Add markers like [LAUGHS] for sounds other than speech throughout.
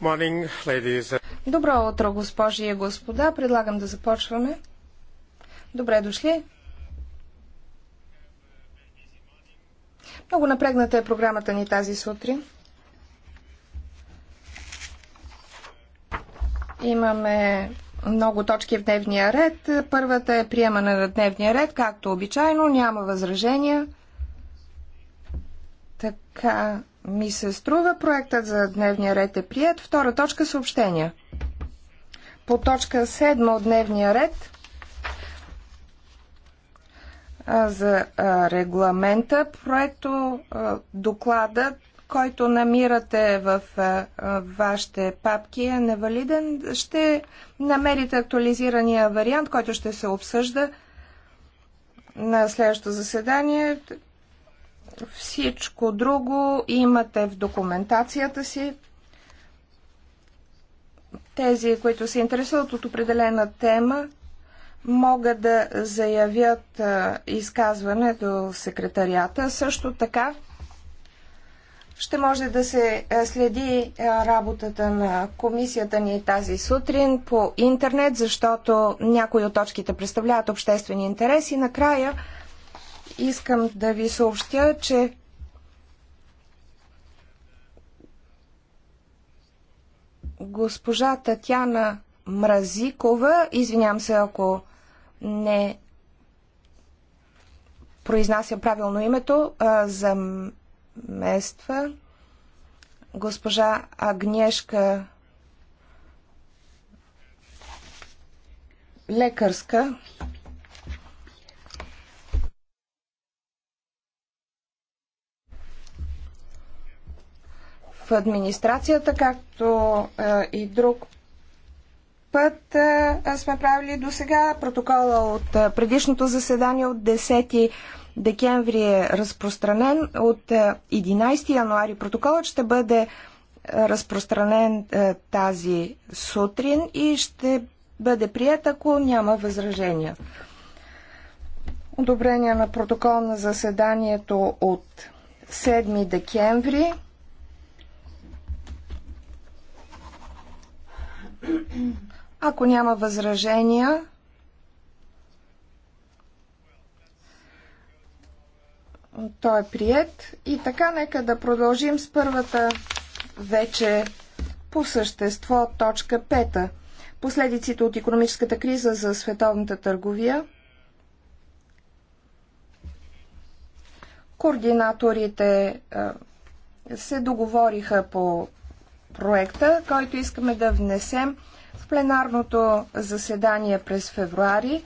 Morning, ladies. Добро утро, госпожи и господа. Предлагам да започваме. Добре дошли. Много напрегната е програмата ни тази сутрин. Имаме много точки в дневния ред. Първата е приемане на дневния ред, както обичайно. Няма възражения. Така, ми се струва. Проектът за дневния ред е прият. Втора точка съобщения. По точка 7 от дневния ред за регламента, проекто доклада, който намирате в вашите папки е невалиден. Ще намерите актуализирания вариант, който ще се обсъжда на следващото заседание. Всичко друго имате в документацията си. Тези, които се интересуват от определена тема, могат да заявят изказване до секретарията. Също така ще може да се следи работата на комисията ни тази сутрин по интернет, защото някои от точките представляват обществени интереси. Накрая искам да ви съобщя, че госпожа Татяна Мразикова, извинявам се ако не произнася правилно името, замества госпожа Агнешка Лекарска. в администрацията, както е, и друг път е, сме правили до сега. Протокола от е, предишното заседание от 10 декември е разпространен. От 11 януари протоколът ще бъде разпространен тази сутрин и ще бъде прият, ако няма възражения. Одобрение на протокол на заседанието от 7 декември. Ако няма възражения, той е прият. И така, нека да продължим с първата вече по същество точка 5. Последиците от економическата криза за световната търговия. Координаторите се договориха по проекта, който искаме да внесем в пленарното заседание през февруари.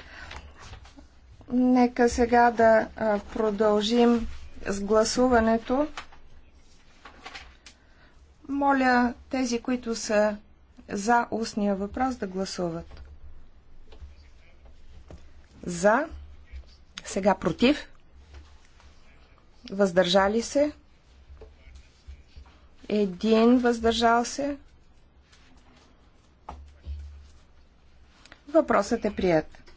Нека сега да продължим с гласуването. Моля тези, които са за устния въпрос, да гласуват. За. Сега против. Въздържали се един въздържал се. Въпросът е прият.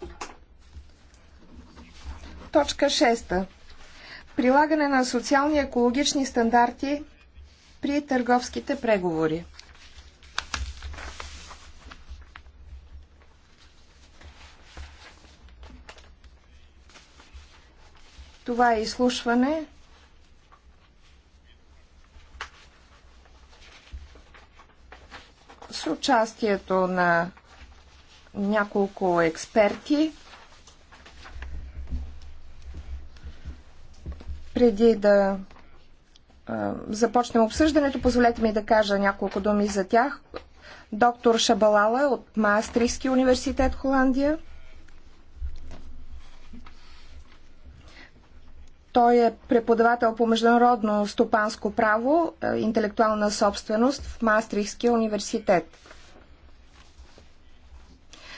Точка 6. Прилагане на социални и екологични стандарти при търговските преговори. Това е изслушване с участието на няколко експерти. Преди да започнем обсъждането, позволете ми да кажа няколко думи за тях. Доктор Шабалала от Маастрихски университет Холандия. Той е преподавател по международно стопанско право, интелектуална собственост в Маастрихския университет.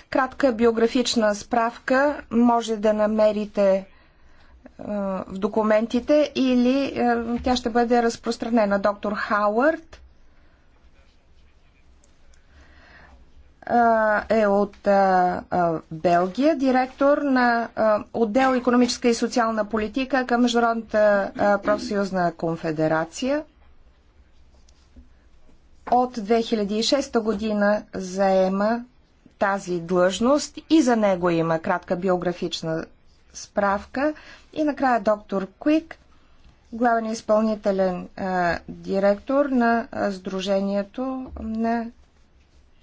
Кратка биографична справка може да намерите е, в документите или е, тя ще бъде разпространена. Доктор Хауърд е, е от Белгия, директор на отдел економическа и социална политика към Международната профсъюзна конфедерация. От 2006 година заема тази длъжност и за него има кратка биографична справка. И накрая доктор Куик, главен изпълнителен а, директор на а, Сдружението на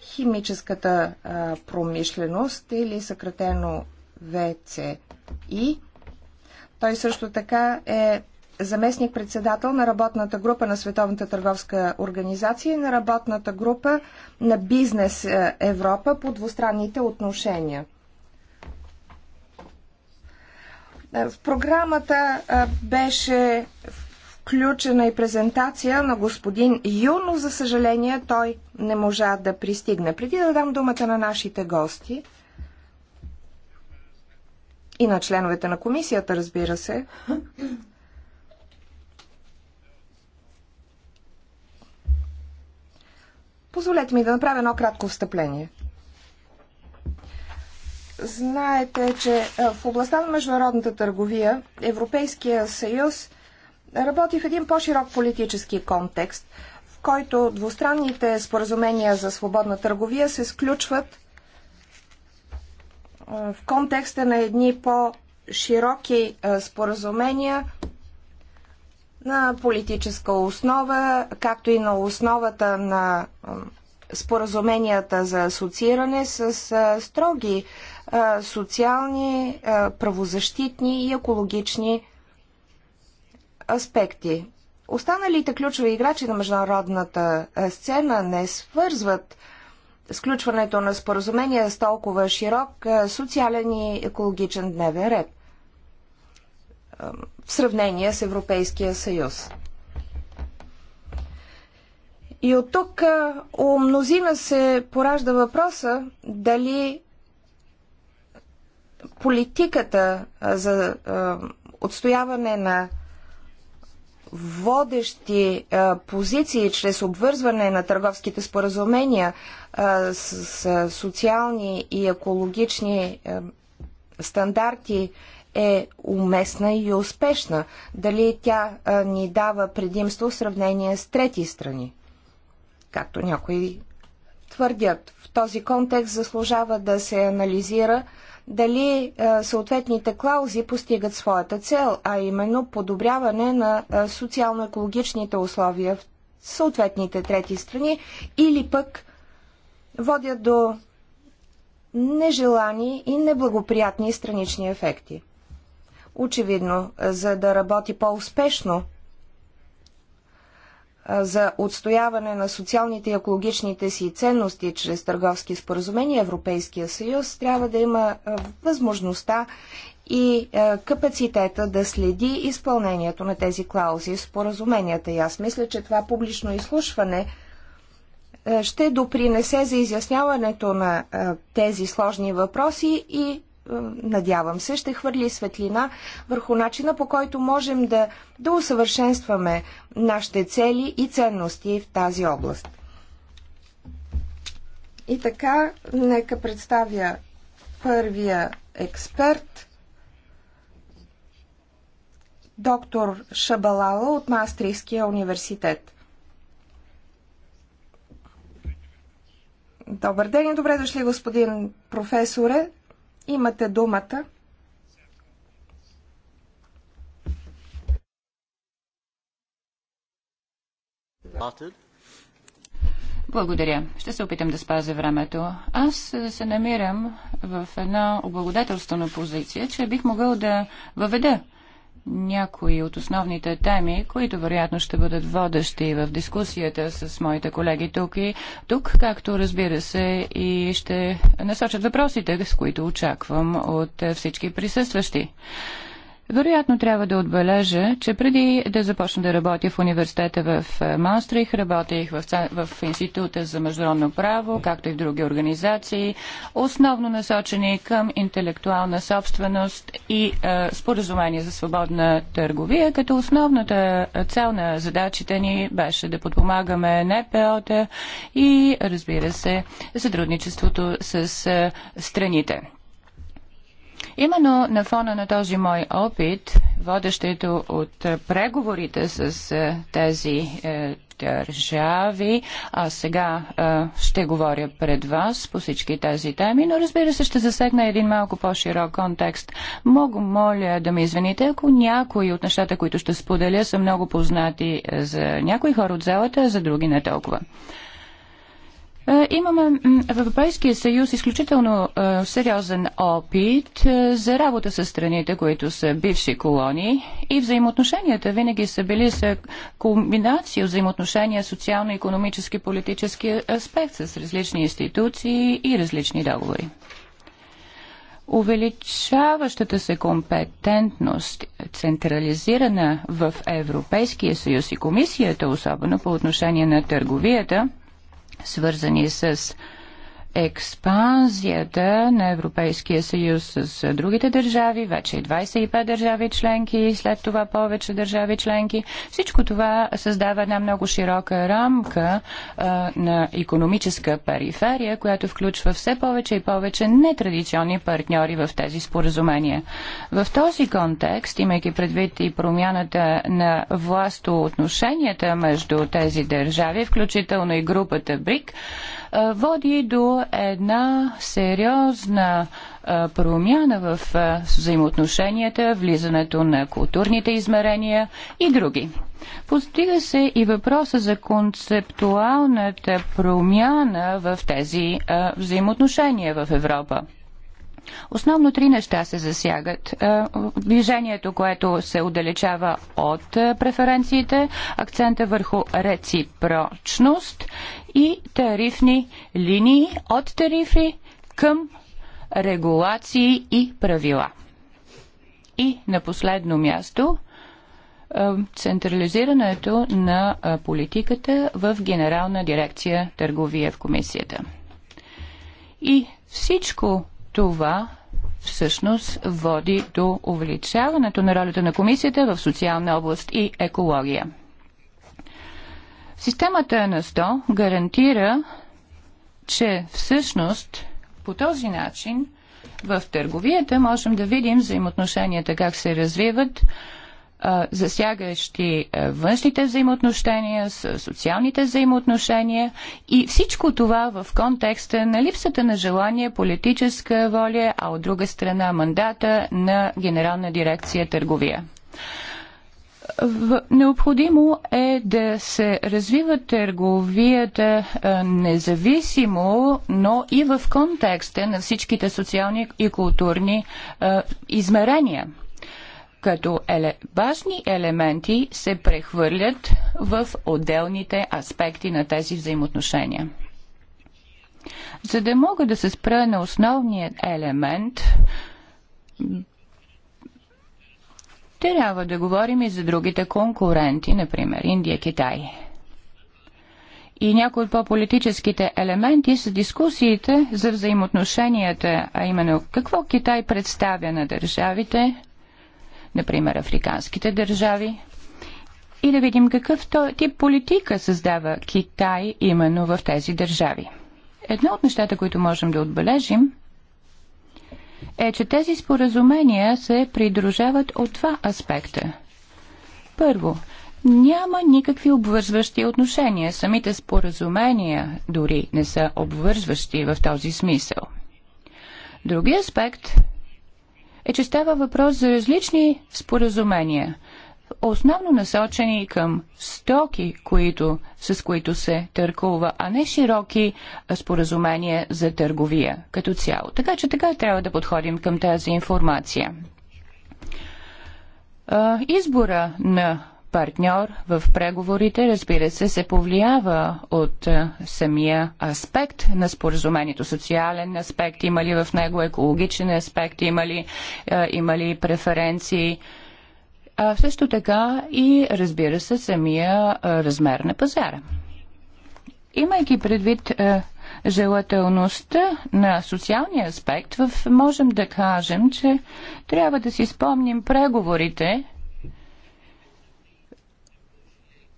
химическата а, промишленост или съкратено ВЦИ. Той също така е заместник-председател на работната група на Световната търговска организация и на работната група на Бизнес е, Европа по двустранните отношения. Е, в програмата е, беше включена и презентация на господин Ю, но за съжаление той не можа да пристигне. Преди да дам думата на нашите гости и на членовете на комисията, разбира се, Позволете ми да направя едно кратко встъпление. Знаете, че в областта на международната търговия Европейския съюз работи в един по-широк политически контекст, в който двустранните споразумения за свободна търговия се сключват в контекста на едни по-широки споразумения на политическа основа, както и на основата на споразуменията за асоцииране с строги социални, правозащитни и екологични аспекти. Останалите ключови играчи на международната сцена не свързват сключването на споразумения с толкова широк социален и екологичен дневен ред в сравнение с Европейския съюз. И от тук у мнозина се поражда въпроса дали политиката за отстояване на водещи позиции чрез обвързване на търговските споразумения с социални и екологични стандарти е уместна и успешна? Дали тя ни дава предимство в сравнение с трети страни? Както някои твърдят. В този контекст заслужава да се анализира дали съответните клаузи постигат своята цел, а именно подобряване на социално-екологичните условия в съответните трети страни или пък водят до нежелани и неблагоприятни странични ефекти. Очевидно, е, за да работи по-успешно е, за отстояване на социалните и екологичните си ценности чрез търговски споразумения Европейския съюз трябва да има е, възможността и капацитета да следи изпълнението на тези клаузи в споразуменията. И аз мисля, че това публично изслушване ще допринесе за изясняването на тези сложни въпроси и е, надявам се, ще хвърли светлина върху начина по който можем да, да усъвършенстваме нашите цели и ценности в тази област. И така, нека представя първия експерт, доктор Шабалала от Мастрийския университет. Добър ден и добре дошли, господин професоре. Имате думата. Благодаря. Ще се опитам да спазя времето. Аз се намирам в една облагодателствена позиция, че бих могъл да въведа някои от основните теми, които вероятно ще бъдат водещи в дискусията с моите колеги тук и тук, както разбира се и ще насочат въпросите, с които очаквам от всички присъстващи. Вероятно трябва да отбележа, че преди да започна да работя в университета в е, Маастрих, работех в, в Института за международно право, както и в други организации, основно насочени към интелектуална собственост и е, споразумение за свободна търговия, като основната цел на задачите ни беше да подпомагаме НПО-та и, разбира се, сътрудничеството с е, страните. Именно на фона на този мой опит, водещето от преговорите с е, тези е, държави. А сега а, е, ще говоря пред вас по всички тези теми, но разбира се ще засегна един малко по-широк контекст. Мога моля да ме извините, ако някои от нещата, които ще споделя, са много познати за някои хора от залата, а за други не толкова. Е, имаме в Европейския съюз изключително е, сериозен опит е, за работа с страните, които са бивши колонии и взаимоотношенията винаги са били с комбинация взаимоотношения социално-економически, политически аспект с различни институции и различни договори. Увеличаващата се компетентност, централизирана в Европейския съюз и комисията, особено по отношение на търговията – свързани с експанзията на Европейския съюз с другите държави, вече 25 държави членки, след това повече държави членки. Всичко това създава една много широка рамка а, на економическа периферия, която включва все повече и повече нетрадиционни партньори в тези споразумения. В този контекст, имайки предвид и промяната на властоотношенията между тези държави, включително и групата БРИК, води до една сериозна промяна в взаимоотношенията, влизането на културните измерения и други. Постига се и въпроса за концептуалната промяна в тези взаимоотношения в Европа. Основно три неща се засягат. Е, движението, което се отдалечава от е, преференциите, акцента върху реципрочност и тарифни линии от тарифи към регулации и правила. И на последно място е, централизирането на политиката в Генерална дирекция търговия в комисията. И всичко това всъщност води до увеличаването на ролята на комисията в социална област и екология. Системата на 100 гарантира, че всъщност по този начин в търговията можем да видим взаимоотношенията как се развиват, засягащи външните взаимоотношения, социалните взаимоотношения и всичко това в контекста на липсата на желание, политическа воля, а от друга страна мандата на Генерална дирекция търговия. Необходимо е да се развива търговията независимо, но и в контекста на всичките социални и културни измерения – като еле... важни елементи се прехвърлят в отделните аспекти на тези взаимоотношения. За да мога да се спра на основния елемент, трябва да говорим и за другите конкуренти, например Индия, Китай. И някои от по-политическите елементи са дискусиите за взаимоотношенията, а именно какво Китай представя на държавите, например, африканските държави, и да видим какъв тип политика създава Китай именно в тези държави. Едно от нещата, които можем да отбележим, е, че тези споразумения се придружават от два аспекта. Първо, няма никакви обвързващи отношения. Самите споразумения дори не са обвързващи в този смисъл. Други аспект е, че става въпрос за различни споразумения, основно насочени към стоки, които, с които се търкува, а не широки споразумения за търговия като цяло. Така че така трябва да подходим към тази информация. Избора на партньор в преговорите, разбира се, се повлиява от е, самия аспект на споразумението. Социален аспект има ли в него, екологичен аспект има ли, е, има ли преференции. А също така и, разбира се, самия е, размер на пазара. Имайки предвид желателността на социалния аспект, можем да кажем, че трябва да си спомним преговорите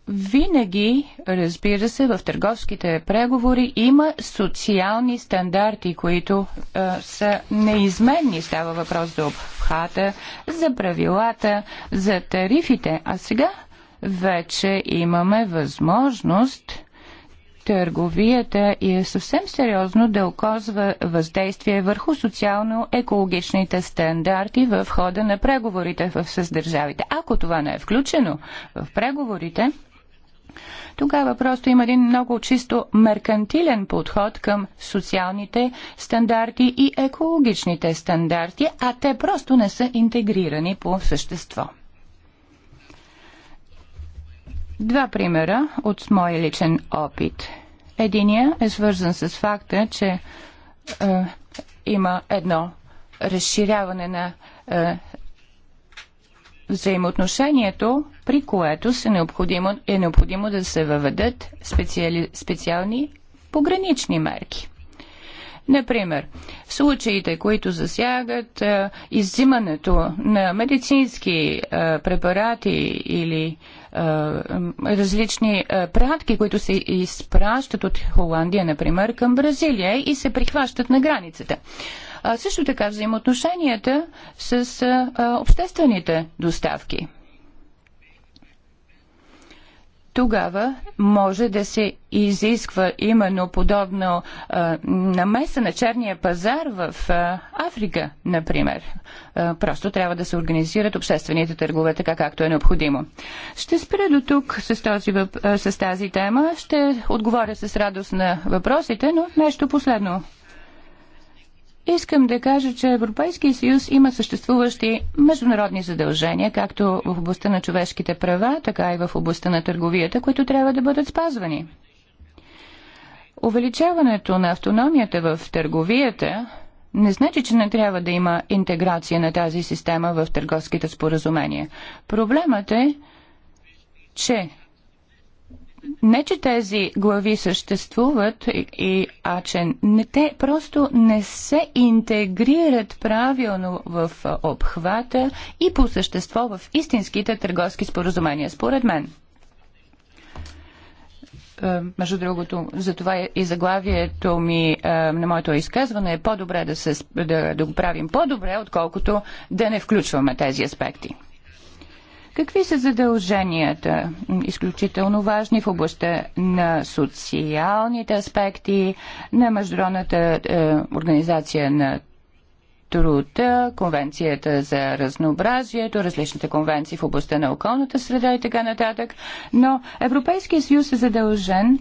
Винаги, разбира се, в търговските преговори има социални стандарти, които е, са неизменни. Става въпрос за обхвата, за правилата, за тарифите. А сега вече имаме възможност търговията и е съвсем сериозно да оказва въздействие върху социално-екологичните стандарти в хода на преговорите с държавите. Ако това не е включено в преговорите, тогава просто има един много чисто меркантилен подход към социалните стандарти и екологичните стандарти, а те просто не са интегрирани по същество. Два примера от моя личен опит. Единия е свързан с факта, че е, има едно разширяване на е, взаимоотношението при което се необходимо, е необходимо да се въведат специали, специални погранични мерки. Например, случаите, които засягат е, иззимането на медицински е, препарати или е, различни е, пратки, които се изпращат от Холандия, например, към Бразилия и се прихващат на границата. А също така взаимоотношенията с е, обществените доставки тогава може да се изисква именно подобно а, намеса на черния пазар в а, Африка, например. А, просто трябва да се организират обществените търгове така, както е необходимо. Ще спра до тук с, този, въп... с тази тема. Ще отговоря с радост на въпросите, но нещо последно Искам да кажа, че Европейския съюз има съществуващи международни задължения, както в областта на човешките права, така и в областта на търговията, които трябва да бъдат спазвани. Увеличаването на автономията в търговията не значи, че не трябва да има интеграция на тази система в търговските споразумения. Проблемът е, че не, че тези глави съществуват и, и че не, те просто не се интегрират правилно в обхвата и по същество в истинските търговски споразумения, според мен. Е, между другото, затова и заглавието ми е, на моето изказване е по-добре да, се, да, да го правим по-добре, отколкото да не включваме тези аспекти. Какви са задълженията, изключително важни в областта на социалните аспекти, на Международната е, организация на труда, конвенцията за разнообразието, различните конвенции в областта на околната среда и така нататък, но Европейския съюз е задължен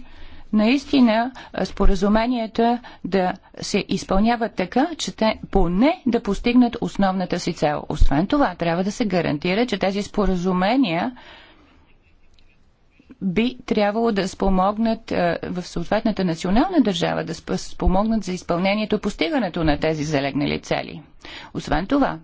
наистина споразуменията да се изпълняват така, че те поне да постигнат основната си цел. Освен това, трябва да се гарантира, че тези споразумения би трябвало да спомогнат в съответната национална държава, да спомогнат за изпълнението и постигането на тези залегнали цели. Освен това,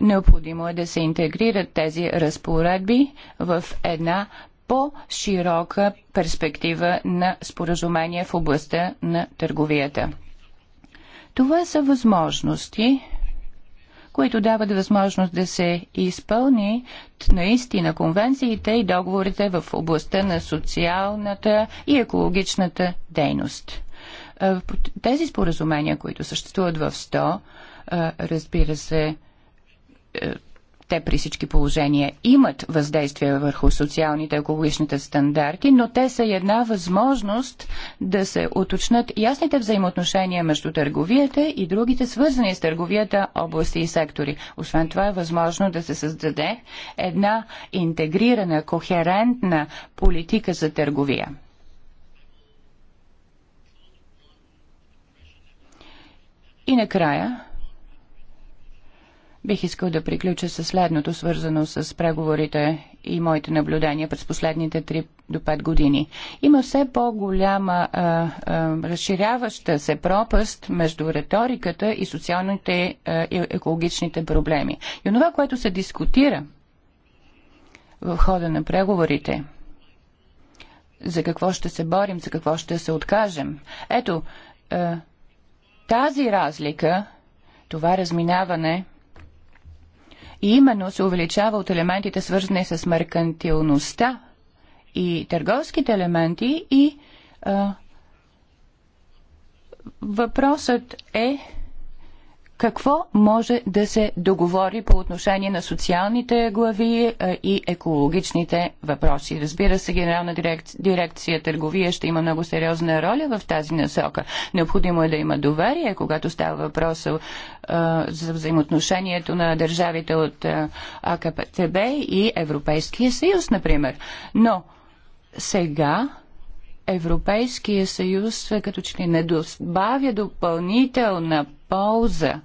необходимо е да се интегрират тези разпоредби в една по-широка перспектива на споразумение в областта на търговията. Това са възможности, които дават възможност да се изпълни наистина конвенциите и договорите в областта на социалната и екологичната дейност. Е, тези споразумения, които съществуват в 100, е, разбира се, е, те при всички положения имат въздействие върху социалните и екологичните стандарти, но те са една възможност да се уточнат ясните взаимоотношения между търговията и другите свързани с търговията области и сектори. Освен това е възможно да се създаде една интегрирана, кохерентна политика за търговия. И накрая Бих искал да приключа с следното, свързано с преговорите и моите наблюдения през последните 3 до 5 години. Има все по-голяма разширяваща се пропаст между риториката и социалните а, и екологичните проблеми. И това, което се дискутира в хода на преговорите, за какво ще се борим, за какво ще се откажем. Ето, а, тази разлика, това разминаване – и именно се увеличава от елементите свързани с меркантилността и търговските елементи и а, въпросът е какво може да се договори по отношение на социалните глави е, и екологичните въпроси. Разбира се, Генерална дирекция, дирекция търговия ще има много сериозна роля в тази насока. Необходимо е да има доверие, когато става въпрос е, за взаимоотношението на държавите от е, АКПТБ и Европейския съюз, например. Но сега Европейския съюз е, като че ли не добавя допълнителна полза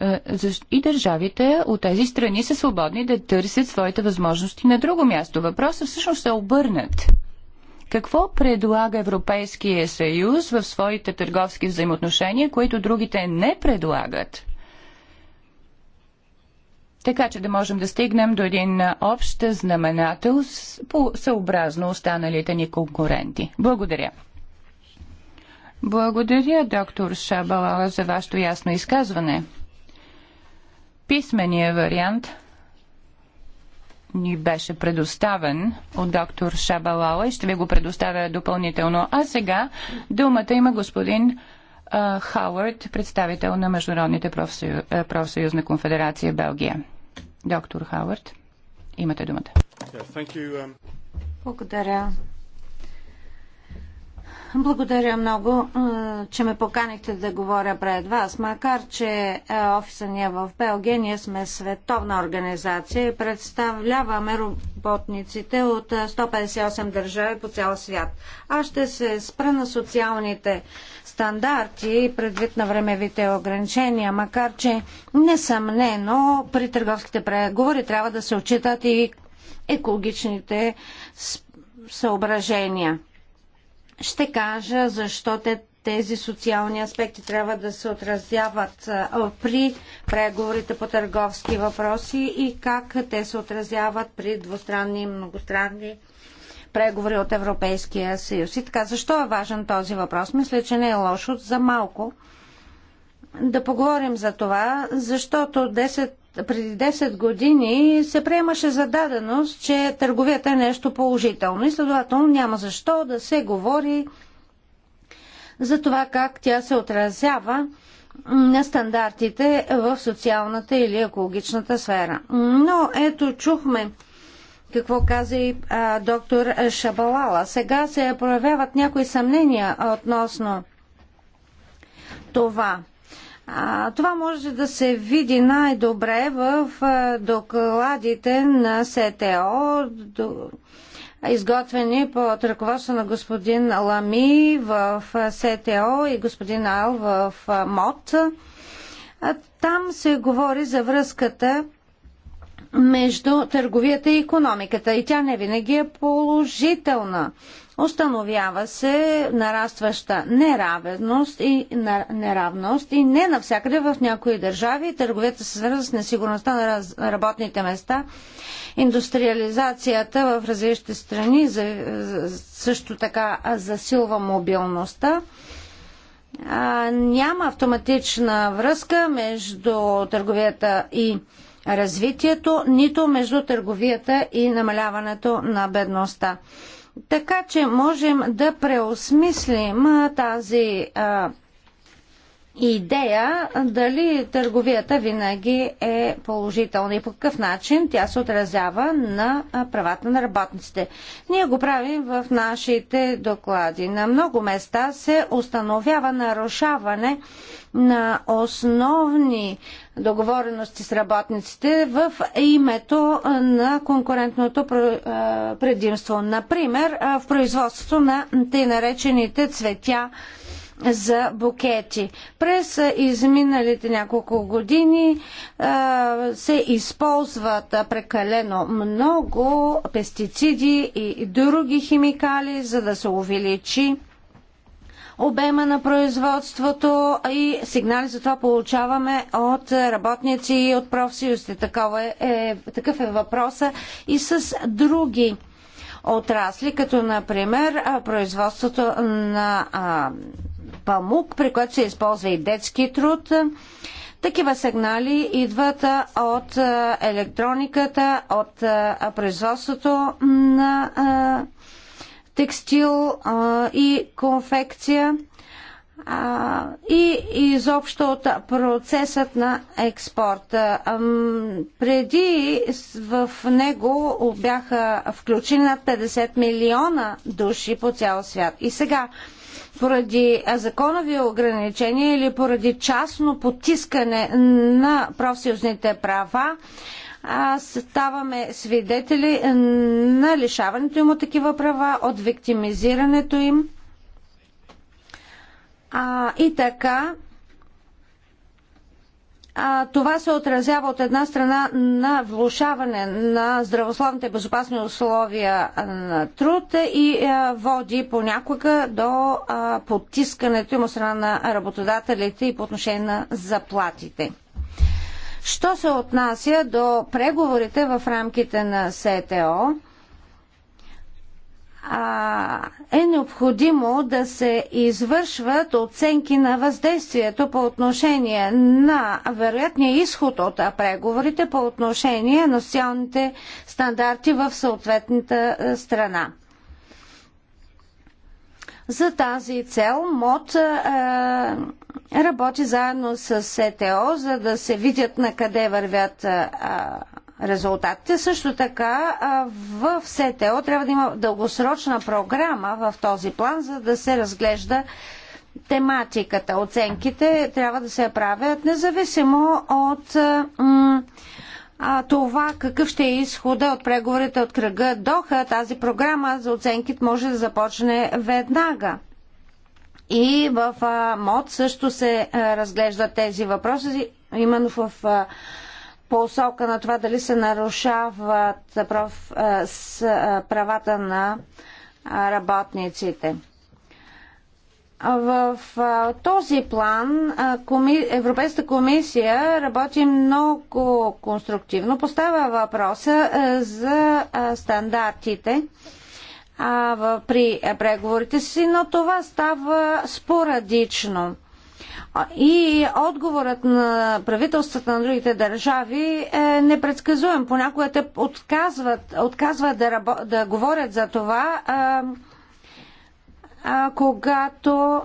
е, и държавите от тези страни са свободни да търсят своите възможности на друго място. Въпросът всъщност се обърнат. Какво предлага Европейския съюз в своите търговски взаимоотношения, които другите не предлагат? така че да можем да стигнем до един общ знаменател по съобразно останалите ни конкуренти. Благодаря. Благодаря, доктор Шабалала, за вашето ясно изказване. Писменият вариант ни беше предоставен от доктор Шабалала и ще ви го предоставя допълнително. А сега думата има господин Хауърд, представител на Международните профсъюз, профсъюзна конфедерация Белгия. Доктор Хауърд, имате думата. Um, Благодаря. Благодаря много, че ме поканихте да говоря пред вас. Макар, че офиса ни е в Белгия, ние сме световна организация и представляваме работниците от 158 държави по цял свят. Аз ще се спра на социалните стандарти предвид на времевите ограничения, макар, че несъмнено при търговските преговори трябва да се отчитат и екологичните съображения. Ще кажа защо те тези социални аспекти трябва да се отразяват при преговорите по търговски въпроси и как те се отразяват при двустранни и многостранни преговори от Европейския съюз. И така, защо е важен този въпрос? Мисля, че не е лошо за малко да поговорим за това, защото 10 преди 10 години се приемаше за даденост, че търговията е нещо положително и следователно няма защо да се говори за това как тя се отразява на стандартите в социалната или екологичната сфера. Но ето чухме какво каза и а, доктор Шабалала. Сега се проявяват някои съмнения относно това това може да се види най-добре в докладите на СТО, изготвени под ръководство на господин Лами в СТО и господин Ал в МОД. Там се говори за връзката между търговията и економиката и тя не винаги е положителна. Установява се нарастваща неравност и неравност и не навсякъде в някои държави. Търговията се свързва с несигурността на работните места. Индустриализацията в различните страни също така засилва мобилността. няма автоматична връзка между търговията и развитието, нито между търговията и намаляването на бедността. Така че можем да преосмислим тази а, идея дали търговията винаги е положителна и по какъв начин тя се отразява на правата на работниците. Ние го правим в нашите доклади. На много места се установява нарушаване на основни договорености с работниците в името на конкурентното предимство. Например, в производството на тъй наречените цветя за букети. През изминалите няколко години се използват прекалено много пестициди и други химикали, за да се увеличи обема на производството и сигнали за това получаваме от работници и от профсъюзите. Такова е, е, такъв е въпроса и с други отрасли, като например производството на а, памук, при което се използва и детски труд. Такива сигнали идват от електрониката, от производството на текстил и конфекция и изобщо от процесът на експорта. Преди в него бяха включени над 50 милиона души по цял свят. И сега поради законови ограничения или поради частно потискане на профсъюзните права, ставаме свидетели на лишаването им от такива права, от виктимизирането им. А, и така, а, това се отразява от една страна на влушаване на здравословните безопасни условия на труд и а, води понякога до а, потискането им от страна на работодателите и по отношение на заплатите. Що се отнася до преговорите в рамките на СТО, е необходимо да се извършват оценки на въздействието по отношение на вероятния изход от преговорите по отношение на социалните стандарти в съответната страна. За тази цел МОД е, работи заедно с СТО, за да се видят на къде вървят е, резултатите. Също така в СТО трябва да има дългосрочна програма в този план, за да се разглежда тематиката. Оценките трябва да се правят независимо от а, това какъв ще е изхода от преговорите от кръга Доха. Тази програма за оценките може да започне веднага. И в а, МОД също се а, разглеждат тези въпроси, именно в а, посока на това дали се нарушават с правата на работниците. В този план Европейската комисия работи много конструктивно. Поставя въпроса за стандартите при преговорите си, но това става спорадично. И отговорът на правителствата на другите държави е непредсказуем. Понякога те отказват, отказват да, рабо, да говорят за това, а, а, когато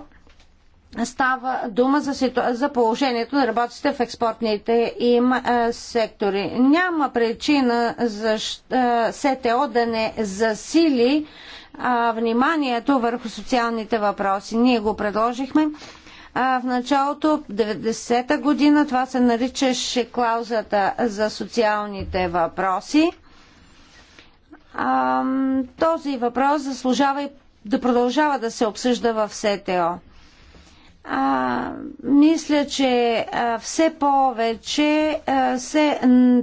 става дума за, ситу... за положението на работите в експортните им а, сектори. Няма причина за СТО да не засили а, вниманието върху социалните въпроси. Ние го предложихме а, в началото 90-та година. Това се наричаше клаузата за социалните въпроси. А, този въпрос заслужава и да продължава да се обсъжда в СТО. А, мисля, че а, все повече а, се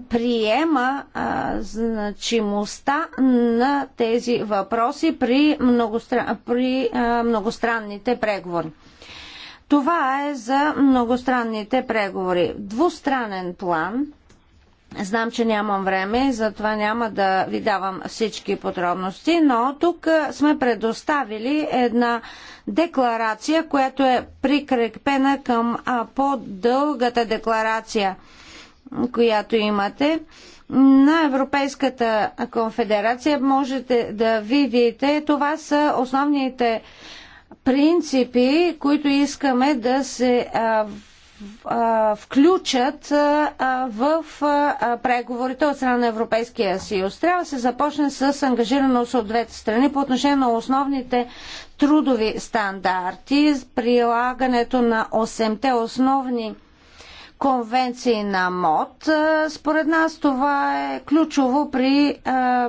приема а, значимостта на тези въпроси при, многостран, при а, многостранните преговори. Това е за многостранните преговори. Двустранен план. Знам, че нямам време, затова няма да ви давам всички подробности, но тук сме предоставили една декларация, която е прикрепена към по-дългата декларация, която имате на Европейската конфедерация. Можете да видите, това са основните принципи, които искаме да се включат в преговорите от страна на Европейския съюз. Трябва да се започне с ангажираност от двете страни по отношение на основните трудови стандарти, прилагането на 8-те основни конвенции на МОД. Според нас това е ключово при е,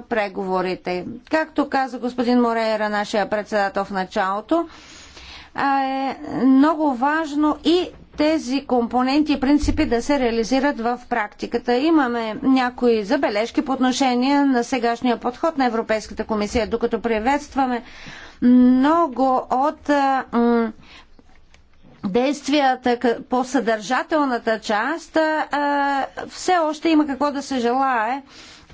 преговорите. Както каза господин Морейра, нашия председател в началото, е много важно и тези компоненти и принципи да се реализират в практиката. Имаме някои забележки по отношение на сегашния подход на Европейската комисия, докато приветстваме много от действията по съдържателната част, а, все още има какво да се желае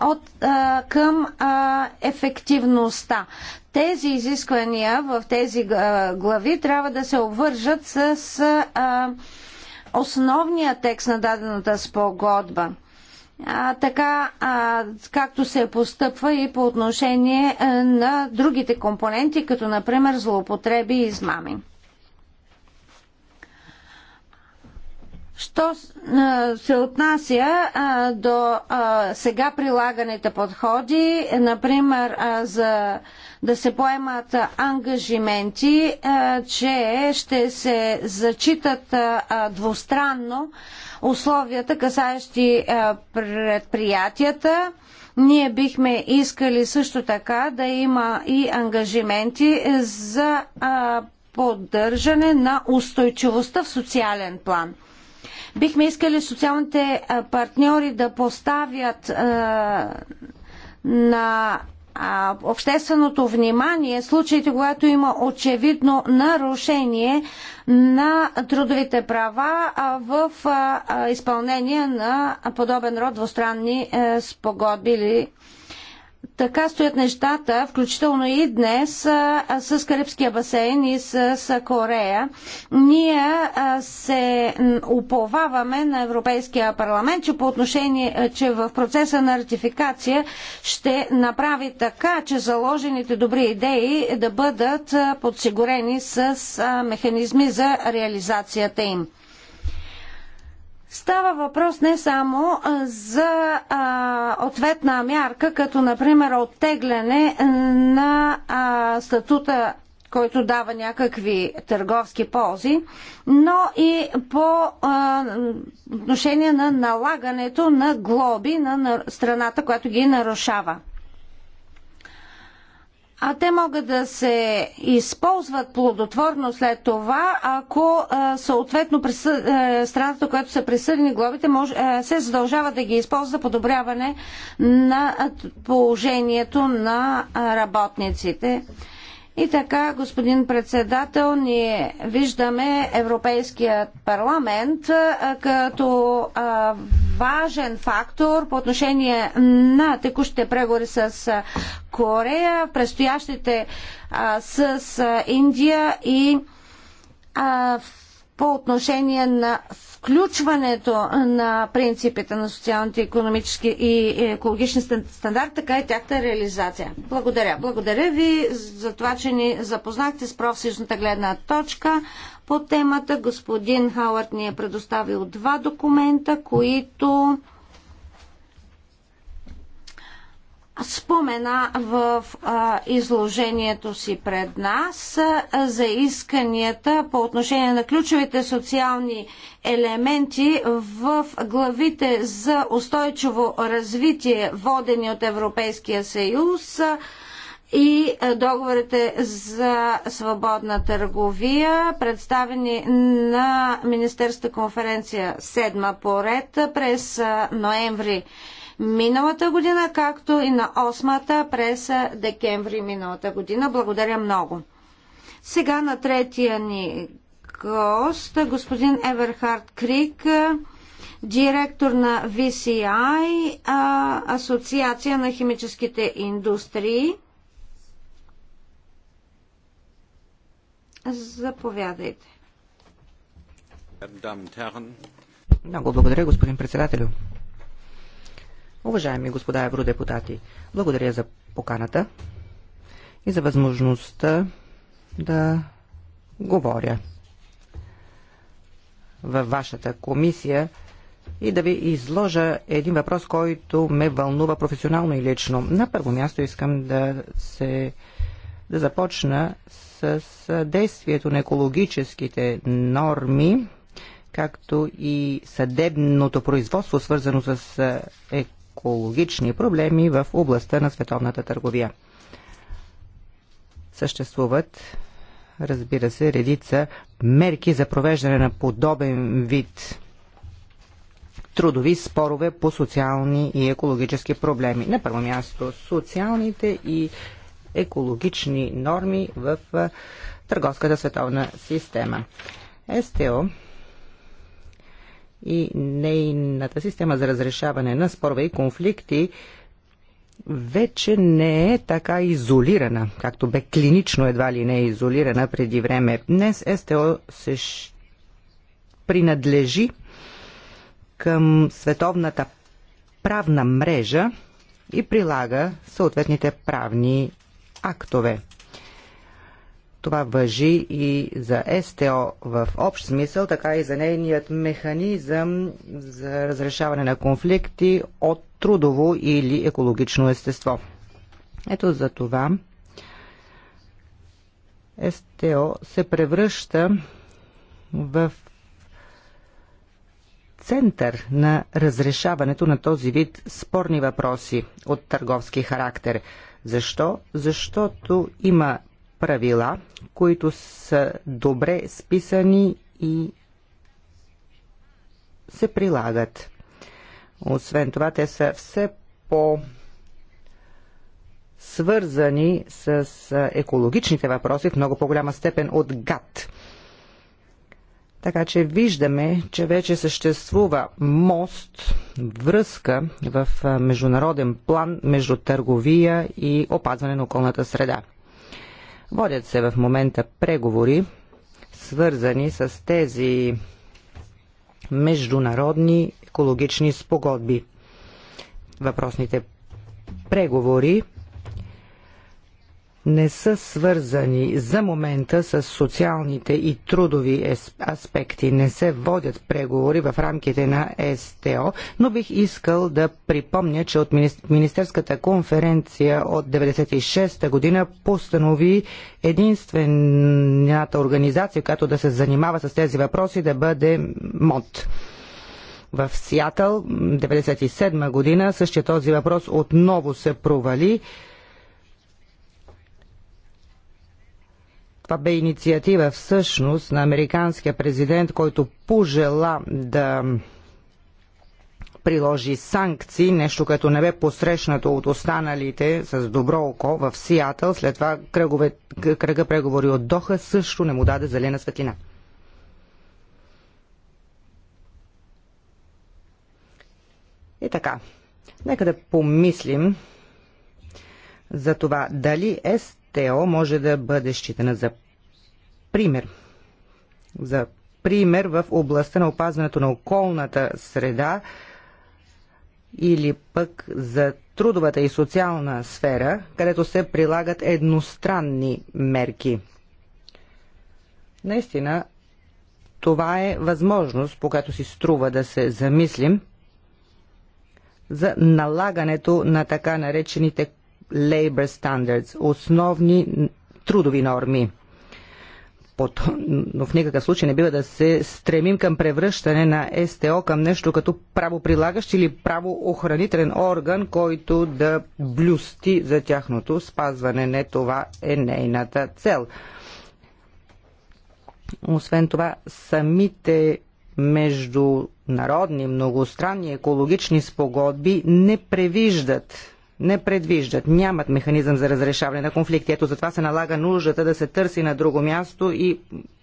от, а, към а, ефективността. Тези изисквания в тези а, глави трябва да се обвържат с а, основния текст на дадената спогодба. А, така, а, както се постъпва и по отношение а, на другите компоненти, като например злоупотреби и измами. Що се отнася до сега прилаганите подходи, например за да се поемат ангажименти, че ще се зачитат двустранно условията, касаещи предприятията, ние бихме искали също така да има и ангажименти за поддържане на устойчивостта в социален план. Бихме искали социалните партньори да поставят на общественото внимание случаите, когато има очевидно нарушение на трудовите права в изпълнение на подобен род двустранни е, спогодби или така стоят нещата, включително и днес а, с Карибския басейн и с, с Корея. Ние а, се уповаваме на Европейския парламент, че по отношение, че в процеса на ратификация ще направи така, че заложените добри идеи да бъдат подсигурени с а, механизми за реализацията им. Става въпрос не само за а, ответна мярка, като например оттегляне на а, статута който дава някакви търговски ползи, но и по а, отношение на налагането на глоби на страната, която ги нарушава а те могат да се използват плодотворно след това, ако съответно страната, която са присъдени глобите, може... се задължава да ги използва за подобряване на положението на работниците. И така, господин председател, ние виждаме Европейският парламент като важен фактор по отношение на текущите преговори с Корея, предстоящите с Индия и в по отношение на включването на принципите на социалните, економически и екологични стандарти, така и тяхта реализация. Благодаря. Благодаря ви за това, че ни запознахте с профсъюзната гледна точка по темата. Господин Хауърт ни е предоставил два документа, които спомена в а, изложението си пред нас а, за исканията по отношение на ключовите социални елементи в главите за устойчиво развитие, водени от Европейския съюз а, и договорите за свободна търговия, представени на Министерската конференция 7 поред през ноември миналата година, както и на 8-та през декември миналата година. Благодаря много. Сега на третия ни гост, господин Еверхард Крик, директор на VCI, Асоциация на химическите индустрии. Заповядайте. Много благодаря, господин председателю. Уважаеми господа евродепутати, благодаря за поканата и за възможността да говоря във вашата комисия и да ви изложа един въпрос, който ме вълнува професионално и лично. На първо място искам да се да започна с действието на екологическите норми, както и съдебното производство, свързано с екологическите екологични проблеми в областта на световната търговия. Съществуват, разбира се, редица мерки за провеждане на подобен вид трудови спорове по социални и екологически проблеми. На първо място социалните и екологични норми в търговската световна система. СТО и нейната система за разрешаване на спорове и конфликти вече не е така изолирана, както бе клинично едва ли не е изолирана преди време. Днес СТО се ш... принадлежи към световната правна мрежа и прилага съответните правни актове. Това въжи и за СТО в общ смисъл, така и за нейният механизъм за разрешаване на конфликти от трудово или екологично естество. Ето за това СТО се превръща в център на разрешаването на този вид спорни въпроси от търговски характер. Защо? Защото има правила, които са добре списани и се прилагат. Освен това, те са все по свързани с екологичните въпроси в много по-голяма степен от ГАТ. Така че виждаме, че вече съществува мост, връзка в международен план между търговия и опазване на околната среда. Водят се в момента преговори, свързани с тези международни екологични спогодби. Въпросните преговори не са свързани за момента с социалните и трудови аспекти. Не се водят преговори в рамките на СТО, но бих искал да припомня, че от Министерската конференция от 1996 година постанови единствената организация, която да се занимава с тези въпроси, да бъде МОД в Сиатъл 1997 година. Същия този въпрос отново се провали Това бе инициатива всъщност на американския президент, който пожела да приложи санкции, нещо като не бе посрещнато от останалите с добро око в Сиатъл. След това кръгове, кръга преговори от Доха също не му даде зелена светлина. И така, нека да помислим за това дали ЕС ТЕО може да бъде считана за пример. За пример в областта на опазването на околната среда или пък за трудовата и социална сфера, където се прилагат едностранни мерки. Наистина, това е възможност, по която си струва да се замислим, за налагането на така наречените Labor Standards, основни трудови норми. Под, но в никакъв случай не бива да се стремим към превръщане на СТО към нещо като правоприлагащ или правоохранителен орган, който да блюсти за тяхното спазване. Не това е нейната цел. Освен това, самите международни, многостранни екологични спогодби не превиждат не предвиждат, нямат механизъм за разрешаване на конфликти. Ето затова се налага нуждата да се търси на друго място и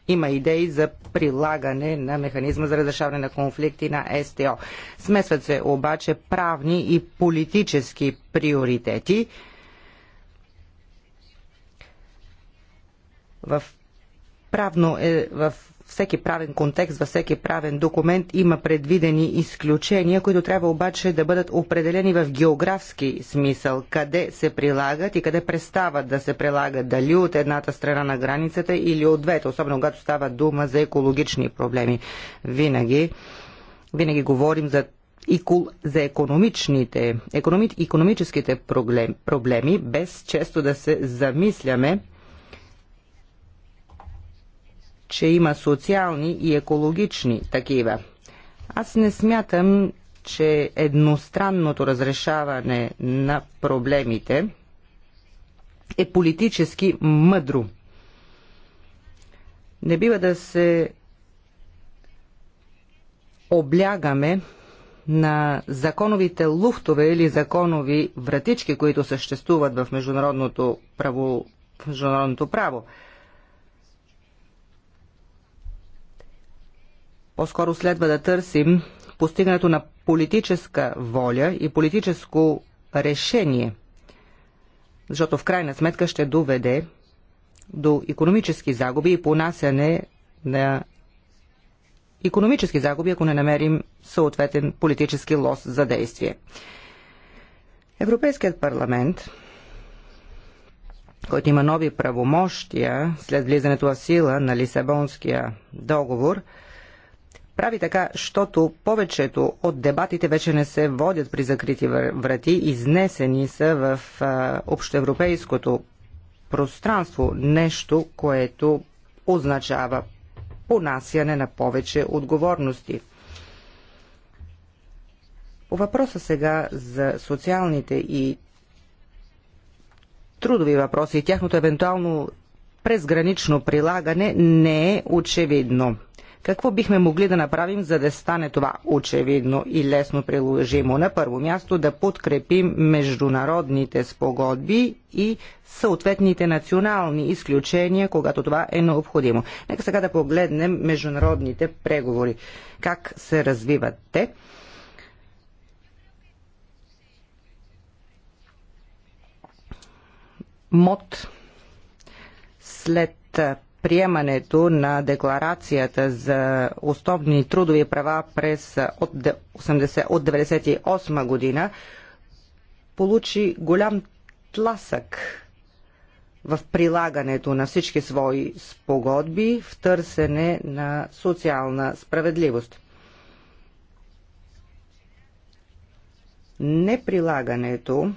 има идеи за прилагане на механизма за разрешаване на конфликти на СТО. Смесват се обаче правни и политически приоритети. В правно е, в всеки правен контекст, във всеки правен документ има предвидени изключения, които трябва обаче да бъдат определени в географски смисъл, къде се прилагат и къде престават да се прилагат, дали от едната страна на границата или от двете, особено когато става дума за екологични проблеми. Винаги, винаги говорим за за економичните, економическите проблеми, без често да се замисляме че има социални и екологични такива. Аз не смятам, че едностранното разрешаване на проблемите е политически мъдро. Не бива да се облягаме на законовите луфтове или законови вратички, които съществуват в международното право. В международното право. По-скоро следва да търсим постигането на политическа воля и политическо решение, защото в крайна сметка ще доведе до економически загуби и понасяне на економически загуби, ако не намерим съответен политически лос за действие. Европейският парламент, който има нови правомощия след влизането в сила на Лисабонския договор, прави така, защото повечето от дебатите вече не се водят при закрити врати, изнесени са в общоевропейското пространство, нещо, което означава понасяне на повече отговорности. По въпроса сега за социалните и трудови въпроси и тяхното евентуално презгранично прилагане не е очевидно. Какво бихме могли да направим, за да стане това очевидно и лесно приложимо? На първо място да подкрепим международните спогодби и съответните национални изключения, когато това е необходимо. Нека сега да погледнем международните преговори. Как се развиват те? МОД след приемането на декларацията за основни трудови права през от 1998 година получи голям тласък в прилагането на всички свои спогодби в търсене на социална справедливост. Неприлагането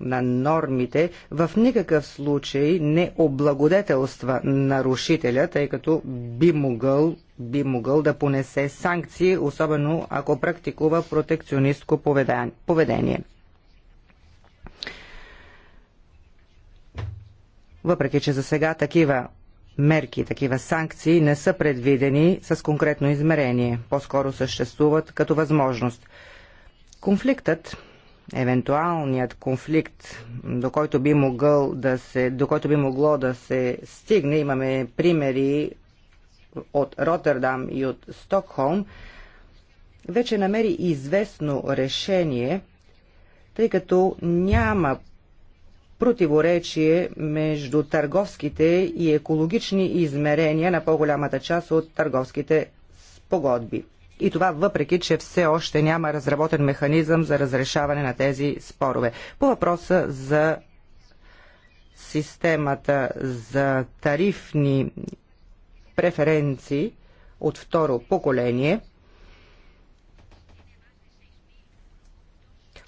на нормите в никакъв случай не облагодетелства нарушителя, тъй като би могъл, би могъл да понесе санкции, особено ако практикува протекционистко поведение. Въпреки, че за сега такива мерки, такива санкции не са предвидени с конкретно измерение, по-скоро съществуват като възможност. Конфликтът евентуалният конфликт, до който би, могъл да се, до който би могло да се стигне, имаме примери от Роттердам и от Стокхолм, вече намери известно решение, тъй като няма противоречие между търговските и екологични измерения на по-голямата част от търговските спогодби. И това въпреки, че все още няма разработен механизъм за разрешаване на тези спорове. По въпроса за системата за тарифни преференции от второ поколение,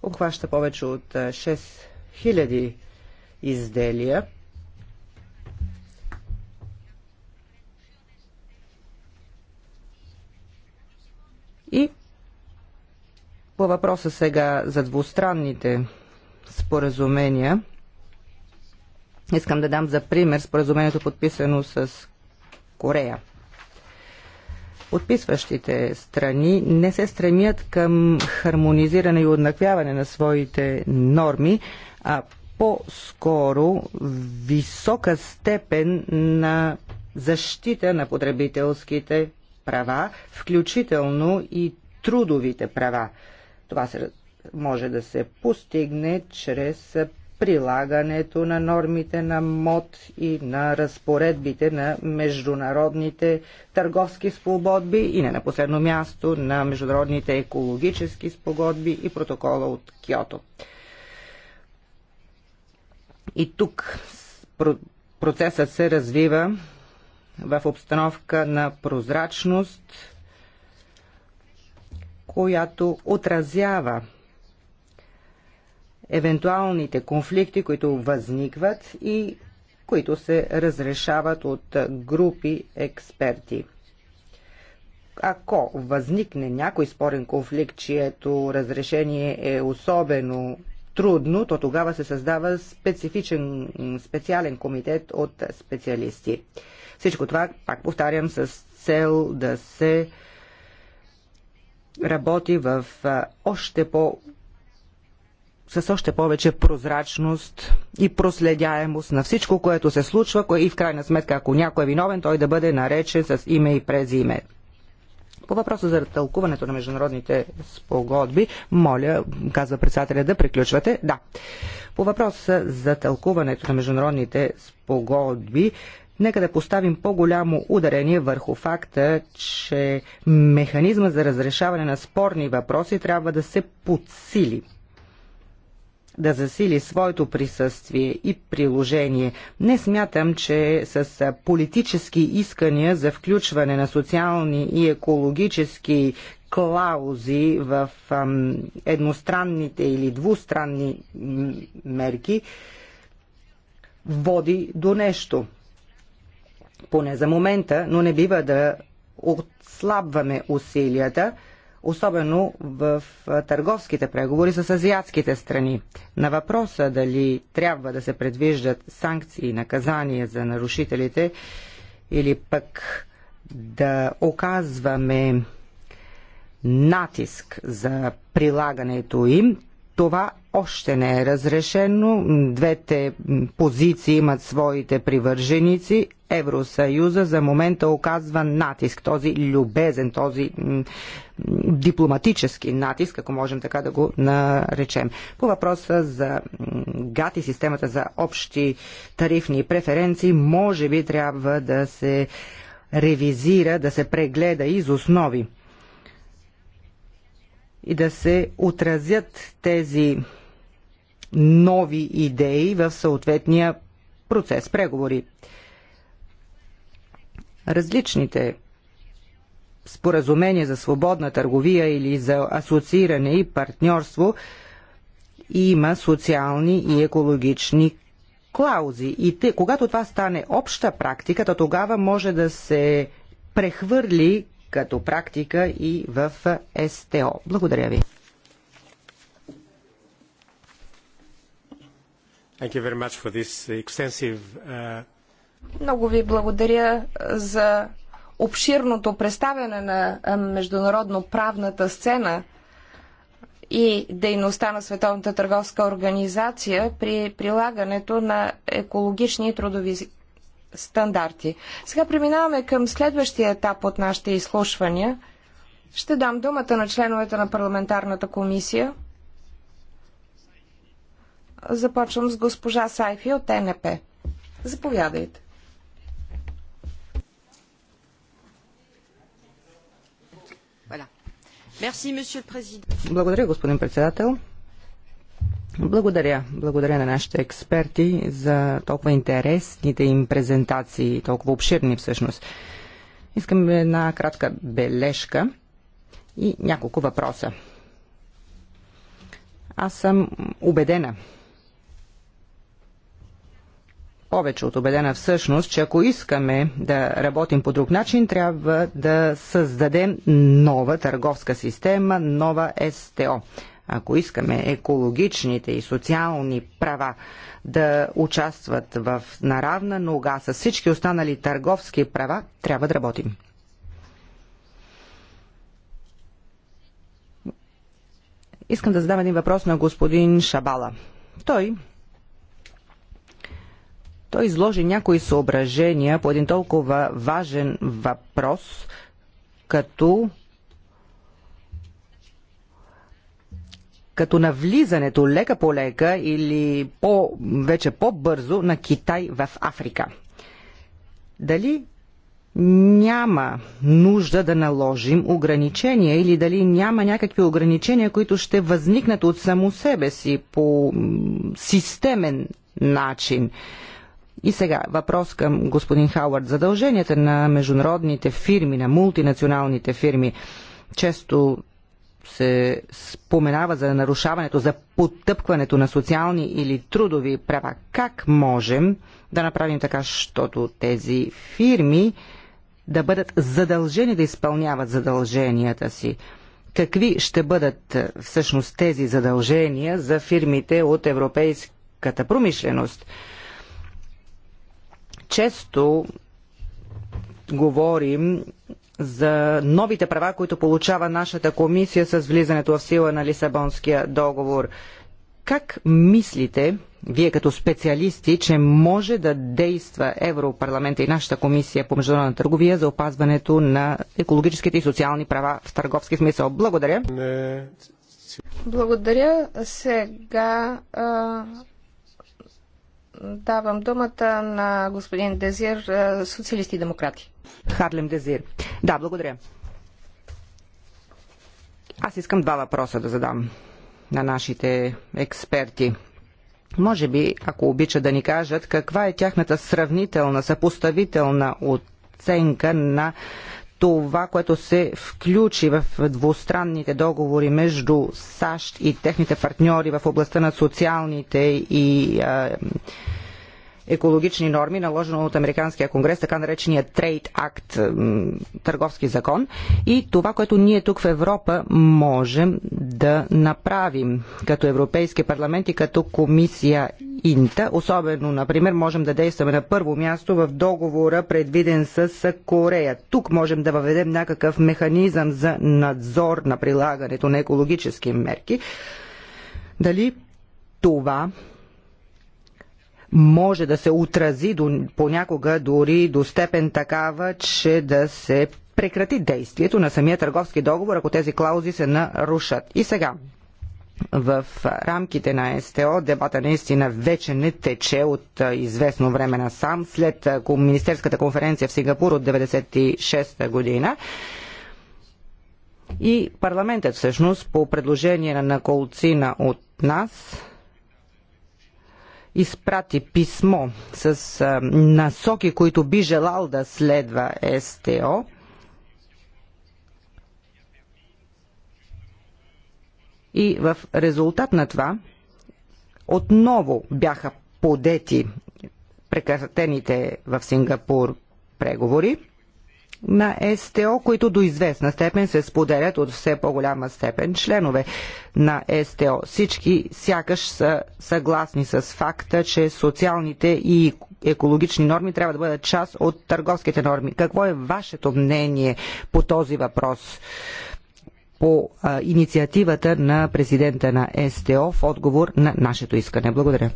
обхваща повече от 6000 изделия – И по въпроса сега за двустранните споразумения, искам да дам за пример споразумението подписано с Корея. Подписващите страни не се стремят към хармонизиране и уднаквяване на своите норми, а по-скоро висока степен на защита на потребителските права, включително и трудовите права. Това се, може да се постигне чрез прилагането на нормите на МОД и на разпоредбите на международните търговски спогодби и не на последно място на международните екологически спогодби и протокола от Киото. И тук процесът се развива в обстановка на прозрачност, която отразява евентуалните конфликти, които възникват и които се разрешават от групи експерти. Ако възникне някой спорен конфликт, чието разрешение е особено трудно, то тогава се създава специфичен, специален комитет от специалисти. Всичко това, пак повтарям, с цел да се работи в още по с още повече прозрачност и проследяемост на всичко, което се случва и в крайна сметка, ако някой е виновен, той да бъде наречен с име и име. По въпроса за тълкуването на международните спогодби, моля, казва председателя, да приключвате. Да. По въпроса за тълкуването на международните спогодби, Нека да поставим по-голямо ударение върху факта, че механизма за разрешаване на спорни въпроси трябва да се подсили да засили своето присъствие и приложение. Не смятам, че с политически искания за включване на социални и екологически клаузи в ам, едностранните или двустранни мерки води до нещо поне за момента, но не бива да отслабваме усилията, особено в търговските преговори с азиатските страни. На въпроса дали трябва да се предвиждат санкции и наказания за нарушителите или пък да оказваме натиск за прилагането им, това още не е разрешено. Двете позиции имат своите привърженици. Евросъюза за момента оказва натиск, този любезен, този дипломатически натиск, ако можем така да го наречем. По въпроса за ГАТ и системата за общи тарифни преференции, може би трябва да се ревизира, да се прегледа из основи и да се отразят тези нови идеи в съответния процес преговори. Различните споразумения за свободна търговия или за асоцииране и партньорство има социални и екологични клаузи. И те, когато това стане обща практика, то тогава може да се прехвърли като практика и в СТО. Благодаря ви. Extensive... Uh, Много ви благодаря за обширното представяне на международно правната сцена и дейността на Световната търговска организация при прилагането на екологични и трудови стандарти. Сега преминаваме към следващия етап от нашите изслушвания. Ще дам думата на членовете на парламентарната комисия. Започвам с госпожа Сайфи от НП. Заповядайте. Благодаря, господин председател. Благодаря. Благодаря на нашите експерти за толкова интересните им презентации, толкова обширни всъщност. Искам една кратка бележка и няколко въпроса. Аз съм убедена, повече от убедена всъщност, че ако искаме да работим по друг начин, трябва да създадем нова търговска система, нова СТО ако искаме екологичните и социални права да участват в наравна нога с всички останали търговски права, трябва да работим. Искам да задам един въпрос на господин Шабала. Той той изложи някои съображения по един толкова важен въпрос, като като навлизането лека по лека или по, вече по-бързо на Китай в Африка. Дали няма нужда да наложим ограничения или дали няма някакви ограничения, които ще възникнат от само себе си по системен начин. И сега въпрос към господин Хауърд. Задълженията на международните фирми, на мултинационалните фирми, често се споменава за нарушаването, за потъпкването на социални или трудови права. Как можем да направим така, защото тези фирми да бъдат задължени да изпълняват задълженията си? Какви ще бъдат е, всъщност тези задължения за фирмите от европейската промишленост? Често говорим за новите права, които получава нашата комисия с влизането в сила на Лисабонския договор. Как мислите, вие като специалисти, че може да действа Европарламента и нашата комисия по международна търговия за опазването на екологическите и социални права в търговски смисъл? Благодаря. Благодаря. Сега а, Давам думата на господин Дезир, социалисти и демократи. Харлем Дезир. Да, благодаря. Аз искам два въпроса да задам на нашите експерти. Може би, ако обича да ни кажат, каква е тяхната сравнителна, съпоставителна оценка на това, което се включи в двустранните договори между САЩ и техните партньори в областта на социалните и екологични норми, наложено от Американския конгрес, така наречения Trade Act, търговски закон. И това, което ние тук в Европа можем да направим като Европейски парламент и като комисия Инта, особено, например, можем да действаме на първо място в договора, предвиден с Корея. Тук можем да въведем някакъв механизъм за надзор на прилагането на екологически мерки. Дали това може да се отрази до, понякога дори до степен такава, че да се прекрати действието на самия търговски договор, ако тези клаузи се нарушат. И сега, в рамките на СТО дебата наистина вече не тече от известно време на сам, след Министерската конференция в Сингапур от 1996 година. И парламентът всъщност по предложение на колцина от нас изпрати писмо с насоки, които би желал да следва СТО. И в резултат на това отново бяха подети прекратените в Сингапур преговори на СТО, които до известна степен се споделят от все по-голяма степен членове на СТО. Всички сякаш са съгласни с факта, че социалните и екологични норми трябва да бъдат част от търговските норми. Какво е вашето мнение по този въпрос? по а, инициативата на президента на СТО в отговор на нашето искане. Благодаря.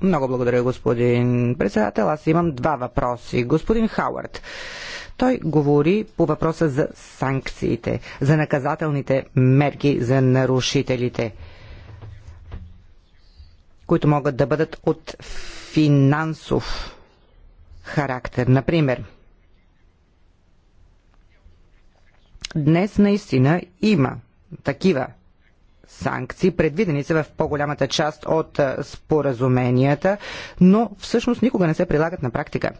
Много благодаря, господин председател. Аз имам два въпроси. Господин Хауърд, той говори по въпроса за санкциите, за наказателните мерки за нарушителите, които могат да бъдат от финансов характер. Например, днес наистина има такива санкции, предвидени са в по-голямата част от споразуменията, но всъщност никога не се прилагат на практика.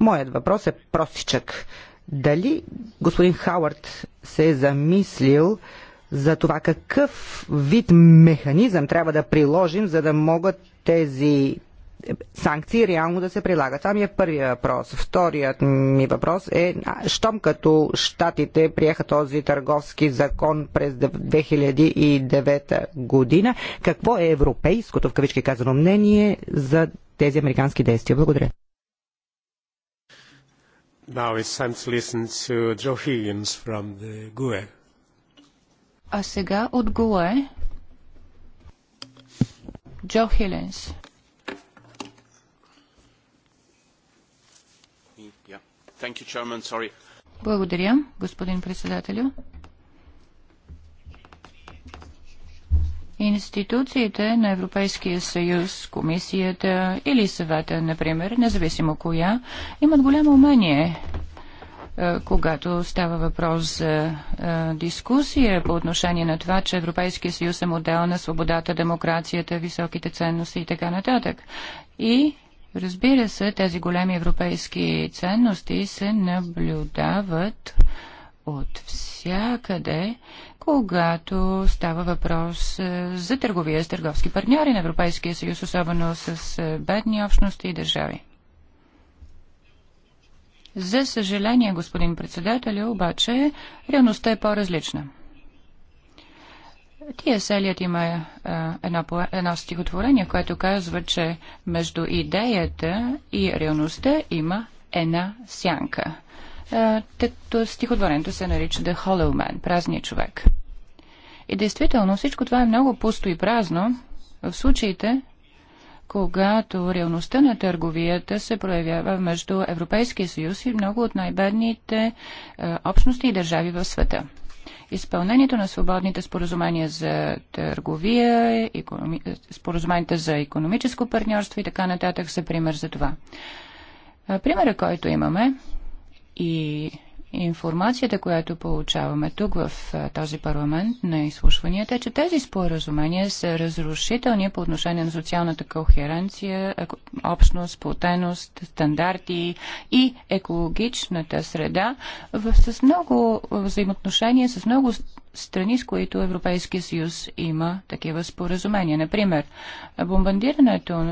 Моят въпрос е простичък. Дали господин Хауърд се е замислил за това какъв вид механизъм трябва да приложим, за да могат тези санкции реално да се прилагат. Това ми е първият въпрос. Вторият ми въпрос е, щом като щатите приеха този търговски закон през 2009 година, какво е европейското, в кавички казано, мнение за тези американски действия? Благодаря. Now it's time to listen to Joe Higgins from the GUE. А сега от GUE Джо Хилинс. Благодаря, господин председателю. Институциите на Европейския съюз, комисията или съвета, например, независимо коя, имат голямо умение е, когато става въпрос за е, дискусия по отношение на това, че Европейския съюз е модел на свободата, демокрацията, високите ценности и така нататък. И Разбира се, тези големи европейски ценности се наблюдават от всякъде, когато става въпрос е, за търговия с търговски партньори на Европейския съюз, особено с е, бедни общности и държави. За съжаление, господин председател, обаче реалността е по-различна. Тия селият има а, е, едно, едно стихотворение, което казва, че между идеята и реалността има една сянка. Е, Тето стихотворението се нарича The Hollow Man, празния човек. И действително всичко това е много пусто и празно в случаите, когато реалността на търговията се проявява между Европейския съюз и много от най-бедните е, общности и държави в света. Изпълнението на свободните споразумения за търговия, економи... споразуменията за економическо партньорство и така нататък са пример за това. Примерът, който имаме и Информацията, която получаваме тук в този парламент на изслушванията е, че тези споразумения са разрушителни по отношение на социалната кохеренция, общност, плотеност, стандарти и екологичната среда в, с много взаимоотношения с много страни, с които Европейския съюз има такива споразумения. Например, бомбандирането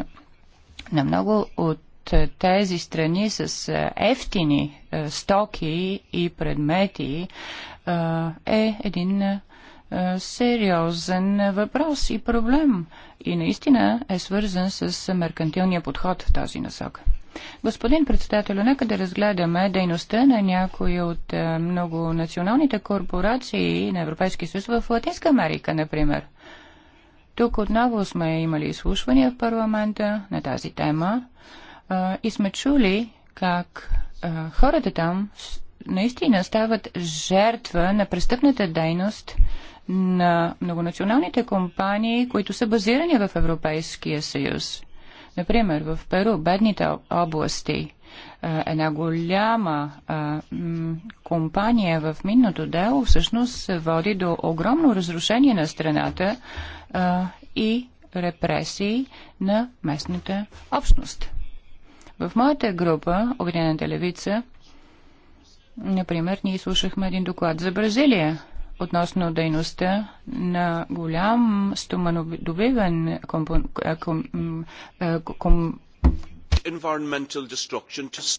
на много от от е, тези страни с е, ефтини е, стоки и предмети е един сериозен въпрос и проблем и наистина е свързан с меркантилния подход в този насок. Господин председател, нека да разгледаме дейността на някои от много националните корпорации на Европейския съюз в Латинска Америка, например. Тук отново сме имали изслушвания в парламента на тази тема и сме чули как хората там наистина стават жертва на престъпната дейност на многонационалните компании, които са базирани в Европейския съюз. Например, в Перу, бедните области, една голяма компания в минното дело всъщност води до огромно разрушение на страната и репресии на местната общност. В моята група, Огнената левица, например, ние слушахме един доклад за Бразилия относно дейността на голям стоманодобивен ком...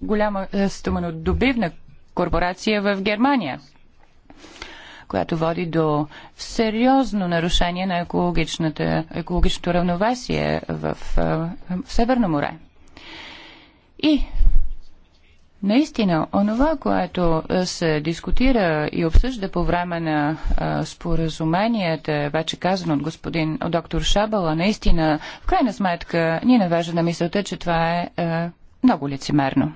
голяма стоманодобивна корпорация в Германия която води до сериозно нарушение на екологичното равновесие в, в Северно море. И Наистина, онова, което е, се дискутира и обсъжда по време на е, споразуменията, вече казано от господин от доктор Шабала, наистина, в крайна сметка, ни навежда на мисълта, че това е е много лицемерно.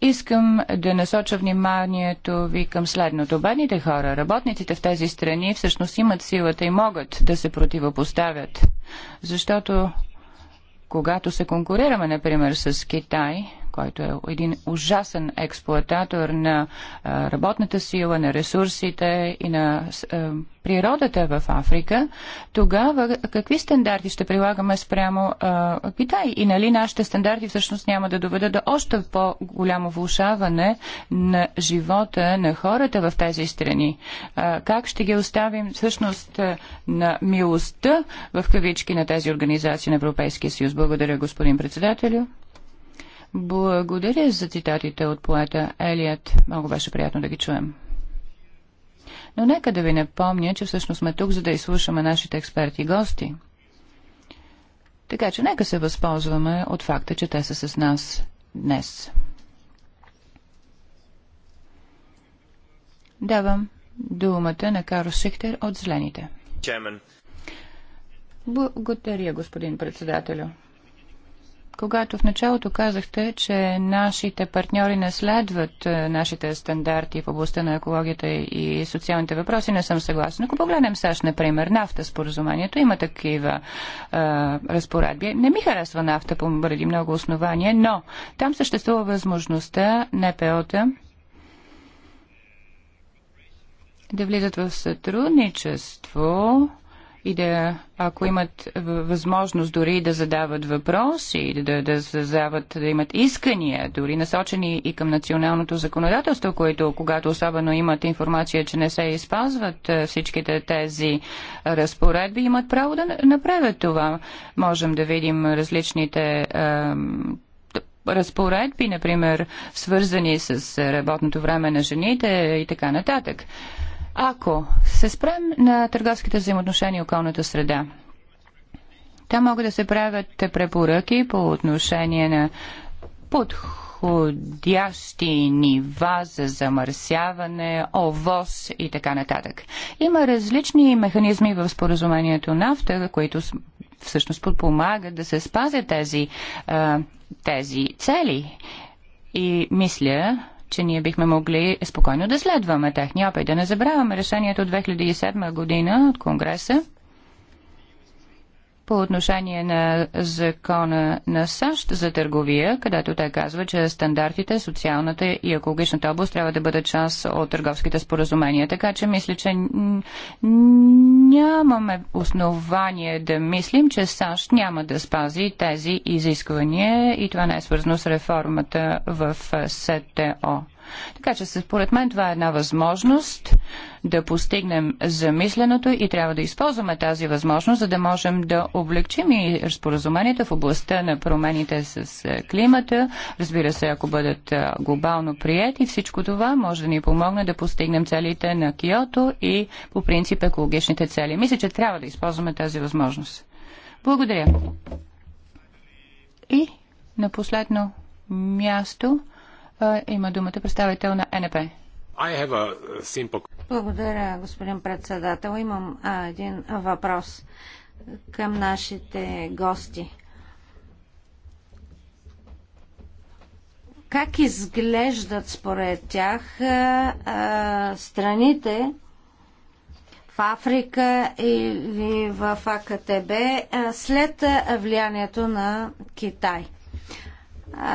Искам да насоча вниманието ви към следното. Бедните хора, работниците в тези страни всъщност имат силата и могат да се противопоставят, защото когато се конкурираме, например, с Китай, който е един ужасен експлуататор на работната сила, на ресурсите и на природата в Африка, тогава какви стандарти ще прилагаме спрямо а, Китай? И нали нашите стандарти всъщност няма да доведат до още по-голямо влушаване на живота на хората в тези страни? А, как ще ги оставим всъщност на милостта в кавички на тези организации на Европейския съюз? Благодаря, господин председателю. Благодаря за цитатите от поета Елият. Много беше приятно да ги чуем. Но нека да ви напомня, че всъщност сме тук, за да изслушаме нашите експерти и гости. Така че нека се възползваме от факта, че те са с нас днес. Давам думата на Карл Шихтер от Зелените. Благодаря, господин председателю когато в началото казахте, че нашите партньори не следват е, нашите стандарти в областта на екологията и социалните въпроси, не съм съгласен. Ако погледнем САЩ, например, нафта споразумението, има такива а, е, разпоредби. Не ми харесва нафта по много основания, но там съществува възможността НПО-та да влизат в сътрудничество и да, ако имат възможност дори да задават въпроси, да, да създават, да имат искания, дори насочени и към националното законодателство, което, когато особено имат информация, че не се изпазват е, всичките тези разпоредби, имат право да направят това. Можем да видим различните е, разпоредби, например, свързани с работното време на жените и така нататък. Ако се спрем на търговските взаимоотношения и околната среда, там могат да се правят препоръки по отношение на подходящи нива за замърсяване, овоз и така нататък. Има различни механизми в споразумението нафта, които всъщност подпомагат да се спазят тези, тези цели. И мисля, че ние бихме могли спокойно да следваме техния опит. Да не забравяме решението от 2007 година от Конгреса по отношение на закона на САЩ за търговия, където те казва, че стандартите, социалната и екологичната област трябва да бъдат част от търговските споразумения. Така че мисля, че нямаме основание да мислим, че САЩ няма да спази тези изисквания и това не е свързано с реформата в СТО. Така че според мен това е една възможност да постигнем замисленото и трябва да използваме тази възможност, за да можем да облегчим и споразуменията в областта на промените с е, климата. Разбира се, ако бъдат е, глобално прияти, всичко това може да ни помогне да постигнем целите на Киото и по принцип екологичните цели. Мисля, че трябва да използваме тази възможност. Благодаря. И на последно място има думата представител на НП. Благодаря, господин председател. Имам а, един въпрос към нашите гости. Как изглеждат според тях а, а, страните в Африка или в АКТБ а, след влиянието на Китай?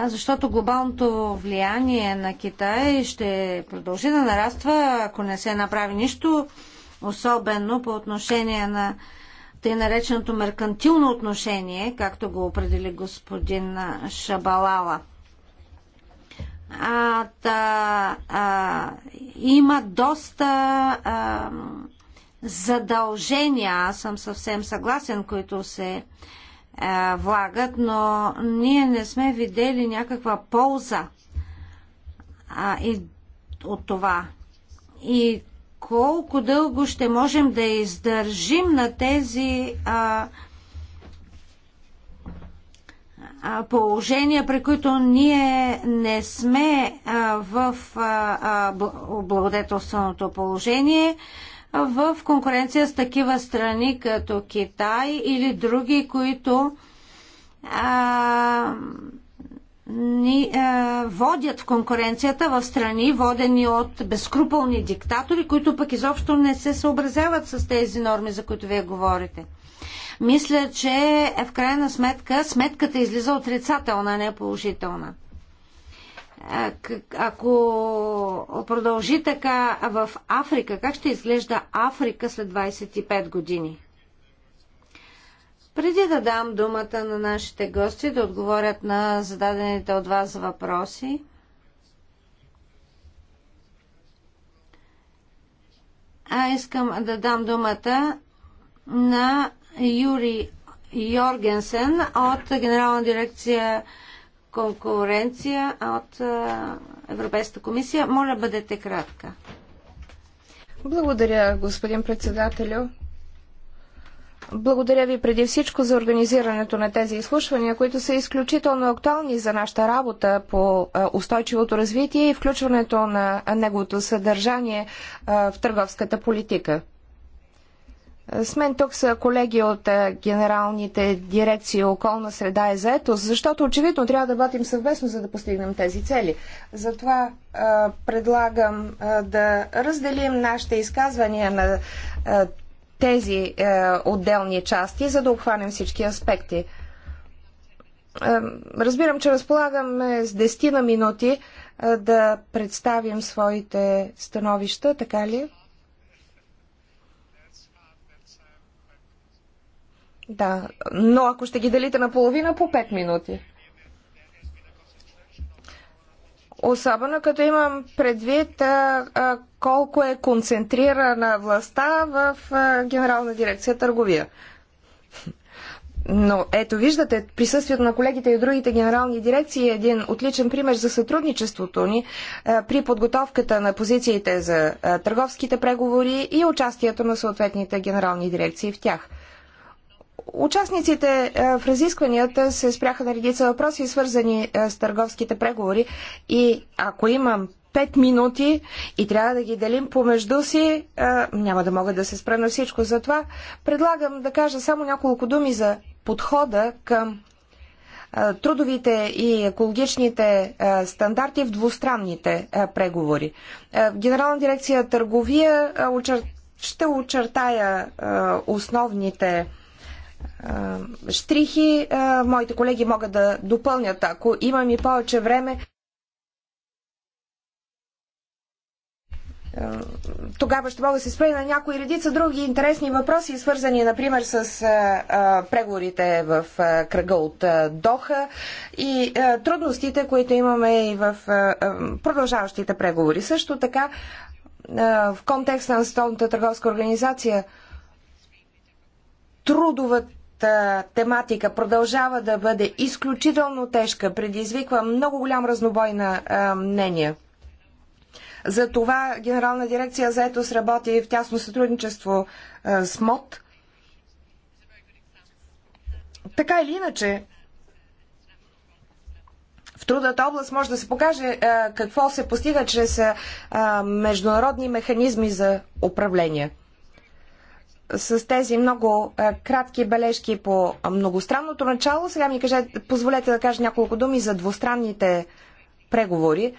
защото глобалното влияние на Китай ще продължи да нараства, ако не се направи нищо, особено по отношение на тъй нареченото меркантилно отношение, както го определи господин Шабалала. А, та, а, има доста а, задължения, аз съм съвсем съгласен, които се а, е, влагат, но ние не сме видели някаква полза а, и от това. И колко дълго ще можем да издържим на тези а, а, положения, при които ние не сме а, в а, благодетелственото положение. А, в конкуренция с такива страни като Китай или други, които а, ни а, водят в конкуренцията в страни, водени от безкруполни диктатори, които пък изобщо не се съобразяват с тези норми, за които вие говорите. Мисля, че е, в крайна сметка сметката излиза отрицателна, а не положителна ако продължи така в Африка, как ще изглежда Африка след 25 години? Преди да дам думата на нашите гости да отговорят на зададените от вас въпроси, а искам да дам думата на Юри Йоргенсен от Генерална дирекция конкуренция от Европейската комисия. Моля, бъдете кратка. Благодаря, господин председателю. Благодаря ви преди всичко за организирането на тези изслушвания, които са изключително актуални за нашата работа по устойчивото развитие и включването на неговото съдържание в търговската политика. С мен тук са колеги от е, генералните дирекции околна среда и заетост, защото очевидно трябва да работим съвместно, за да постигнем тези цели. Затова а, е, предлагам а, е, да разделим нашите изказвания на а, тези а, отделни части, за да обхванем всички аспекти. А, разбирам, че разполагаме с десетина минути а, да представим своите становища, така ли? Да, но ако ще ги делите на половина по 5 минути. Особено като имам предвид а, а, колко е концентрирана властта в а, Генерална дирекция търговия. Но ето виждате, присъствието на колегите и другите генерални дирекции е един отличен пример за сътрудничеството ни а, при подготовката на позициите за а, търговските преговори и участието на съответните генерални дирекции в тях. Участниците е, в разискванията се спряха на редица въпроси, свързани е, с търговските преговори. И ако имам 5 минути и трябва да ги делим помежду си, е, няма да мога да се спра на всичко. за това. предлагам да кажа само няколко думи за подхода към трудовите и екологичните стандарти в двустранните преговори. Генерална дирекция търговия ще очертая основните штрихи. Моите колеги могат да допълнят, ако имам и повече време. Тогава ще мога да се спре на някои редица други интересни въпроси, свързани, например, с преговорите в кръга от Доха и трудностите, които имаме и в продължаващите преговори. Също така, в контекста на Столната търговска организация, трудовата тематика продължава да бъде изключително тежка, предизвиква много голям разнобой на мнения. За това Генерална дирекция заетост работи в тясно сътрудничество с МОД. Така или иначе, в трудата област може да се покаже какво се постига чрез международни механизми за управление с тези много е, кратки бележки по многостранното начало, сега ми кажете, позволете да кажа няколко думи за двустранните преговори.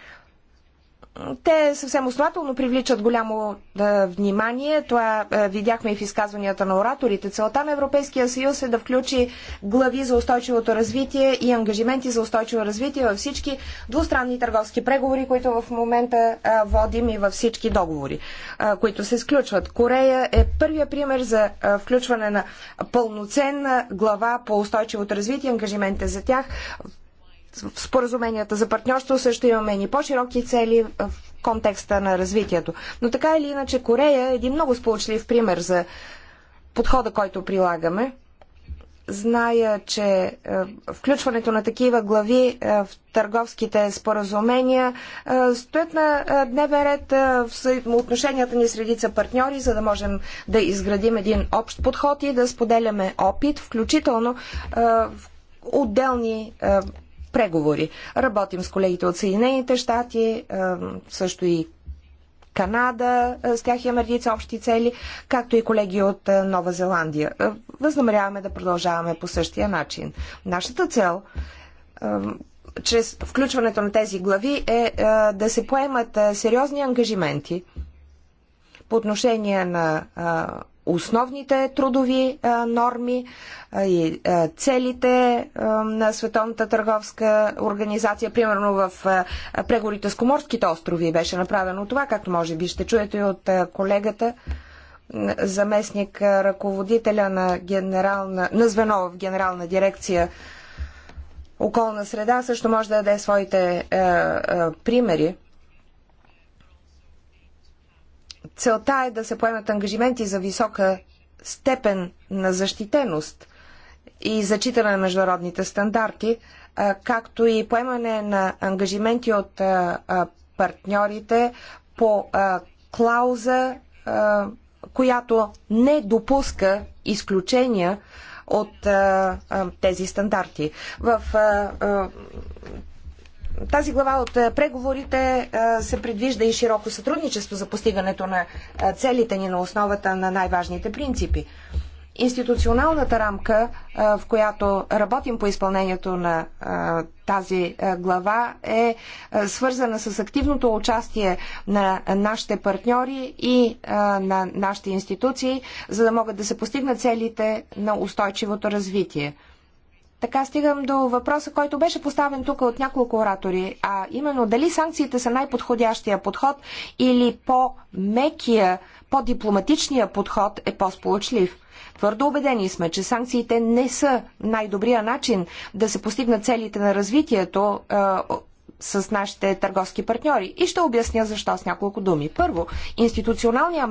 Те съвсем основателно привличат голямо да, внимание. Това е, видяхме и в изказванията на ораторите. Целта на Европейския съюз е да включи глави за устойчивото развитие и ангажименти за устойчиво развитие във всички двустранни търговски преговори, които в момента е, водим и във всички договори, е, които се сключват. Корея е първия пример за е, включване на пълноценна глава по устойчивото развитие, ангажиментите за тях в споразуменията за партньорство също имаме ни по-широки цели в контекста на развитието. Но така или иначе Корея е един много сполучлив пример за подхода, който прилагаме. Зная, че е, включването на такива глави е, в търговските споразумения е, стоят на е, дневен ред е, в отношенията ни с редица партньори, за да можем да изградим един общ подход и да споделяме опит, включително е, в отделни преговори. Работим с колегите от Съединените щати, е, също и Канада, е, с тях имаме редица общи цели, както и колеги от е, Нова Зеландия. Възнамеряваме да продължаваме по същия начин. Нашата цел чрез включването на тези глави е да се поемат сериозни ангажименти по отношение на основните трудови норми и целите на Световната търговска организация. Примерно в преговорите с Коморските острови беше направено това, както може би ще чуете и от колегата заместник ръководителя на, генерална, на звено в Генерална дирекция околна среда също може да даде своите примери. Целта е да се поемат ангажименти за висока степен на защитеност и зачитане на международните стандарти, както и поемане на ангажименти от партньорите по клауза, която не допуска изключения от а, а, тези стандарти. В а, а, тази глава от преговорите се предвижда и широко сътрудничество за постигането на целите ни на основата на най-важните принципи. Институционалната рамка, в която работим по изпълнението на тази глава, е свързана с активното участие на нашите партньори и на нашите институции, за да могат да се постигнат целите на устойчивото развитие. Така стигам до въпроса, който беше поставен тук от няколко оратори, а именно дали санкциите са най-подходящия подход или по-мекия, по-дипломатичния подход е по-сполучлив. Твърдо убедени сме, че санкциите не са най-добрия начин да се постигнат целите на развитието е, с нашите търговски партньори. И ще обясня защо с няколко думи. Първо, институционалният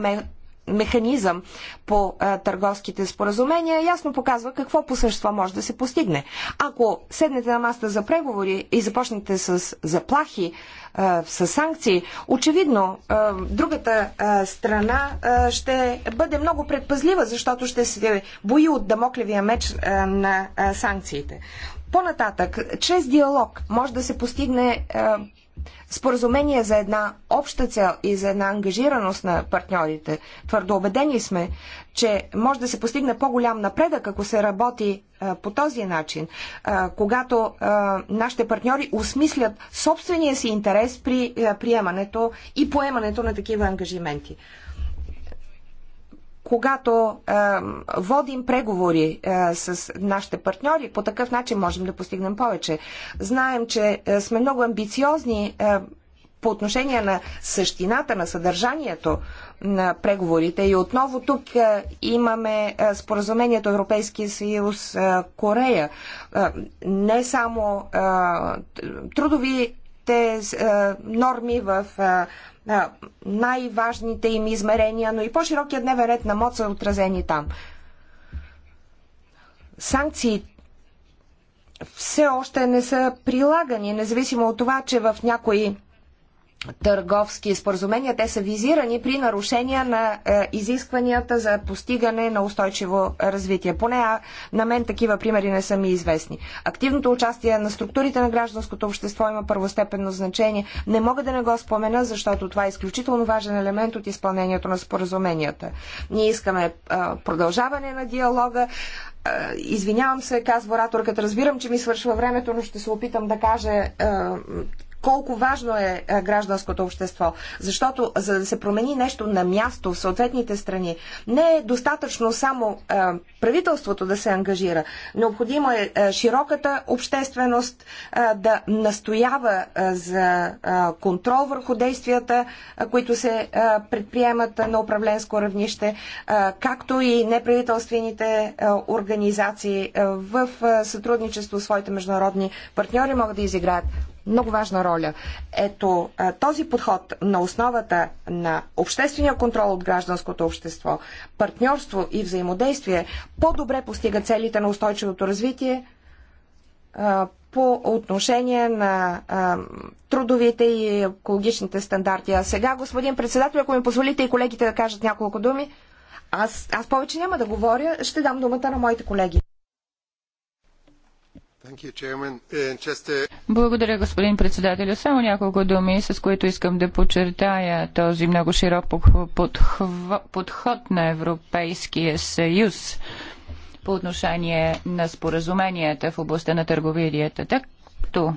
механизъм по търговските споразумения ясно показва какво по същество може да се постигне. Ако седнете на масата за преговори и започнете с заплахи, с санкции, очевидно другата страна ще бъде много предпазлива, защото ще се бои от дамоклевия меч на санкциите. По-нататък, чрез диалог може да се постигне споразумение за една обща цел и за една ангажираност на партньорите. Твърдо убедени сме, че може да се постигне по-голям напредък, ако се работи а, по този начин, а, когато а, нашите партньори осмислят собствения си интерес при а, приемането и поемането на такива ангажименти когато е, водим преговори е, с нашите партньори, по такъв начин можем да постигнем повече. Знаем, че е, сме много амбициозни е, по отношение на същината, на съдържанието на преговорите. И отново тук е, имаме е, споразумението Европейския съюз е, Корея. Е, не само е, трудови те е, норми в е, е, най-важните им измерения, но и по-широкия дневен ред на МОД са отразени там. Санкции все още не са прилагани, независимо от това, че в някои търговски споразумения, те са визирани при нарушения на е, изискванията за постигане на устойчиво развитие. Поне а, на мен такива примери не са ми известни. Активното участие на структурите на гражданското общество има първостепенно значение. Не мога да не го спомена, защото това е изключително важен елемент от изпълнението на споразуменията. Ние искаме е, продължаване на диалога. Е, извинявам се, казва ораторката, разбирам, че ми свършва времето, но ще се опитам да кажа е, колко важно е, е гражданското общество. Защото за да се промени нещо на място в съответните страни, не е достатъчно само е, правителството да се ангажира. Необходимо е, е широката общественост да настоява за контрол върху действията, които се предприемат на управленско равнище, както и неправителствените организации в сътрудничество с своите международни партньори могат да изиграят много важна роля. Ето този подход на основата на обществения контрол от гражданското общество, партньорство и взаимодействие по-добре постига целите на устойчивото развитие по отношение на трудовите и екологичните стандарти. А сега, господин председател, ако ми позволите и колегите да кажат няколко думи, аз, аз повече няма да говоря, ще дам думата на моите колеги. Uh, uh, Благодаря, господин председател. Само няколко думи, с които искам да подчертая този много широк подход на Европейския съюз по отношение на споразуменията в областта на търговията. Както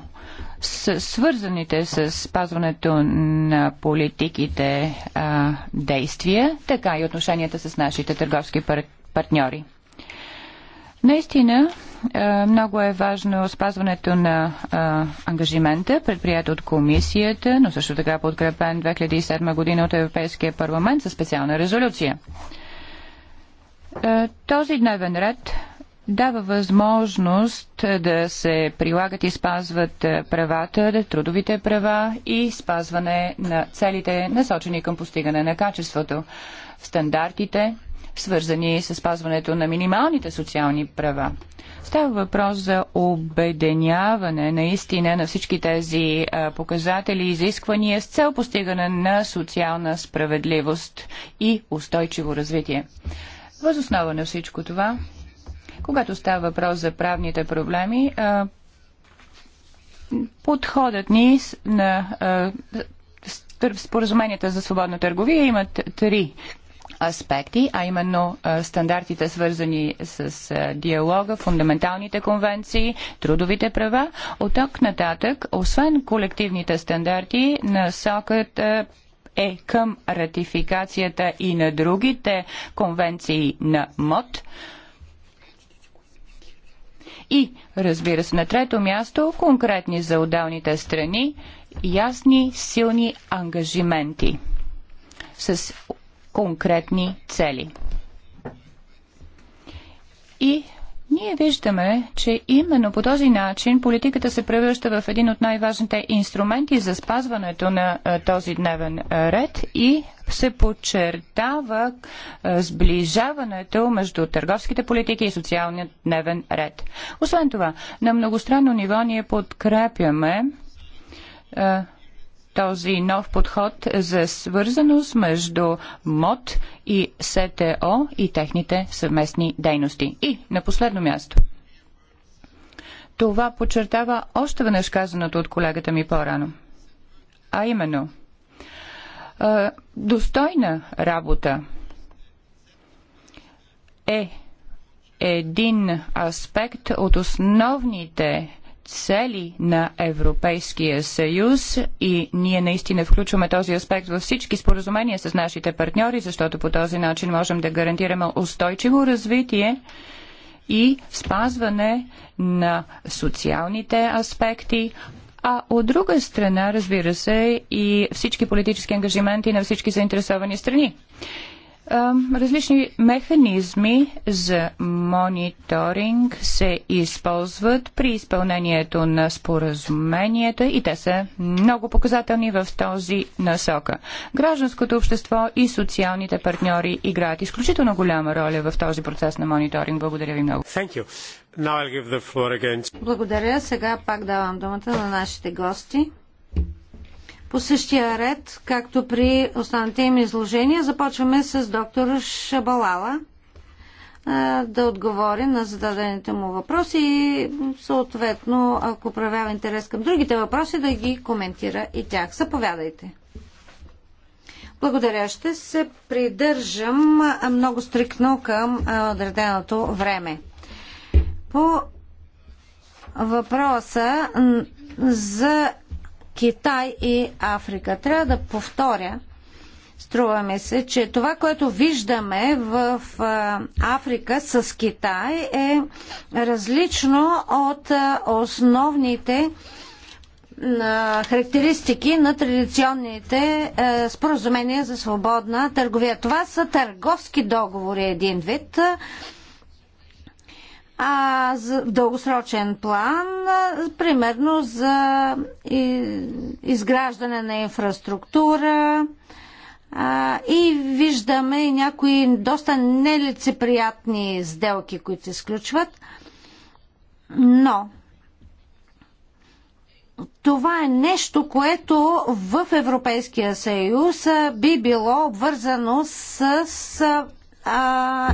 с свързаните с спазването на политиките а, действия, така и отношенията с нашите търговски партньори. Наистина, е, много е важно спазването на е, ангажимента, предприят от комисията, но също така подкрепен 2007 година от Европейския парламент за специална резолюция. Е, този дневен ред дава възможност да се прилагат и спазват правата, трудовите права и спазване на целите, насочени към постигане на качеството, стандартите, свързани с спазването на минималните социални права. Става въпрос за обеденяване наистина на всички тези а, показатели и изисквания с цел постигане на социална справедливост и устойчиво развитие. Възоснова на всичко това, когато става въпрос за правните проблеми, а, подходът ни на а, споразуменията за свободна търговия имат три аспекти, а именно стандартите свързани с диалога, фундаменталните конвенции, трудовите права. От тук нататък, освен колективните стандарти, насокът е към ратификацията и на другите конвенции на МОД. И, разбира се, на трето място, конкретни за отдалните страни, ясни, силни ангажименти с конкретни цели. И ние виждаме, че именно по този начин политиката се превръща в един от най-важните инструменти за спазването на този дневен ред и се подчертава сближаването между търговските политики и социалният дневен ред. Освен това, на многостранно ниво ние подкрепяме този нов подход за свързаност между МОД и СТО и техните съвместни дейности. И на последно място. Това подчертава още веднъж казаното от колегата ми по-рано. А именно, достойна работа е един аспект от основните цели на Европейския съюз и ние наистина включваме този аспект във всички споразумения с нашите партньори, защото по този начин можем да гарантираме устойчиво развитие и спазване на социалните аспекти, а от друга страна, разбира се, и всички политически ангажименти на всички заинтересовани страни. Различни механизми за мониторинг се използват при изпълнението на споразуменията и те са много показателни в този насока. Гражданското общество и социалните партньори играят изключително голяма роля в този процес на мониторинг. Благодаря ви много. Благодаря. Сега пак давам думата на нашите гости. По същия ред, както при останалите им изложения, започваме с доктор Шабалала да отговори на зададените му въпроси и съответно, ако проявява интерес към другите въпроси, да ги коментира и тях. Заповядайте. Благодаря. Ще се придържам много стрикно към отреденото време. По въпроса за Китай и Африка. Трябва да повторя, струва ми се, че това, което виждаме в Африка с Китай е различно от основните на характеристики на традиционните е, споразумения за свободна търговия. Това са търговски договори един вид, а, за, в дългосрочен план, примерно за изграждане на инфраструктура. и виждаме и някои доста нелицеприятни сделки, които се сключват. Но това е нещо, което в Европейския съюз би било обвързано с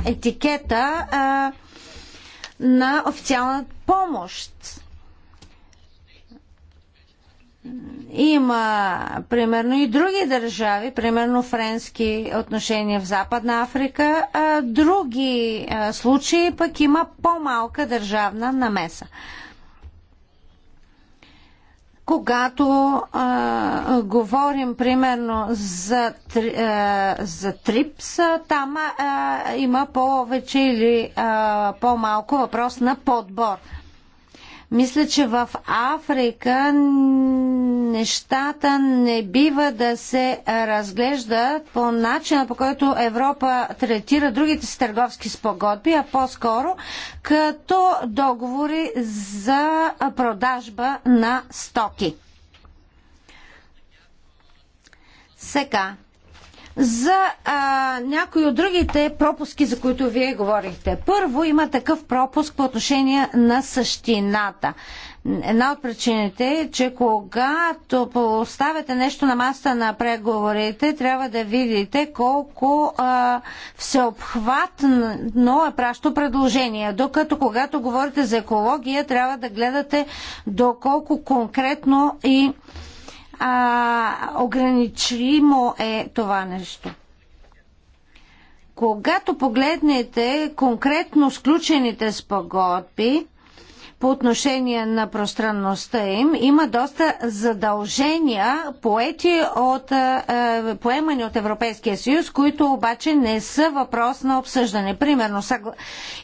етикета. А, на официална помощ. Има, примерно, и други държави, примерно френски отношения в Западна Африка, други случаи пък има по-малка държавна намеса когато а, говорим примерно за, а, за ТРИПС, там а, има повече или а, по-малко въпрос на подбор. Мисля, че в Африка нещата не бива да се разглеждат по начина, по който Европа третира другите си търговски спогодби, а по-скоро като договори за продажба на стоки. Сега, за а, някои от другите пропуски, за които вие говорихте. Първо, има такъв пропуск по отношение на същината. Една от причините е, че когато поставяте нещо на маста на преговорите, трябва да видите колко а, всеобхватно е пращо предложение. Докато когато говорите за екология, трябва да гледате доколко конкретно и а, ограничимо е това нещо. Когато погледнете конкретно сключените спогодби, по отношение на пространността им, има доста задължения, поети от, поемани от Европейския съюз, които обаче не са въпрос на обсъждане. Примерно,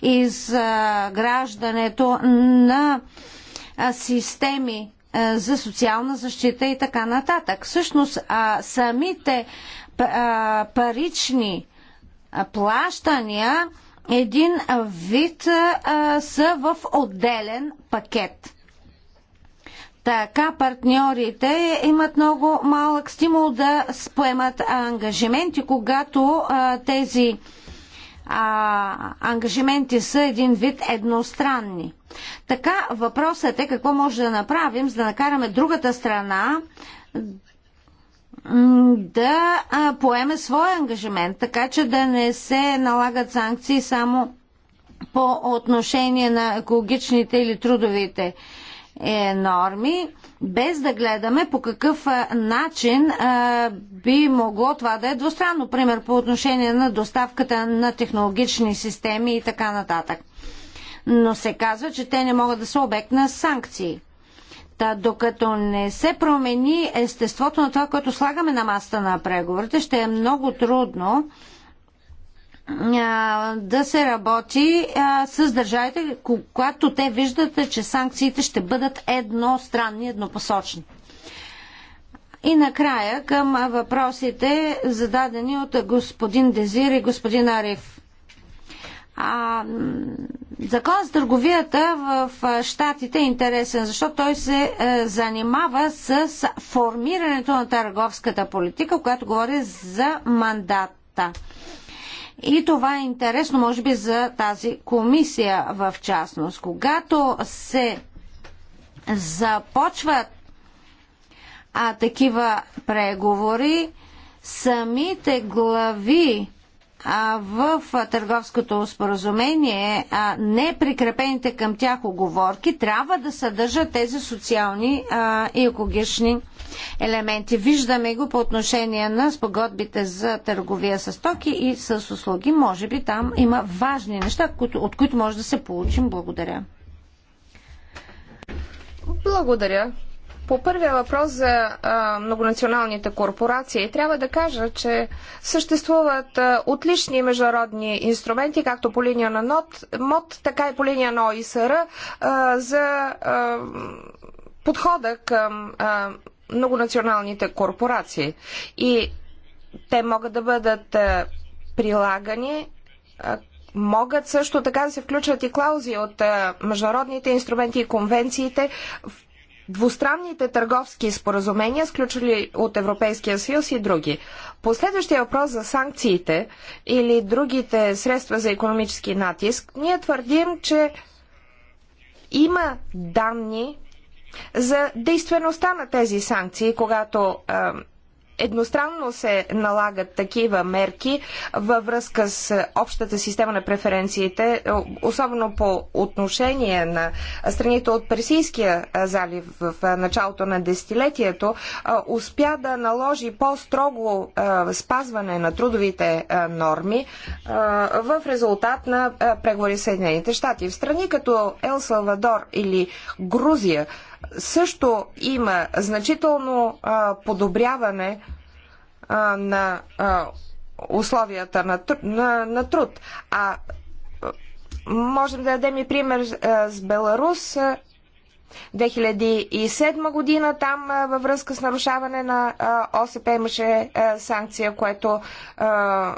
изграждането на системи е, за социална защита и така нататък. Всъщност, самите парични плащания един вид са в отделен пакет. Така партньорите имат много малък стимул да споемат ангажименти, когато а, тези а, ангажименти са един вид едностранни. Така въпросът е какво може да направим, за да накараме другата страна да поеме своя ангажимент, така че да не се налагат санкции само по отношение на екологичните или трудовите е, норми, без да гледаме по какъв начин а, би могло това да е двустранно, пример по отношение на доставката на технологични системи и така нататък. Но се казва, че те не могат да са обект на санкции. Та, докато не се промени естеството на това, което слагаме на масата на преговорите, ще е много трудно да се работи с държавите, когато те виждат, че санкциите ще бъдат едностранни, еднопосочни. И накрая към въпросите, зададени от господин Дезир и господин Ариф. А, закон за търговията в Штатите е интересен, защото той се е, занимава с формирането на търговската политика, която говори за мандата. И това е интересно, може би, за тази комисия в частност. Когато се започват а, такива преговори, самите глави а в търговското споразумение а, неприкрепените към тях оговорки трябва да съдържат тези социални а, и екологични елементи. Виждаме го по отношение на спогодбите за търговия с токи и с услуги. Може би там има важни неща, от които може да се получим. Благодаря. Благодаря. По първия въпрос за а, многонационалните корпорации, трябва да кажа, че съществуват а, отлични международни инструменти, както по линия на НОТ, МОД, така и по линия на ОИСР, а, за а, подхода към а, многонационалните корпорации. И те могат да бъдат а, прилагани. А, могат също така да се включват и клаузи от а, международните инструменти и конвенциите в двустранните търговски споразумения, сключили от Европейския съюз и други. Последващия въпрос за санкциите или другите средства за економически натиск, ние твърдим, че има данни за действеността на тези санкции, когато едностранно се налагат такива мерки във връзка с общата система на преференциите, особено по отношение на страните от Персийския залив в началото на десетилетието, успя да наложи по-строго спазване на трудовите норми в резултат на преговори с Съединените щати. В страни като Ел Салвадор или Грузия, също има значително а, подобряване а, на а, условията на, на, на труд. А можем да дадем и пример а, с Беларус. 2007 година там а, във връзка с нарушаване на а, ОСП имаше а, санкция, което а,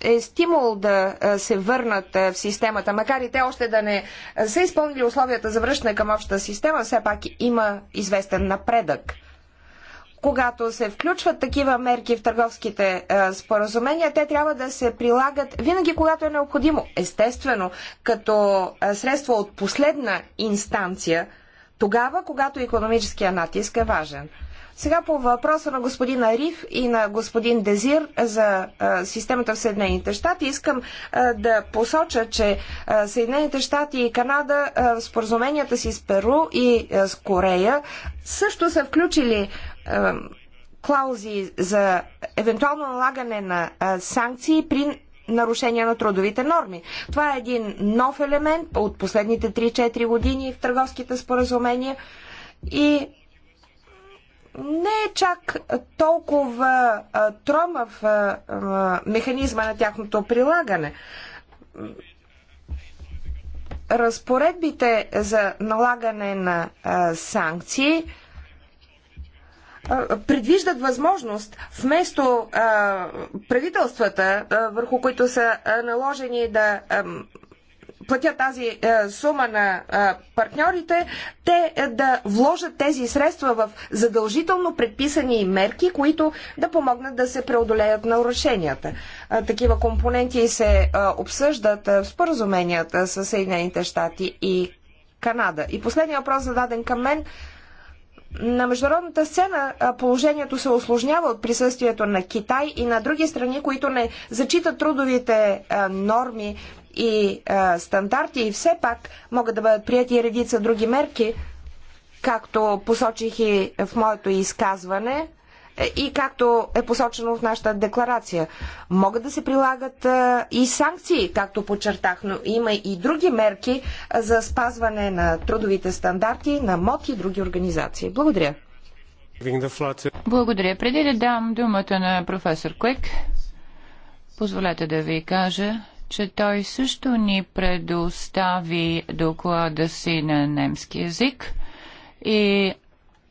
е стимул да се върнат в системата, макар и те още да не са изпълнили условията за връщане към общата система, все пак има известен напредък. Когато се включват такива мерки в търговските споразумения, те трябва да се прилагат винаги, когато е необходимо. Естествено, като средство от последна инстанция, тогава, когато економическия натиск е важен. Сега по въпроса на господин Ариф и на господин Дезир за системата в Съединените щати, искам да посоча, че Съединените щати и Канада в споразуменията си с Перу и с Корея също са включили клаузи за евентуално налагане на санкции при нарушения на трудовите норми. Това е един нов елемент от последните 3-4 години в търговските споразумения и не е чак толкова тромав механизма на тяхното прилагане. Разпоредбите за налагане на санкции предвиждат възможност вместо а, правителствата, а, върху които са наложени да а, платя тази е, сума на е, партньорите, те е, да вложат тези средства в задължително предписани мерки, които да помогнат да се преодолеят нарушенията. Такива компоненти се обсъждат в споразуменията с Съединените щати и Канада. И последният въпрос зададен към мен на международната сцена положението се осложнява от присъствието на Китай и на други страни, които не зачитат трудовите норми и а, стандарти и все пак могат да бъдат прияти редица други мерки, както посочих и в моето изказване е, и както е посочено в нашата декларация. Могат да се прилагат и санкции, както подчертах, но има и други мерки за спазване на трудовите стандарти на мок и други организации. Благодаря. Благодаря. Преди да дам думата на професор Куек. позволете да ви кажа, че той също ни предостави доклада си на немски язик и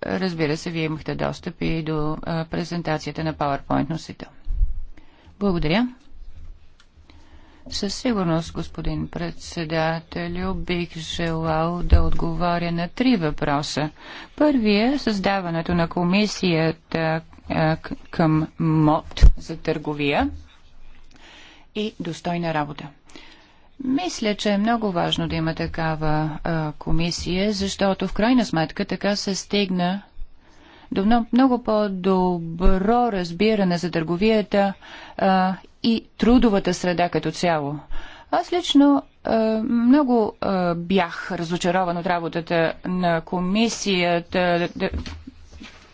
разбира се, вие имахте достъп и до презентацията на PowerPoint носител. Благодаря. Със сигурност, господин председателю, бих желал да отговоря на три въпроса. Първият е създаването на комисията към МОД за търговия и достойна работа. Мисля, че е много важно да има такава а, комисия, защото в крайна сметка така се стигна до много по-добро разбиране за търговията а, и трудовата среда като цяло. Аз лично много бях разочарован от работата на комисията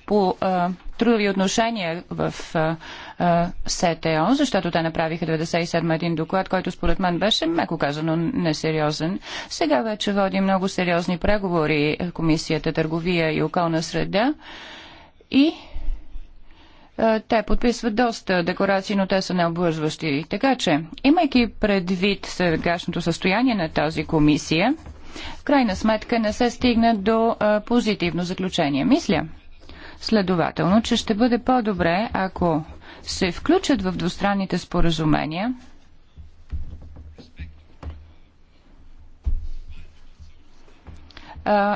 по а, трудови отношения в а, а, СТО, защото те направиха 97 един доклад, който според мен беше, меко казано, несериозен. Сега вече води много сериозни преговори Комисията търговия и околна среда и те подписват доста декларации, но те са необвързващи. Така че, имайки предвид сегашното състояние на тази комисия, в крайна сметка не се стигна до а, позитивно заключение. Мисля, Следователно, че ще бъде по-добре, ако се включат в двустранните споразумения –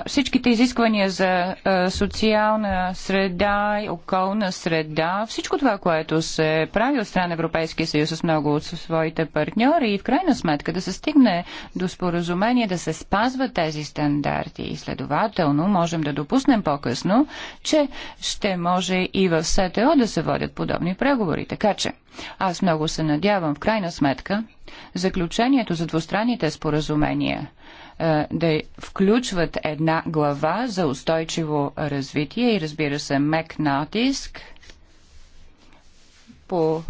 всичките изисквания за социална среда и околна среда, всичко това, което се прави от страна Европейския съюз с много от своите партньори и в крайна сметка да се стигне до споразумение да се спазва тези стандарти. И следователно можем да допуснем по-късно, че ще може и в СТО да се водят подобни преговори. Така че аз много се надявам в крайна сметка заключението за двустранните споразумения – е, да включват една глава за устойчиво развитие и разбира се мек натиск по,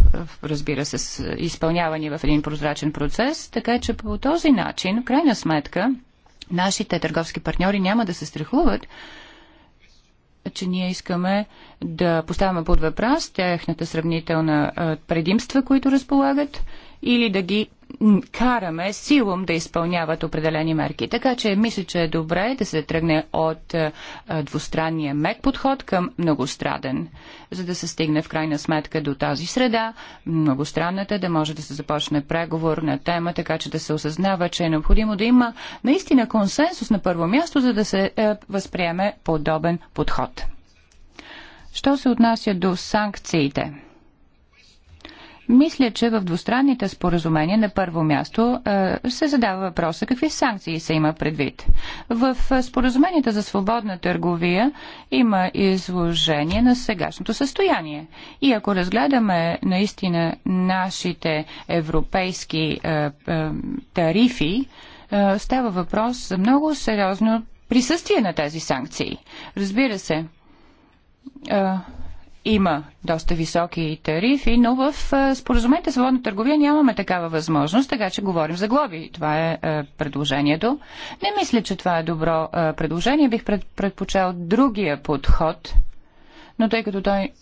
разбира се, изпълнявани в един прозрачен процес, така че по този начин, в крайна сметка, нашите търговски партньори няма да се страхуват, че ние искаме да поставяме под въпрос тяхната сравнителна е, предимства, които разполагат, или да ги караме силом да изпълняват определени мерки. Така че мисля, че е добре да се тръгне от е, е, двустранния мек подход към многостраден, за да се стигне в крайна сметка до тази среда, многостранната, да може да се започне преговор на тема, така че да се осъзнава, че е необходимо да има наистина консенсус на първо място, за да се е, възприеме подобен подход. Що се отнася до санкциите? Мисля, че в двустранните споразумения на първо място е, се задава въпроса какви санкции се има предвид. В е, споразуменията за свободна търговия има изложение на сегашното състояние. И ако разгледаме наистина нашите европейски е, тарифи, става въпрос за много сериозно присъствие на тези санкции. Разбира се, има доста високи тарифи, но в споразумението свободна търговия нямаме такава възможност, така че говорим за глоби. Това е, предложението. Не мисля, че това е добро предложение. Бих предпочел другия подход, но тъй като той,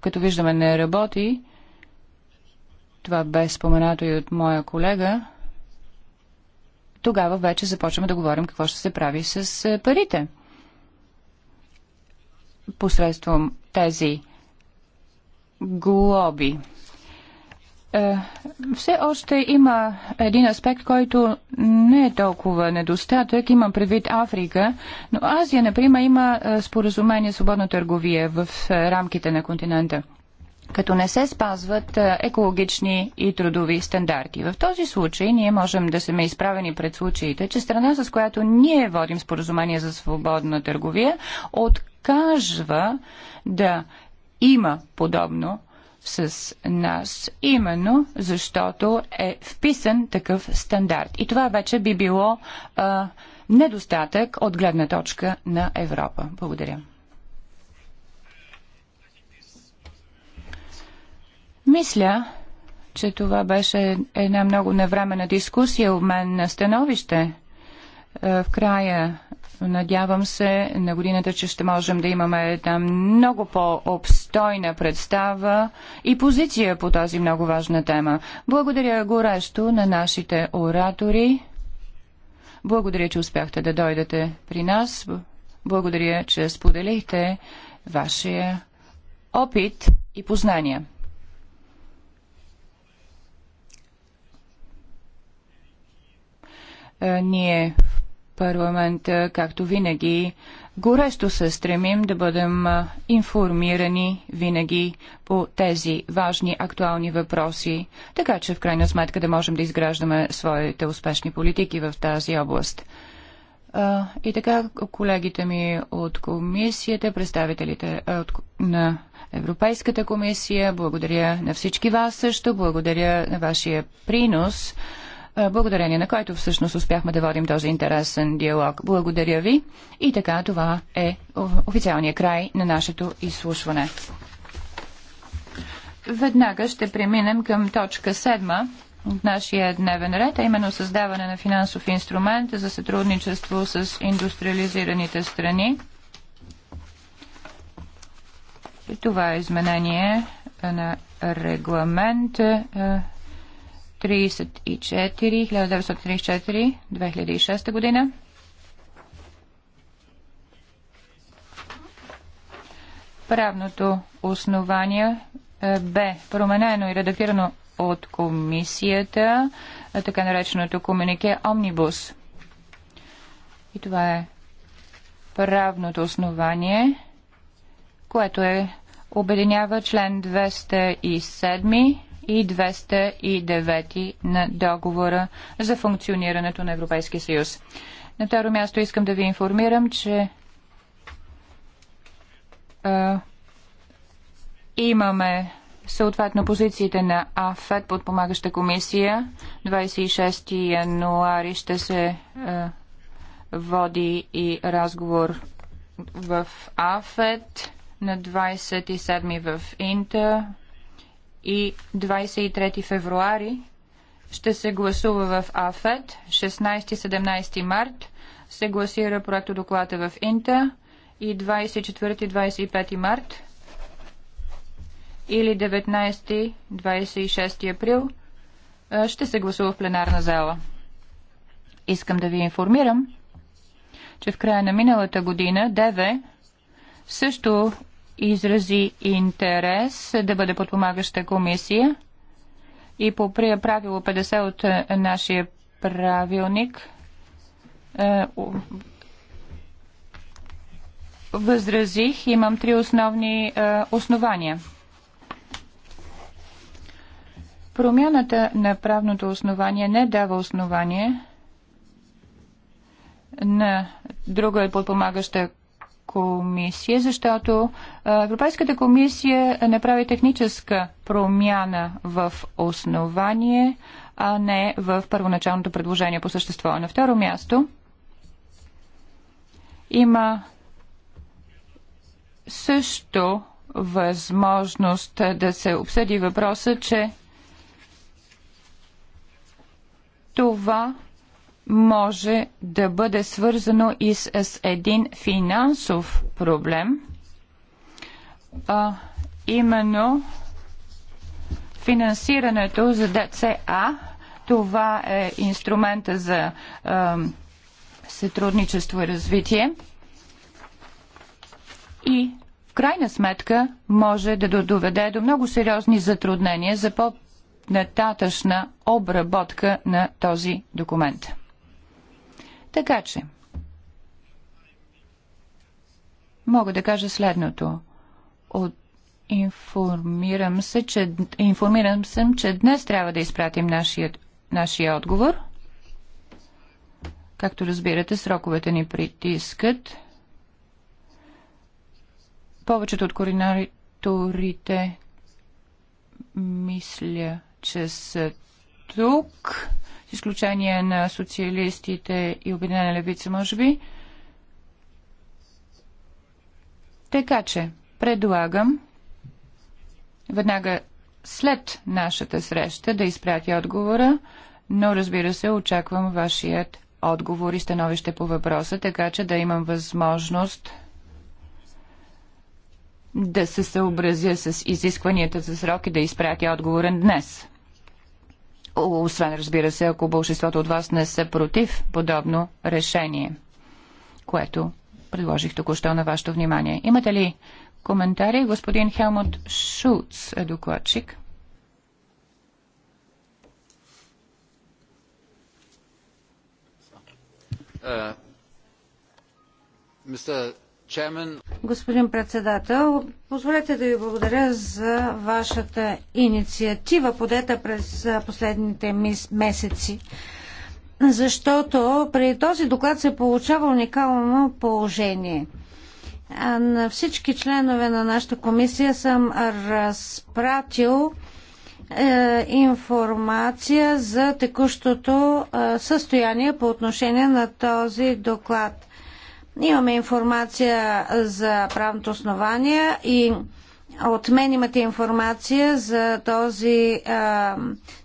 като виждаме, не работи, това бе споменато и от моя колега, тогава вече започваме да говорим какво ще се прави с парите. Посредством тези глоби. Е, все още има един аспект, който не е толкова недостатък. Имам предвид Африка, но Азия, например, има е, споразумение свободна търговия в е, рамките на континента като не се спазват екологични и трудови стандарти. В този случай ние можем да сме изправени пред случаите, че страна, с която ние водим споразумение за свободна търговия, откажва да има подобно с нас, именно защото е вписан такъв стандарт. И това вече би било а, недостатък от гледна точка на Европа. Благодаря. Мисля, че това беше една много навременна дискусия, обмен на становище в края Надявам се на годината, че ще можем да имаме една много по-обстойна представа и позиция по тази много важна тема. Благодаря горещо на нашите оратори. Благодаря, че успяхте да дойдете при нас. Благодаря, че споделихте вашия опит и познания. Е, ние парламент, както винаги, горещо се стремим да бъдем информирани винаги по тези важни, актуални въпроси, така че в крайна сметка да можем да изграждаме своите успешни политики в тази област. И така, колегите ми от комисията, представителите на Европейската комисия, благодаря на всички вас също, благодаря на вашия принос благодарение на който всъщност успяхме да водим този интересен диалог. Благодаря ви. И така, това е официалния край на нашето изслушване. Веднага ще преминем към точка седма от нашия дневен ред, а именно създаване на финансов инструмент за сътрудничество с индустриализираните страни. това е изменение на регламент е, 34, 1934, 2006 година. Правното основание е, бе променено и редактирано от комисията, е, така нареченото комунике Омнибус. И това е правното основание, което е обединява член 207 и 209 на договора за функционирането на Европейския съюз. На второ място искам да ви информирам, че а, имаме съответно позициите на АФЕД, подпомагаща комисия. 26 януари ще се а, води и разговор в АФЕД, на 27 в Инта, и 23 февруари ще се гласува в АФЕД, 16-17 март се гласира доклада в Инта и 24-25 март или 19-26 април ще се гласува в пленарна зала. Искам да ви информирам, че в края на миналата година ДВ също изрази интерес да бъде подпомагаща комисия и по правило 50 от е, нашия правилник е, възразих. Имам три основни е, основания. Промяната на правното основание не дава основание на друга подпомагаща комисия, защото Европейската комисия направи техническа промяна в основание, а не в първоначалното предложение по същество. На второ място има също възможност да се обсъди въпроса, че това може да бъде свързано и с един финансов проблем, а именно финансирането за ДЦА. Това е инструмента за а, сътрудничество и развитие. И в крайна сметка може да доведе до много сериозни затруднения за по-нататъчна обработка на този документ. Така че, мога да кажа следното. От информирам се, че, информирам съм, че днес трябва да изпратим нашия, нашия отговор. Както разбирате, сроковете ни притискат. Повечето от координаторите мисля, че са тук изключение на социалистите и Обединена левица, може би. Така че, предлагам веднага след нашата среща да изпратя отговора, но разбира се, очаквам вашият отговор и становище по въпроса, така че да имам възможност да се съобразя с изискванията за срок и да изпратя отговора днес освен разбира се, ако бълшеството от вас не са против подобно решение, което предложих току-що на вашето внимание. Имате ли коментари? Господин Хелмут Шуц е докладчик. Uh, е, Mr. Господин председател, позволете да ви благодаря за вашата инициатива, подета през последните месеци, защото при този доклад се получава уникално положение. На всички членове на нашата комисия съм разпратил е, информация за текущото е, състояние по отношение на този доклад. Имаме информация за правното основание и от мен имате информация за този а,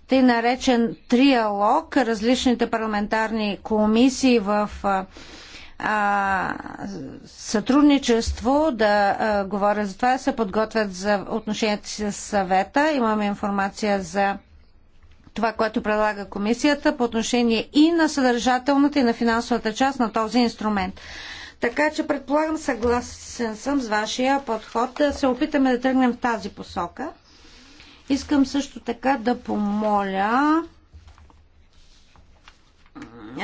тъй наречен триалог, различните парламентарни комисии в а, а, сътрудничество да а, за това, се подготвят за отношенията си с съвета. Имаме информация за това, което предлага комисията по отношение и на съдържателната и на финансовата част на този инструмент. Така че предполагам съгласен съм с вашия подход да се опитаме да тръгнем в тази посока. Искам също така да помоля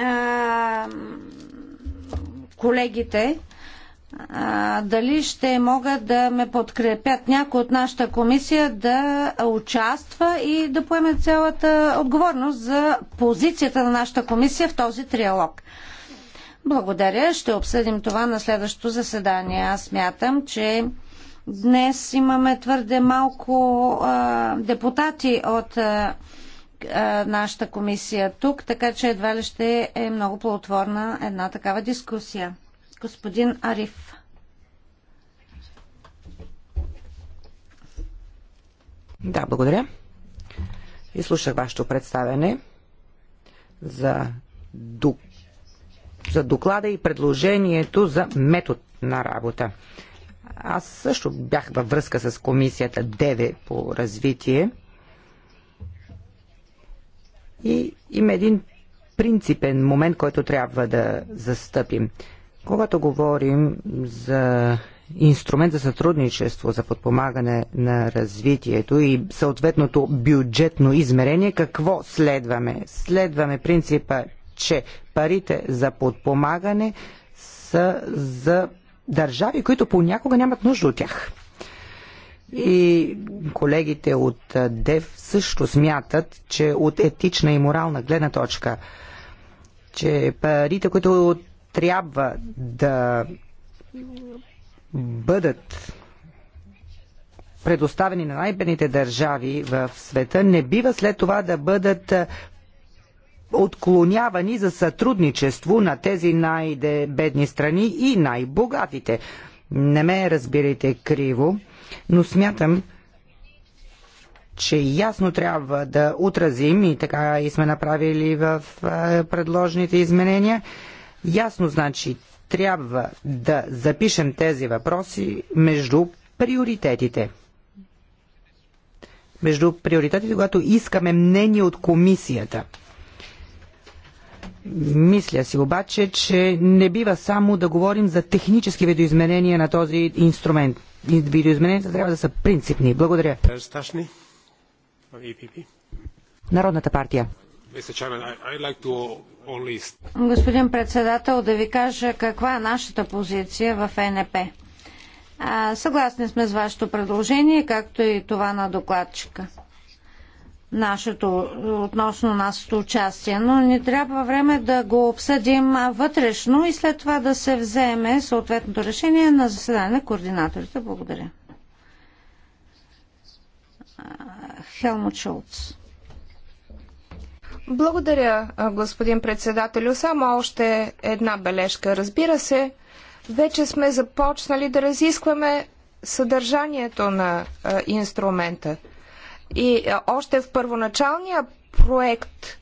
а, колегите а, дали ще могат да ме подкрепят някой от нашата комисия да участва и да поеме цялата отговорност за позицията на нашата комисия в този триалог. Благодаря. Ще обсъдим това на следващото заседание. Аз мятам, че днес имаме твърде малко а, депутати от а, а, нашата комисия тук, така че едва ли ще е много плодотворна една такава дискусия. Господин Ариф. Да, благодаря. И слушах вашето представяне за дук за доклада и предложението за метод на работа. Аз също бях във връзка с комисията ДЕВЕ по развитие и има един принципен момент, който трябва да застъпим. Когато говорим за инструмент за сътрудничество, за подпомагане на развитието и съответното бюджетно измерение, какво следваме? Следваме принципа че парите за подпомагане са за държави, които понякога нямат нужда от тях. И колегите от ДЕВ също смятат, че от етична и морална гледна точка, че парите, които трябва да бъдат предоставени на най-бедните държави в света, не бива след това да бъдат отклонявани за сътрудничество на тези най-бедни страни и най-богатите. Не ме разбирайте криво, но смятам, че ясно трябва да отразим и така и сме направили в предложените изменения. Ясно значи трябва да запишем тези въпроси между приоритетите. Между приоритетите, когато искаме мнение от комисията – мисля си обаче, че не бива само да говорим за технически видоизменения на този инструмент. Видоизмененията трябва да са принципни. Благодаря. E Народната партия. Господин председател, да ви кажа каква е нашата позиция в НП. Съгласни сме с вашето предложение, както и това на докладчика нашето, относно нашето участие, но ни трябва време да го обсъдим вътрешно и след това да се вземе съответното решение на заседание на координаторите. Благодаря. Хелмут Шолц. Благодаря, господин председателю. Само още една бележка. Разбира се, вече сме започнали да разискваме съдържанието на а, инструмента. И още в първоначалния проект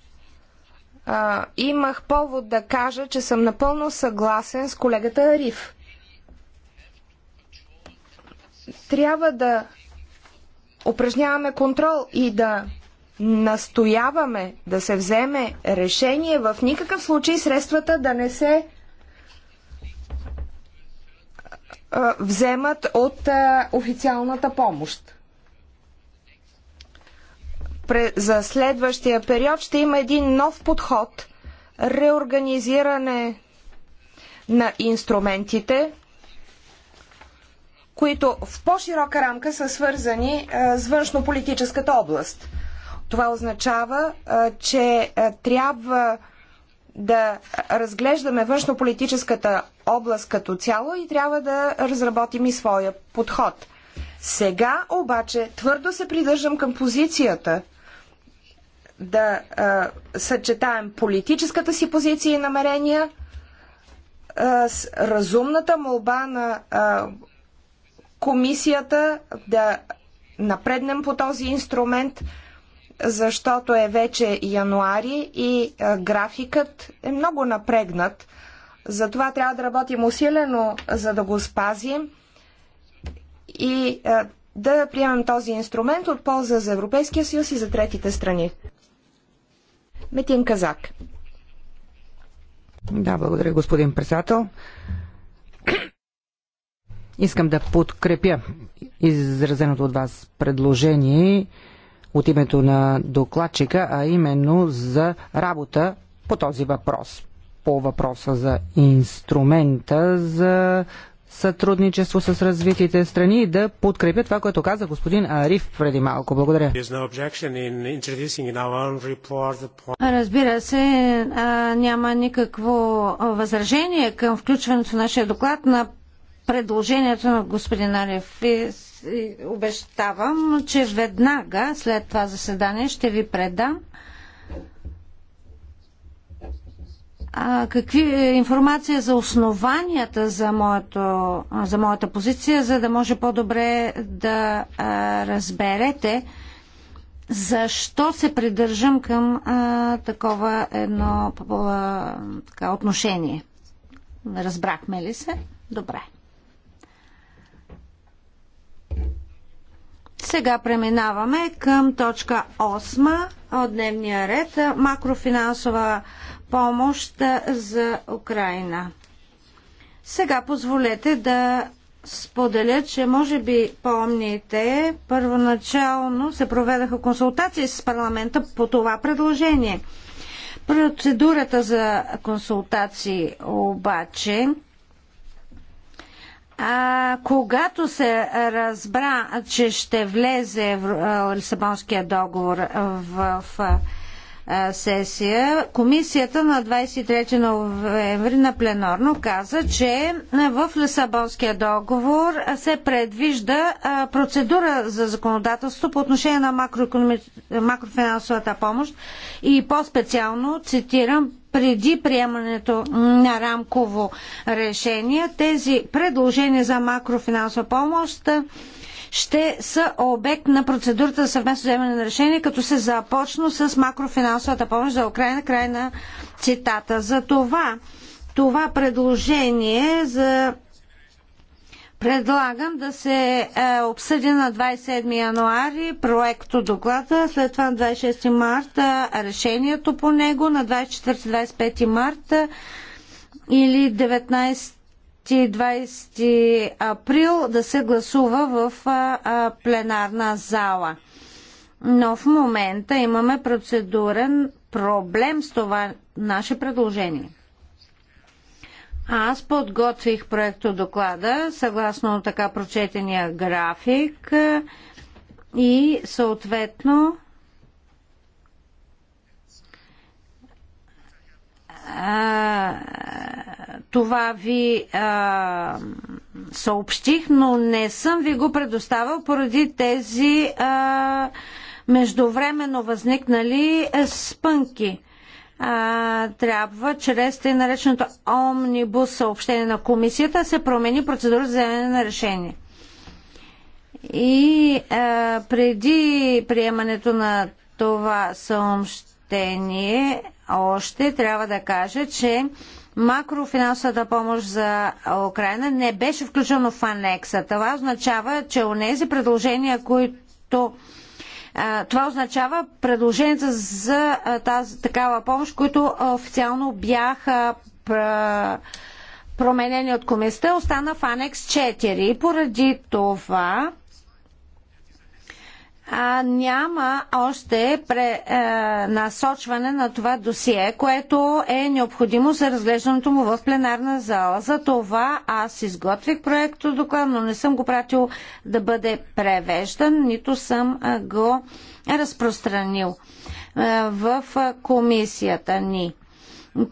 а, имах повод да кажа, че съм напълно съгласен с колегата Ариф. Трябва да упражняваме контрол и да настояваме да се вземе решение в никакъв случай средствата да не се вземат от официалната помощ за следващия период ще има един нов подход, реорганизиране на инструментите, които в по-широка рамка са свързани е, с външно-политическата област. Това означава, е, че е, трябва да разглеждаме външнополитическата област като цяло и трябва да разработим и своя подход. Сега обаче твърдо се придържам към позицията, да а, съчетаем политическата си позиция и намерения а, с разумната молба на а, комисията да напреднем по този инструмент, защото е вече януари и а, графикът е много напрегнат. Затова трябва да работим усилено, за да го спазим и а, да приемем този инструмент от полза за Европейския съюз и за третите страни. Метин Казак. Да, благодаря, господин председател. Искам да подкрепя изразеното от вас предложение от името на докладчика, а именно за работа по този въпрос. По въпроса за инструмента за сътрудничество с развитите страни и да подкрепя това, което каза господин Ариф преди малко. Благодаря. Разбира се, няма никакво възражение към включването на нашия доклад на предложението на господин Ариф. И обещавам, че веднага след това заседание ще ви предам а, какви е информация за основанията за, моето, за моята позиция, за да може по-добре да а, разберете защо се придържам към а, такова едно а, така, отношение. Разбрахме ли се? Добре. Сега преминаваме към точка 8 от дневния ред. Макрофинансова а, помощ за Украина. Сега позволете да споделя, че може би помните, първоначално се проведаха консултации с парламента по това предложение. Процедурата за консултации обаче а, когато се разбра, че ще влезе в, Лисабонския договор в, в сесия, комисията на 23 ноември на пленорно каза, че в Лисабонския договор се предвижда процедура за законодателство по отношение на макрофинансовата помощ и по-специално, цитирам, преди приемането на рамково решение, тези предложения за макрофинансова помощ ще са обект на процедурата за съвместно вземане на решение, като се започна с макрофинансовата помощ за Украина, край на цитата. За това, това предложение за Предлагам да се е, обсъди на 27 януари проекто доклада, след това на 26 марта е, решението по него, на 24-25 марта е, или 19 20 април да се гласува в пленарна зала. Но в момента имаме процедурен проблем с това наше предложение. Аз подготвих проекто доклада съгласно така прочетения график и съответно това ви а, съобщих, но не съм ви го предоставил поради тези а, междувременно възникнали спънки. А, трябва чрез тъй нареченото омнибус съобщение на комисията да се промени процедура за вземане на решение. И а, преди приемането на това съобщение, съобщение още трябва да кажа, че макрофинансовата помощ за Украина не беше включено в анекса. Това означава, че у нези предложения, които това означава предложенията за тази такава помощ, които официално бяха променени от комисията, остана в анекс 4. И поради това а, няма още пре, а, е, насочване на това досие, което е необходимо за разглеждането му в пленарна зала. За това аз изготвих проекто доклад, но не съм го пратил да бъде превеждан, нито съм е, го разпространил е, в комисията ни.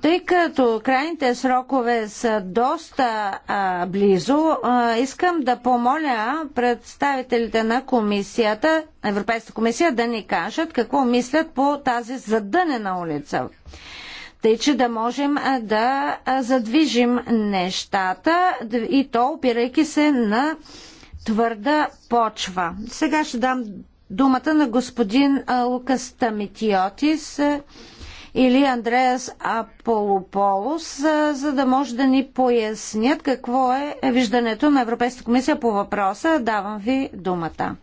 Тъй като крайните срокове са доста а, близо, а, искам да помоля представителите на комисията, Европейската комисия, да ни кажат какво мислят по тази задънена улица. Тъй, че да можем да задвижим нещата и то опирайки се на твърда почва. Сега ще дам думата на господин Лукас Тамитиотис или Андреас Аполополос, за да може да ни пояснят какво е виждането на Европейската комисия по въпроса. Давам ви думата.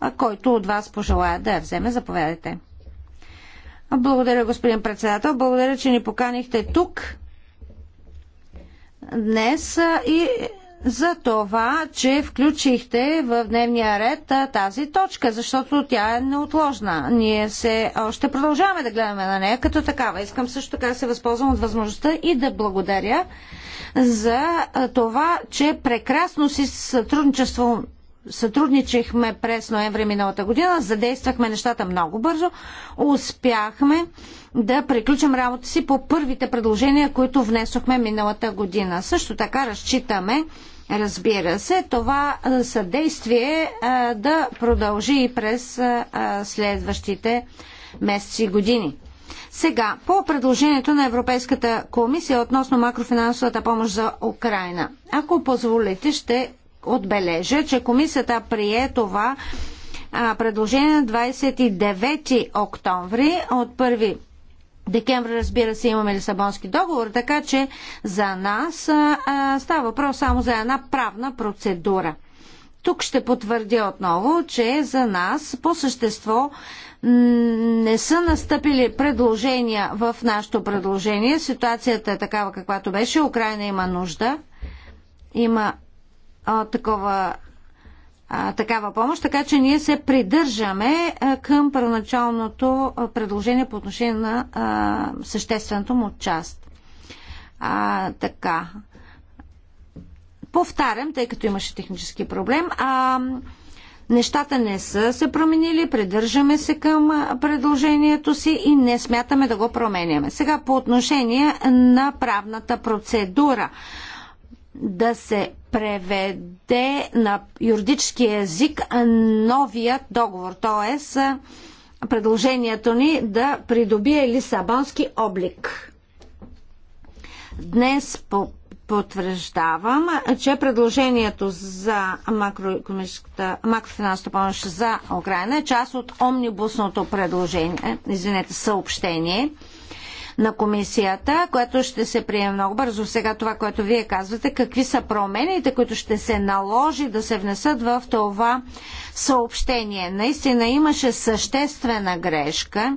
А който от вас пожелая да я вземе, заповядайте. Благодаря, господин председател. Благодаря, че ни поканихте тук днес и за това, че включихте в дневния ред тази точка, защото тя е неотложна. Ние се, още продължаваме да гледаме на нея като такава. Искам също така да се възползвам от възможността и да благодаря за това, че прекрасно си сътрудничество сътрудничихме през ноември миналата година, задействахме нещата много бързо, успяхме да приключим работа си по първите предложения, които внесохме миналата година. Също така разчитаме, разбира се, това съдействие е, да продължи и през е, следващите месеци и години. Сега, по предложението на Европейската комисия относно макрофинансовата помощ за Украина. Ако позволите, ще отбележа, че комисията прие това предложение на 29 октомври от 1 декември, разбира се, имаме Лисабонски договор, така че за нас а, а, става въпрос само за една правна процедура. Тук ще потвърдя отново, че за нас по същество не са настъпили предложения в нашето предложение. Ситуацията е такава каквато беше. Украина има нужда. Има а, такова, а, такава помощ, така че ние се придържаме а, към първоначалното предложение по отношение на а, същественото му част. А, така. Повтарям, тъй като имаше технически проблем. А, Нещата не са се променили, придържаме се към предложението си и не смятаме да го променяме. Сега по отношение на правната процедура. Да се преведе на юридически език новият договор, т.е. предложението ни да придобие лисабонски облик. Днес по потвърждавам, че предложението за макрофинансовата помощ за Украина е част от омнибусното предложение, извинете, съобщение – на комисията, което ще се приеме много бързо. Сега това, което вие казвате, какви са промените, които ще се наложи да се внесат в това съобщение. Наистина имаше съществена грешка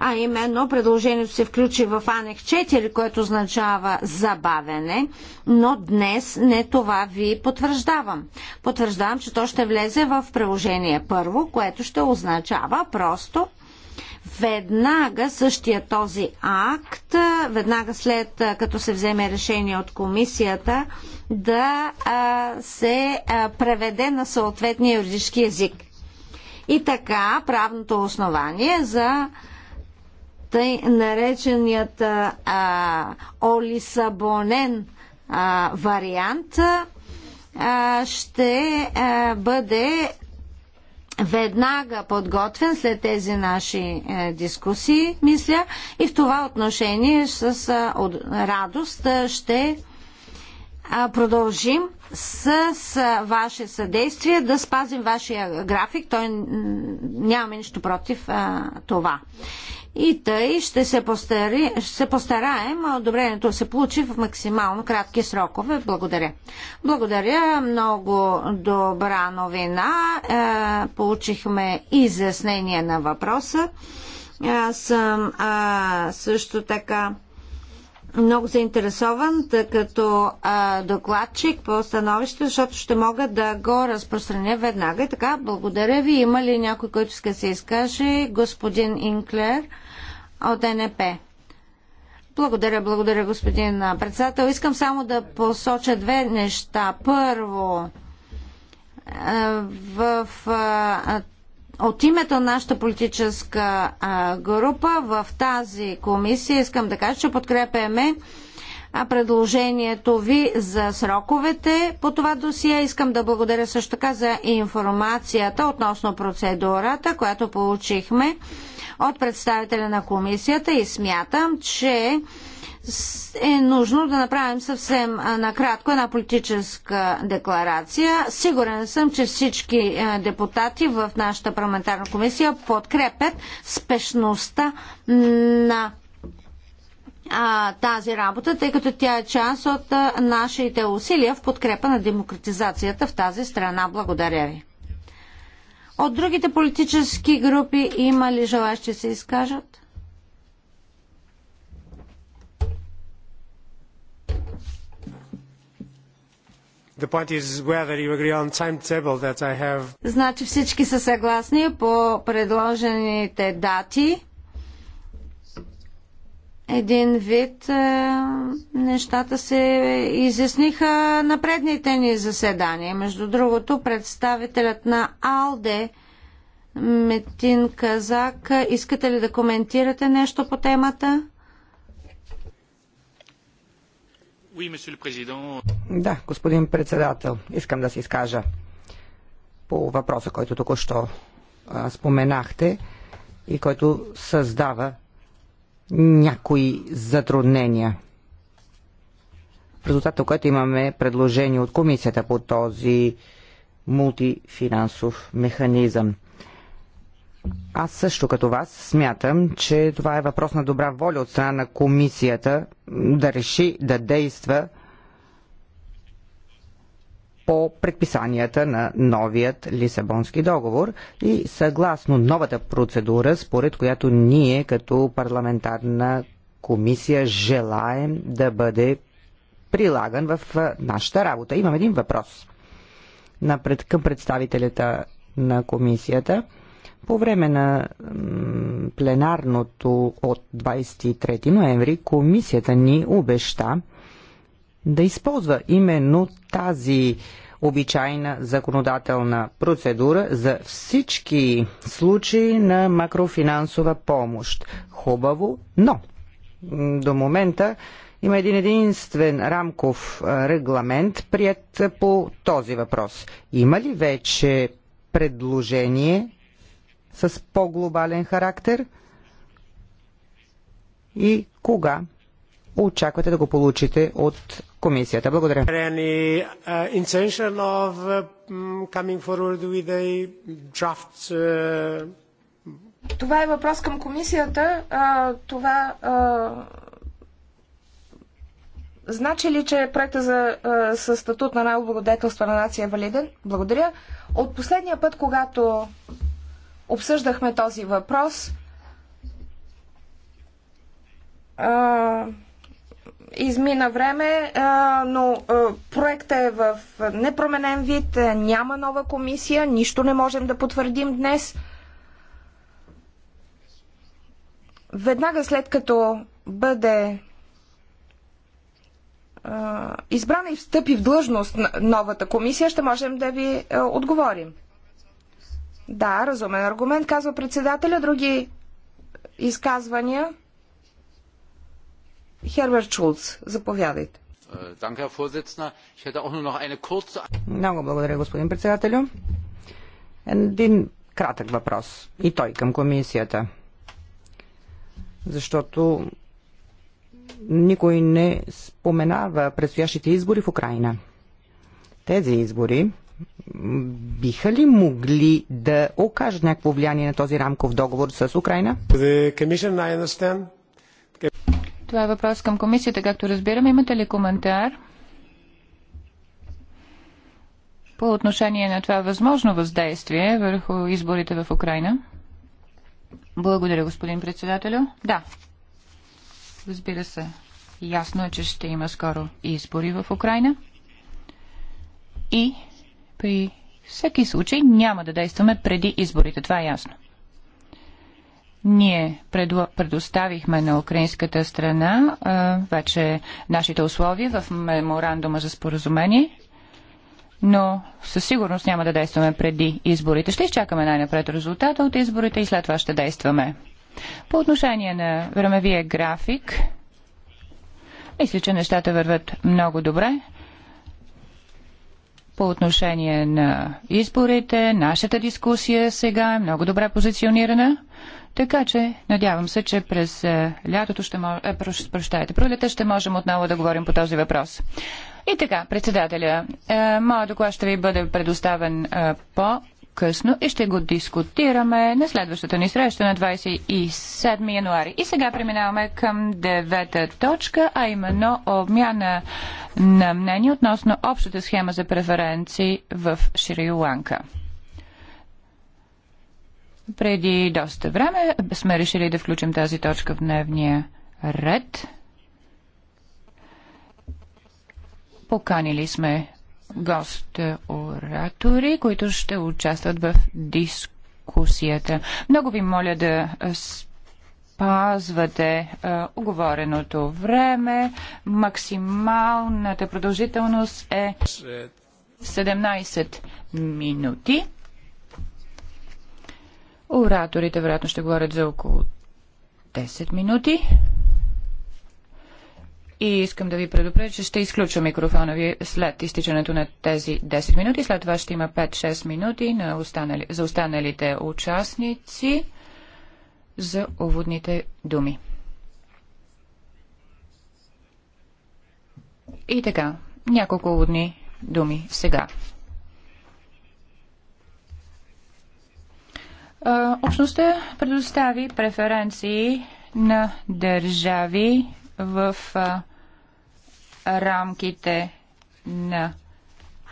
а именно предложението се включи в Анех 4, което означава забавене, но днес не това ви потвърждавам. Потвърждавам, че то ще влезе в приложение първо, което ще означава просто веднага същия този акт, веднага след като се вземе решение от комисията, да се преведе на съответния юридически език. И така, правното основание за тъй нареченият а, олисабонен а, вариант а, ще а, бъде веднага подготвен след тези наши е, дискусии, мисля, и в това отношение с е, радост е, ще продължим с, с ваше съдействие да спазим вашия график. Той нямаме нищо против това. И тъй ще се, постари, ще се постараем одобрението се получи в максимално кратки срокове. Благодаря. Благодаря. Много добра новина. Е, получихме изяснение на въпроса. Аз съм а, е, също така много заинтересован, тъй като а, е, докладчик по становище, защото ще мога да го разпространя веднага. И така, благодаря ви. Има ли някой, който иска да се изкаже? Господин Инклер от ДНП. Благодаря, благодаря, господин председател. Искам само да посоча две неща. Първо, е, в, е, от името на нашата политическа е, група в тази комисия искам да кажа, че подкрепяме предложението ви за сроковете по това досие. Искам да благодаря също така за информацията относно процедурата, която получихме от представителя на комисията и смятам, че е нужно да направим съвсем накратко една политическа декларация. Сигурен съм, че всички депутати в нашата парламентарна комисия подкрепят спешността на тази работа, тъй като тя е част от нашите усилия в подкрепа на демократизацията в тази страна. Благодаря ви. От другите политически групи има ли желащи се изкажат? Have... Значи всички са съгласни по предложените дати един вид е, нещата се изясниха на предните ни заседания. Между другото, представителят на АЛДЕ Метин Казак, искате ли да коментирате нещо по темата? Да, господин председател, искам да се изкажа по въпроса, който току-що споменахте и който създава някои затруднения. В резултат на което имаме предложение от комисията по този мултифинансов механизъм. Аз също като вас смятам, че това е въпрос на добра воля от страна на комисията да реши да действа по предписанията на новият Лисабонски договор и съгласно новата процедура, според която ние като парламентарна комисия желаем да бъде прилаган в нашата работа. Имам един въпрос напред, към представителята на комисията. По време на пленарното от 23 ноември комисията ни обеща да използва именно тази обичайна законодателна процедура за всички случаи на макрофинансова помощ. Хубаво, но до момента има един единствен рамков регламент, прият по този въпрос. Има ли вече предложение с по-глобален характер? И кога очаквате да го получите от комисията. Благодаря. Uh, uh, uh, това е въпрос към комисията. това значи ли, че проекта за със статут на най на нация е валиден? Благодаря. От последния път, когато обсъждахме този въпрос, а, измина време, но проектът е в непроменен вид, няма нова комисия, нищо не можем да потвърдим днес. Веднага след като бъде избрана и встъпи в длъжност новата комисия, ще можем да ви отговорим. Да, разумен аргумент, казва председателя. Други изказвания? Херберт Шулц, заповядайте. Много благодаря, господин председателю. Един кратък въпрос и той към комисията. Защото никой не споменава предстоящите избори в Украина. Тези избори биха ли могли да окажат някакво влияние на този рамков договор с Украина? The това е въпрос към комисията, както разбираме. Имате ли коментар по отношение на това възможно въздействие върху изборите в Украина? Благодаря, господин председателю. Да, разбира се. Ясно е, че ще има скоро избори в Украина. И при всеки случай няма да действаме преди изборите. Това е ясно ние предоставихме на украинската страна а, вече нашите условия в меморандума за споразумение, но със сигурност няма да действаме преди изборите. Ще изчакаме най-напред резултата от изборите и след това ще действаме. По отношение на времевия график, мисля, че нещата върват много добре. По отношение на изборите, нашата дискусия сега е много добре позиционирана. Така че, надявам се, че през е, лятото ще може... прощайте, пролета ще можем отново да говорим по този въпрос. И така, председателя, е, моят доклад ще ви бъде предоставен е, по късно и ще го дискутираме на следващата ни среща на 27 януари. И сега преминаваме към девета точка, а именно обмяна на мнение относно общата схема за преференции в Шри-Ланка. Преди доста време сме решили да включим тази точка в дневния ред. Поканили сме гост-оратори, които ще участват в дискусията. Много ви моля да спазвате е, оговореното време. Максималната продължителност е 17 минути. Ораторите вероятно ще говорят за около 10 минути. И искам да ви предупредя, че ще изключа микрофона ви след изтичането на тези 10 минути. След това ще има 5-6 минути на останали, за останалите участници за уводните думи. И така, няколко уводни думи сега. Общността предостави преференции на държави в рамките на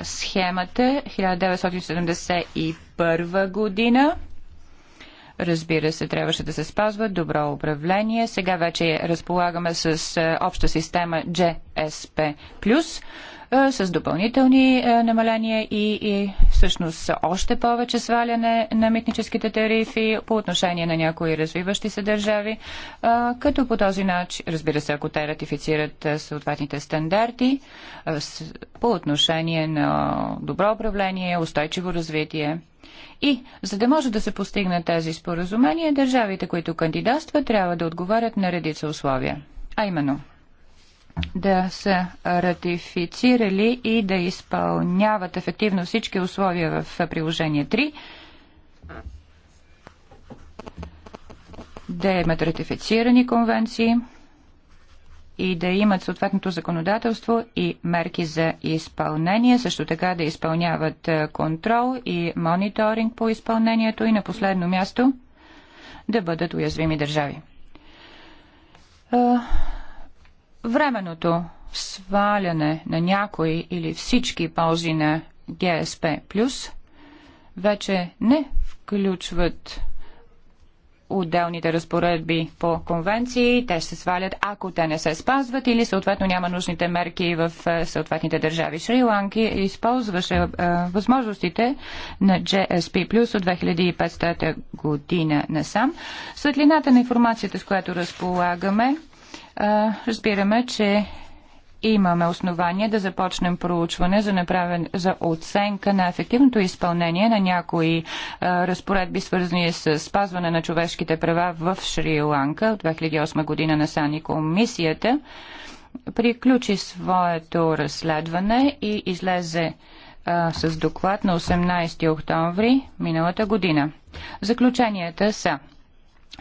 схемата 1971 година. Разбира се, трябваше да се спазва добро управление. Сега вече разполагаме с обща система GSP+ с допълнителни намаления и, и всъщност още повече сваляне на митническите тарифи по отношение на някои развиващи се държави, като по този начин, разбира се, ако те ратифицират съответните стандарти по отношение на добро управление, устойчиво развитие. И, за да може да се постигнат тези споразумения, държавите, които кандидатстват, трябва да отговарят на редица условия. А именно – да са ратифицирали и да изпълняват ефективно всички условия в приложение 3, да имат ратифицирани конвенции и да имат съответното законодателство и мерки за изпълнение, също така да изпълняват е, контрол и мониторинг по изпълнението и на последно място да бъдат уязвими държави. Е, Временото сваляне на някои или всички ползи на ГСП плюс вече не включват отделните разпоредби по конвенции. Те се свалят, ако те не се спазват или съответно няма нужните мерки в е, съответните държави. Шри-Ланки използваше е, възможностите на GSP Plus от 2500 година насам. Светлината на информацията, с която разполагаме, разбираме, че имаме основание да започнем проучване за, направен, за оценка на ефективното изпълнение на някои а, разпоредби, свързани с спазване на човешките права в Шри-Ланка от 2008 година на Сани комисията приключи своето разследване и излезе а, с доклад на 18 октомври миналата година. Заключенията са –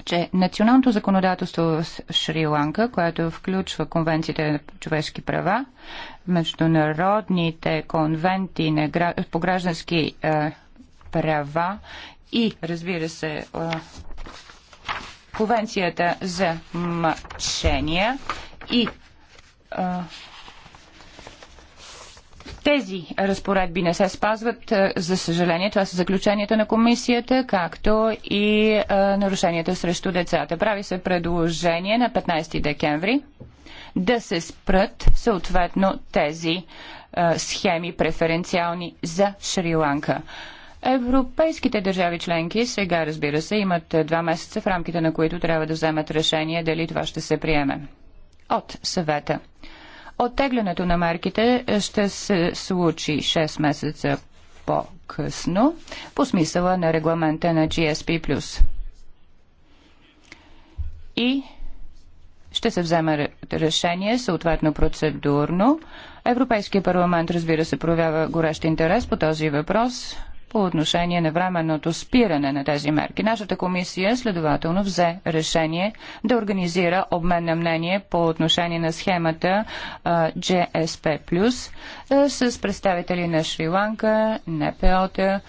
че националното законодателство в Шри-Ланка, което включва конвенциите на човешки права, международните конвенти на, по граждански е, права и, разбира се, е, конвенцията за мъчения и е, тези разпоредби не се спазват, е, за съжаление, това са заключенията на комисията, както и е, нарушенията срещу децата. Прави се предложение на 15 декември да се спрат съответно тези е, схеми преференциални за Шри-Ланка. Европейските държави членки сега, разбира се, имат два месеца, в рамките на които трябва да вземат решение дали това ще се приеме от съвета. Оттеглянето на марките ще се случи 6 месеца по-късно по смисъла на регламента на GSP+. И ще се вземе решение, съответно процедурно. Европейския парламент, разбира се, проявява горещ интерес по този въпрос по отношение на временното спиране на тези мерки. Нашата комисия следователно взе решение да организира обмен на мнение по отношение на схемата GSP+, с представители на Шри-Ланка, НПО-та,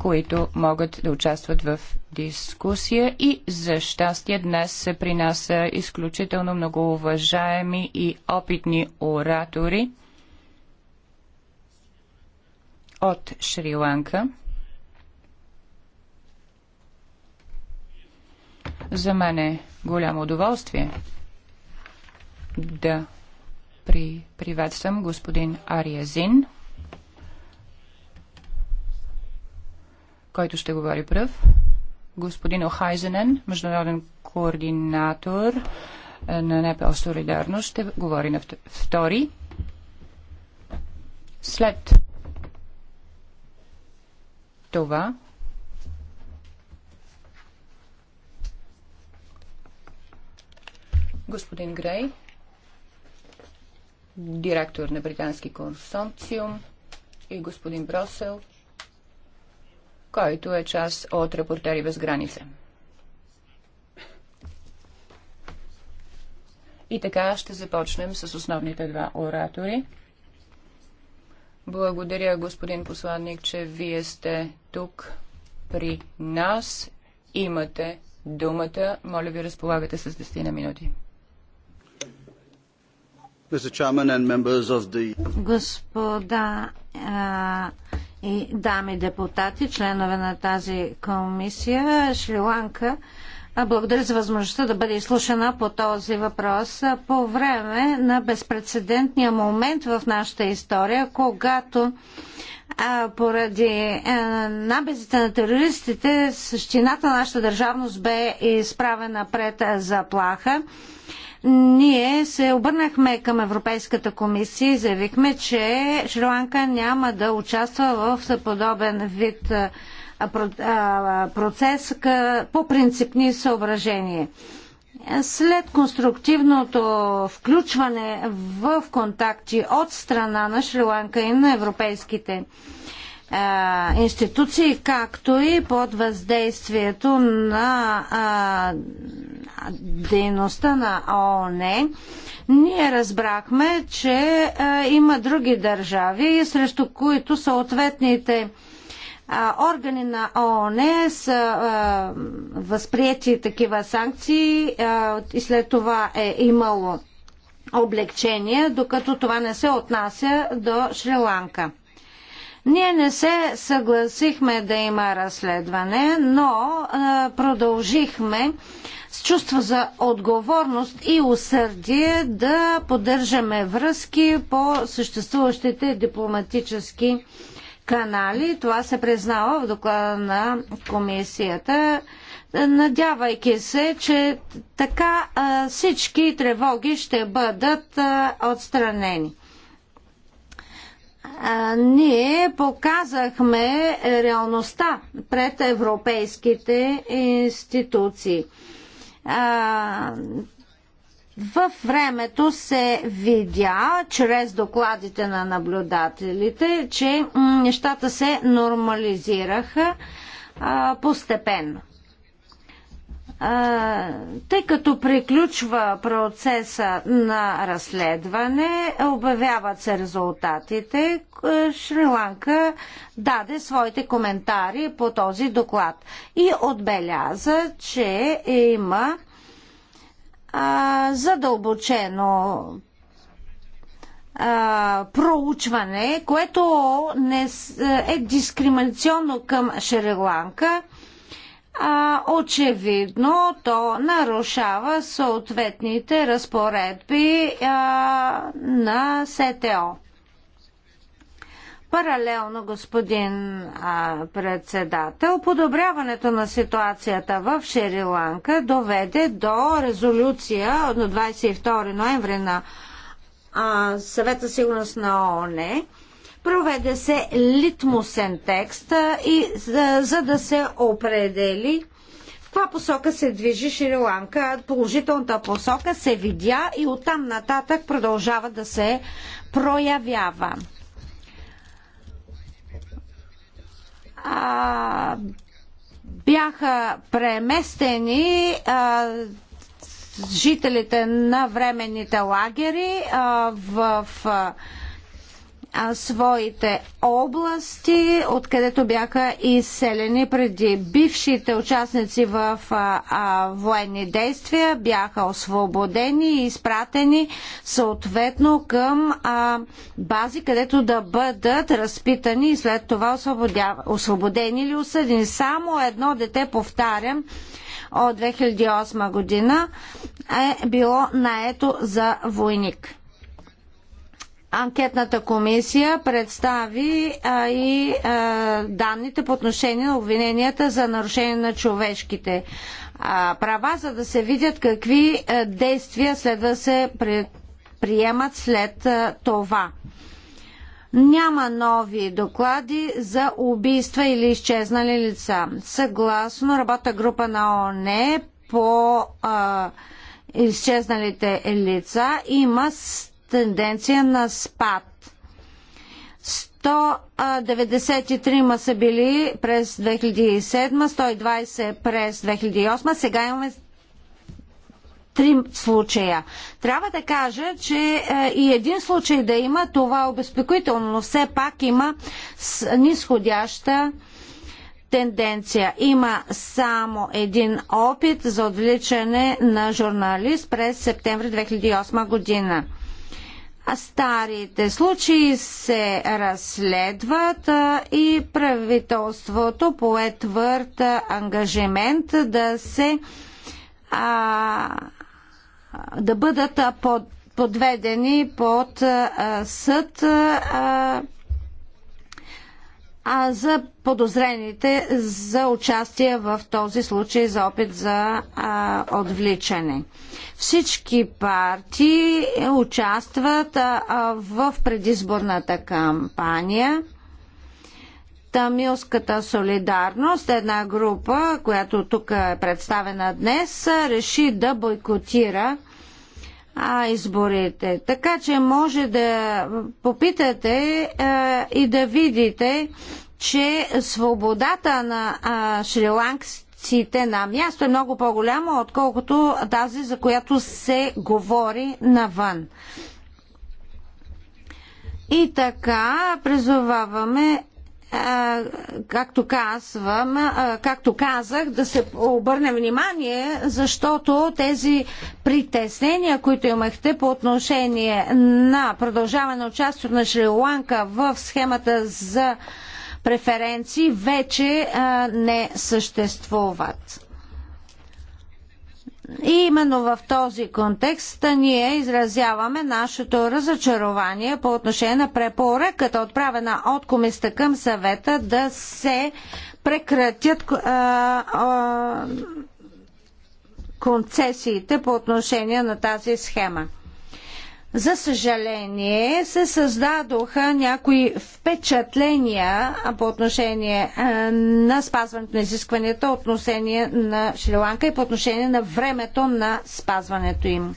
които могат да участват в дискусия и за щастие днес се при нас изключително много уважаеми и опитни оратори – от Шри-Ланка. За мен е голямо удоволствие да при приветствам господин Ариязин, който ще говори пръв. Господин Охайзенен, международен координатор е, на НПО Солидарност, ще говори на втори. След това господин Грей, директор на Британски консорциум и господин Бросел, който е част от Репортери без граница. И така ще започнем с основните два оратори. Благодаря, господин посланник, че вие сте тук при нас. Имате думата. Моля ви, разполагате с 10 на минути. Господа и дами депутати, членове на тази комисия, Шри-Ланка благодаря за възможността да бъде изслушана по този въпрос. По време на безпредседентния момент в нашата история, когато а, поради а, набезите на терористите, същината на нашата държавност бе изправена пред заплаха. Ние се обърнахме към Европейската комисия и заявихме, че Шри-Ланка няма да участва в подобен вид а, процес по принципни съображения. След конструктивното включване в контакти от страна на Шри-Ланка и на европейските институции, както и под въздействието на дейността на ООН, ние разбрахме, че има други държави, срещу които съответните а, органи на ООН са възприяти такива санкции и след това е имало облегчение, докато това не се отнася до Шри-Ланка. Ние не се съгласихме да има разследване, но а, продължихме с чувство за отговорност и усърдие да поддържаме връзки по съществуващите дипломатически канали. Това се признава в доклада на комисията, надявайки се, че така всички тревоги ще бъдат отстранени ние показахме реалността пред европейските институции във времето се видя, чрез докладите на наблюдателите, че нещата се нормализираха а, постепенно. А, тъй като приключва процеса на разследване, обявяват се резултатите, Шри-Ланка даде своите коментари по този доклад и отбеляза, че има а, задълбочено а, проучване, което не е, е дискриминационно към Шри-Ланка. очевидно то нарушава съответните разпоредби а, на СТО. Паралелно, господин а, председател, подобряването на ситуацията в Шри-Ланка доведе до резолюция от 22 ноември на а, Съвета сигурност на ООН. Проведе се литмусен текст а, и за, за да се определи в каква посока се движи Шри-Ланка. Положителната посока се видя и оттам нататък продължава да се проявява. а, бяха преместени а, жителите на временните лагери а, в. в а, своите области, откъдето бяха изселени преди. Бившите участници в а, а, военни действия бяха освободени и изпратени съответно към а, бази, където да бъдат разпитани и след това освободени или осъдени. Само едно дете, повтарям, от 2008 година е било наето за войник. Анкетната комисия представи а, и а, данните по отношение на обвиненията за нарушение на човешките а, права, за да се видят какви а, действия следва да се предприемат след а, това. Няма нови доклади за убийства или изчезнали лица. Съгласно работа група на ООН по а, изчезналите лица има тенденция на спад. 193 са били през 2007, 120 през 2008, сега имаме три случая. Трябва да кажа, че е, и един случай да има, това е но все пак има нисходяща тенденция. Има само един опит за отвличане на журналист през септември 2008 година. Старите случаи се разследват и правителството пое твърд ангажимент да се а, да бъдат под, подведени под а, съд а, а за подозрените за участие в този случай за опит за а, отвличане. Всички партии участват а, а, в предизборната кампания. Тамилската солидарност, една група, която тук е представена днес, реши да бойкотира а, изборите. Така че може да попитате а, и да видите, че свободата на шри шриланкците на място е много по-голяма, отколкото тази, за която се говори навън. И така призоваваме както, казвам, както казах, да се обърне внимание, защото тези притеснения, които имахте по отношение на продължаване на участието на Шри-Ланка в схемата за преференции, вече не съществуват. И именно в този контекст ние изразяваме нашето разочарование по отношение на препоръката, отправена от комиста към съвета да се прекратят а, а, концесиите по отношение на тази схема. За съжаление се създадоха някои впечатления по отношение на спазването на изискванията, отношение на Шри-Ланка и по отношение на времето на спазването им.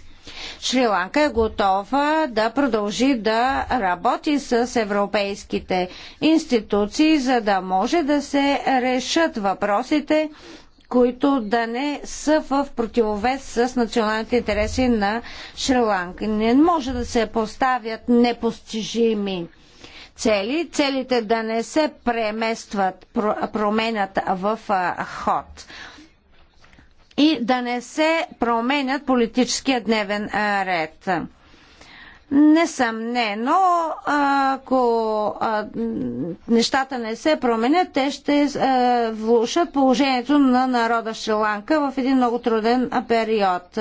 Шри-Ланка е готова да продължи да работи с европейските институции, за да може да се решат въпросите които да не са в противовес с националните интереси на Шри-Ланка. Не може да се поставят непостижими цели, целите да не се преместват, променят в ход и да не се променят политическия дневен ред. Несъмнено, ако нещата не се променят, те ще влушат положението на народа Шри-Ланка в един много труден период.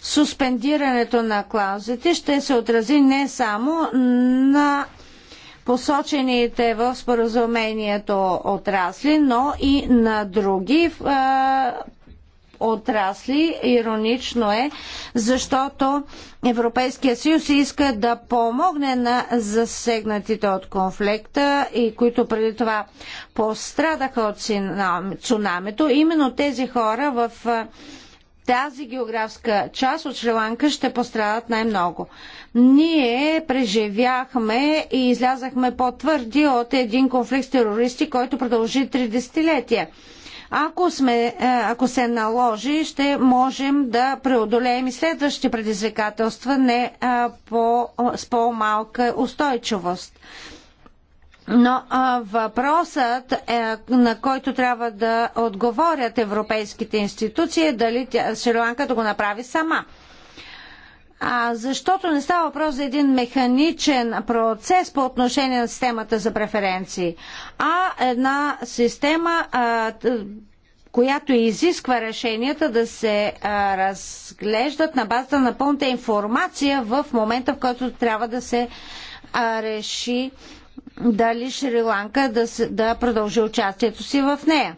Суспендирането на клаузите ще се отрази не само на посочените в споразумението отрасли, но и на други отрасли. Иронично е, защото Европейския съюз иска да помогне на засегнатите от конфликта и които преди това пострадаха от цунамито. Именно тези хора в тази географска част от Шри-Ланка ще пострадат най-много. Ние преживяхме и излязахме по-твърди от един конфликт с терористи, който продължи три десетилетия. Ако, сме, е, ако се наложи, ще можем да преодолеем и следващите предизвикателства не е, по, с по-малка устойчивост. Но а, е, въпросът, е, на който трябва да отговорят европейските институции е дали Шри-Ланка да го направи сама а, защото не става въпрос за един механичен процес по отношение на системата за преференции, а една система, а, която изисква решенията да се а, разглеждат на базата на пълната информация в момента, в който трябва да се а, реши дали Шри-Ланка да, да продължи участието си в нея.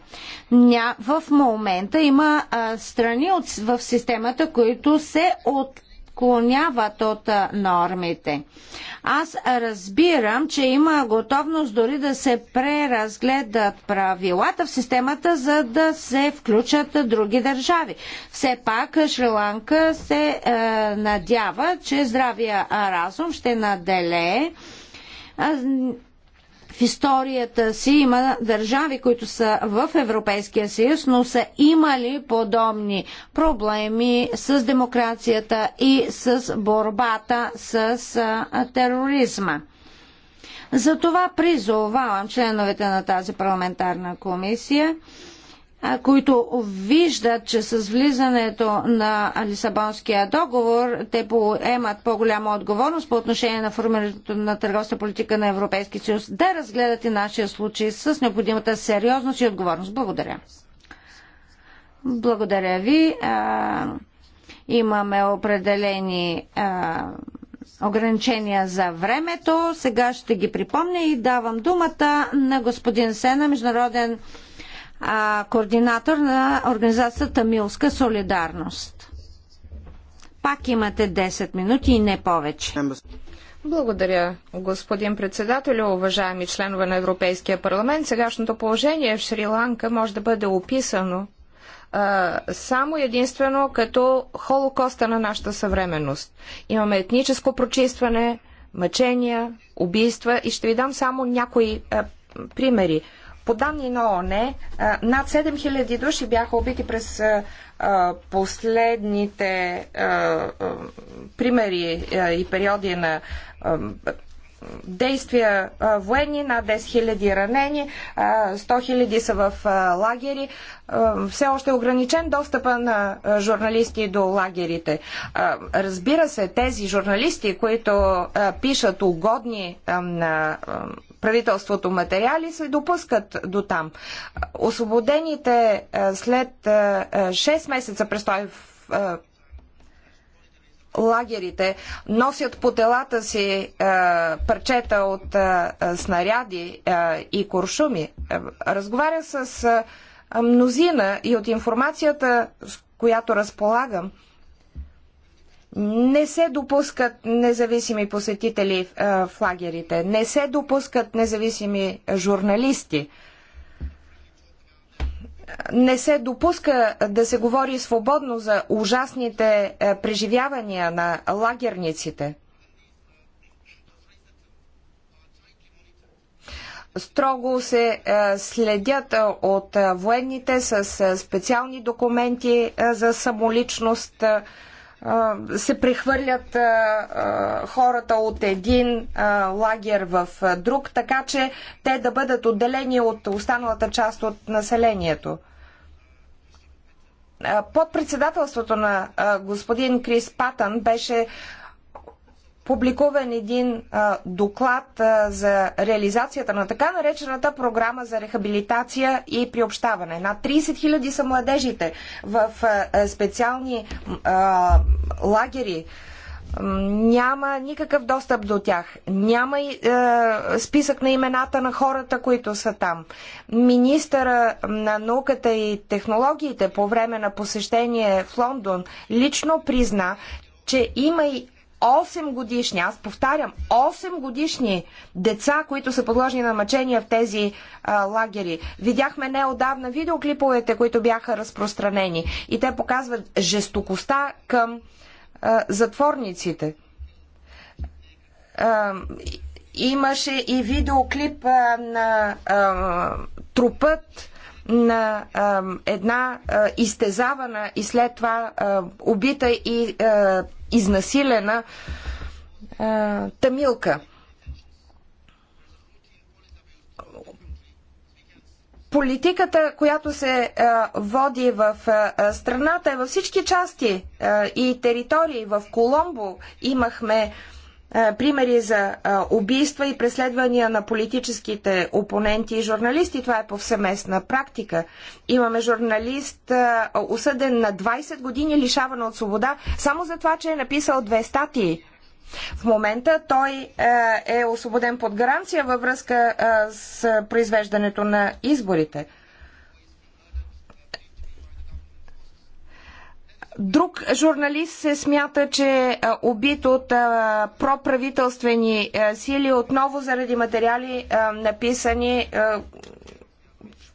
Ня, в момента има а, страни от, в системата, които се от отклоняват от нормите. Аз разбирам, че има готовност дори да се преразгледат правилата в системата, за да се включат други държави. Все пак Шри-Ланка се е, надява, че здравия разум ще наделее в историята си има държави, които са в Европейския съюз, но са имали подобни проблеми с демокрацията и с борбата с тероризма. Затова призовавам членовете на тази парламентарна комисия които виждат, че с влизането на Лисабонския договор те поемат по-голяма отговорност по отношение на формирането на търговска политика на Европейския съюз, да разгледат и нашия случай с необходимата сериозност и отговорност. Благодаря. Благодаря ви. А, имаме определени а, ограничения за времето. Сега ще ги припомня и давам думата на господин Сена, международен а, координатор на организацията Милска солидарност. Пак имате 10 минути и не повече. Благодаря, господин председател, уважаеми членове на Европейския парламент. Сегашното положение в Шри-Ланка може да бъде описано а, само единствено като холокоста на нашата съвременност. Имаме етническо прочистване, мъчения, убийства и ще ви дам само някои а, примери. По данни на ООН, е, над 7000 души бяха убити през е, е, последните примери и периоди на действия военни, над 10 000 ранени, 100 000 са в лагери. Все още е ограничен достъпа на журналисти до лагерите. Разбира се, тези журналисти, които пишат угодни на правителството материали, се допускат до там. Освободените е, след 6 е, е, месеца престой в лагерите, носят по телата си е, парчета от е, снаряди е, и куршуми. Разговаря с е, мнозина и от информацията, с която разполагам, не се допускат независими посетители в лагерите, не се допускат независими журналисти, не се допуска да се говори свободно за ужасните преживявания на лагерниците. строго се следят от военните с специални документи за самоличност, се прехвърлят хората от един лагер в друг, така че те да бъдат отделени от останалата част от населението. Под председателството на господин Крис Патън беше публикуван един а, доклад а, за реализацията на така наречената програма за рехабилитация и приобщаване. Над 30 000 са младежите в а, специални а, лагери. Няма никакъв достъп до тях. Няма и, е, списък на имената на хората, които са там. Министъра на науката и технологиите по време на посещение в Лондон лично призна, че има и 8 годишни, аз повтарям, 8 годишни деца, които са подложени на мъчения в тези а, лагери. Видяхме неодавна видеоклиповете, които бяха разпространени и те показват жестокостта към а, затворниците. А, имаше и видеоклип а, на а, трупът на една изтезавана и след това убита и изнасилена тамилка. Политиката, която се води в страната е във всички части и територии. В Коломбо имахме е, примери за е, убийства и преследвания на политическите опоненти и журналисти. Това е повсеместна практика. Имаме журналист, е, осъден на 20 години лишаван от свобода, само за това, че е написал две статии. В момента той е освободен под гаранция във връзка с произвеждането на изборите. Друг журналист се смята, че е убит от проправителствени сили отново заради материали написани в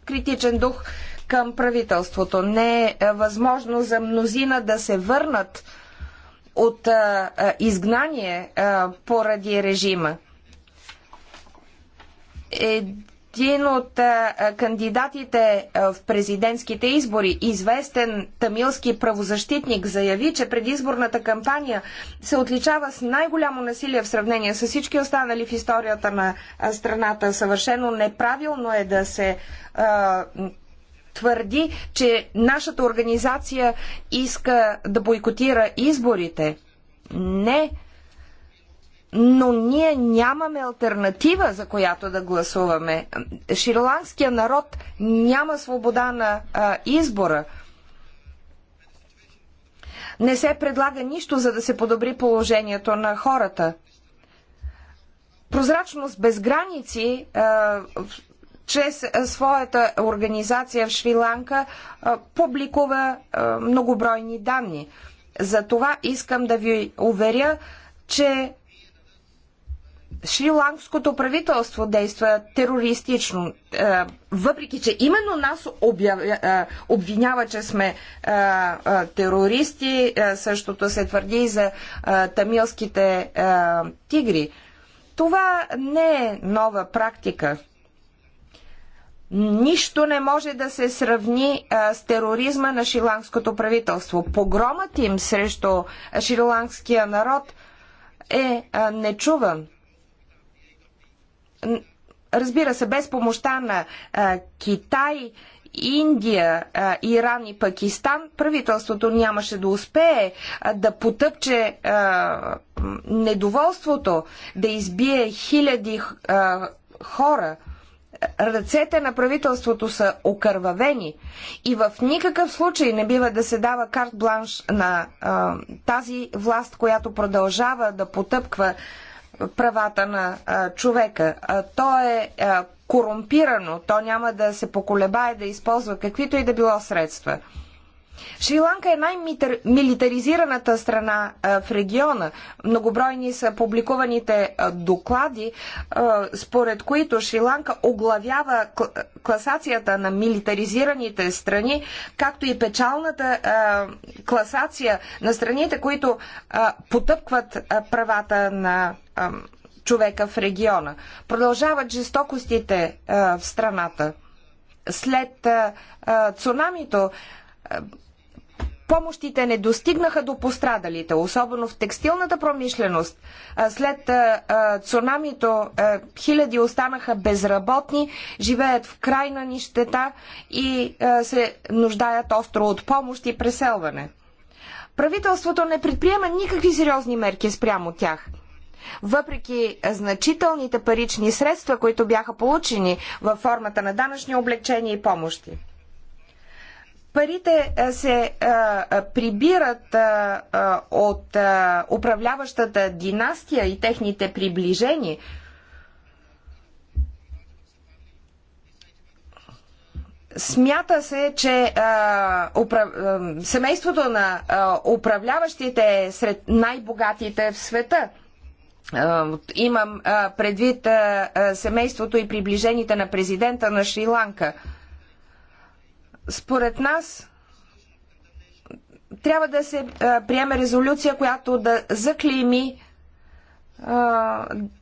критичен дух към правителството. Не е възможно за мнозина да се върнат от изгнание поради режима. Е един от кандидатите в президентските избори, известен тамилски правозащитник, заяви, че предизборната кампания се отличава с най-голямо насилие в сравнение с всички останали в историята на страната. Съвършено неправилно е да се твърди, че нашата организация иска да бойкотира изборите. Не но ние нямаме альтернатива, за която да гласуваме. Шриланския народ няма свобода на а, избора. Не се предлага нищо, за да се подобри положението на хората. Прозрачност без граници а, чрез своята организация в Шри-Ланка публикува а, многобройни данни. За това искам да ви уверя, че шри-ланкското правителство действа терористично, е, въпреки че именно нас е, е, обвинява, че сме терористи, същото се твърди и за тамилските тигри. Това не е нова практика. Нищо не може да се сравни а, с тероризма на шиланското правителство. Погромът им срещу шиланския народ е а, нечуван. Разбира се, без помощта на Китай, Индия, Иран и Пакистан, правителството нямаше да успее да потъпче недоволството, да избие хиляди хора. Ръцете на правителството са окървавени и в никакъв случай не бива да се дава карт бланш на тази власт, която продължава да потъпква правата на а, човека. А, то е а, корумпирано, то няма да се поколебае да използва каквито и да било средства. Шри-Ланка е най-милитаризираната страна в региона. Многобройни са публикуваните доклади, според които Шри-Ланка оглавява класацията на милитаризираните страни, както и печалната класация на страните, които потъпкват правата на човека в региона. Продължават жестокостите в страната. След цунамито помощите не достигнаха до пострадалите, особено в текстилната промишленост. След цунамито хиляди останаха безработни, живеят в крайна нищета и се нуждаят остро от помощ и преселване. Правителството не предприема никакви сериозни мерки спрямо тях. Въпреки значителните парични средства, които бяха получени във формата на данъчни облегчения и помощи. Парите се прибират от управляващата династия и техните приближени. Смята се, че а, управ... семейството на а, управляващите е сред най-богатите в света. А, имам а, предвид а, семейството и приближените на президента на Шри-Ланка. А, според нас трябва да се приеме резолюция, която да заклейми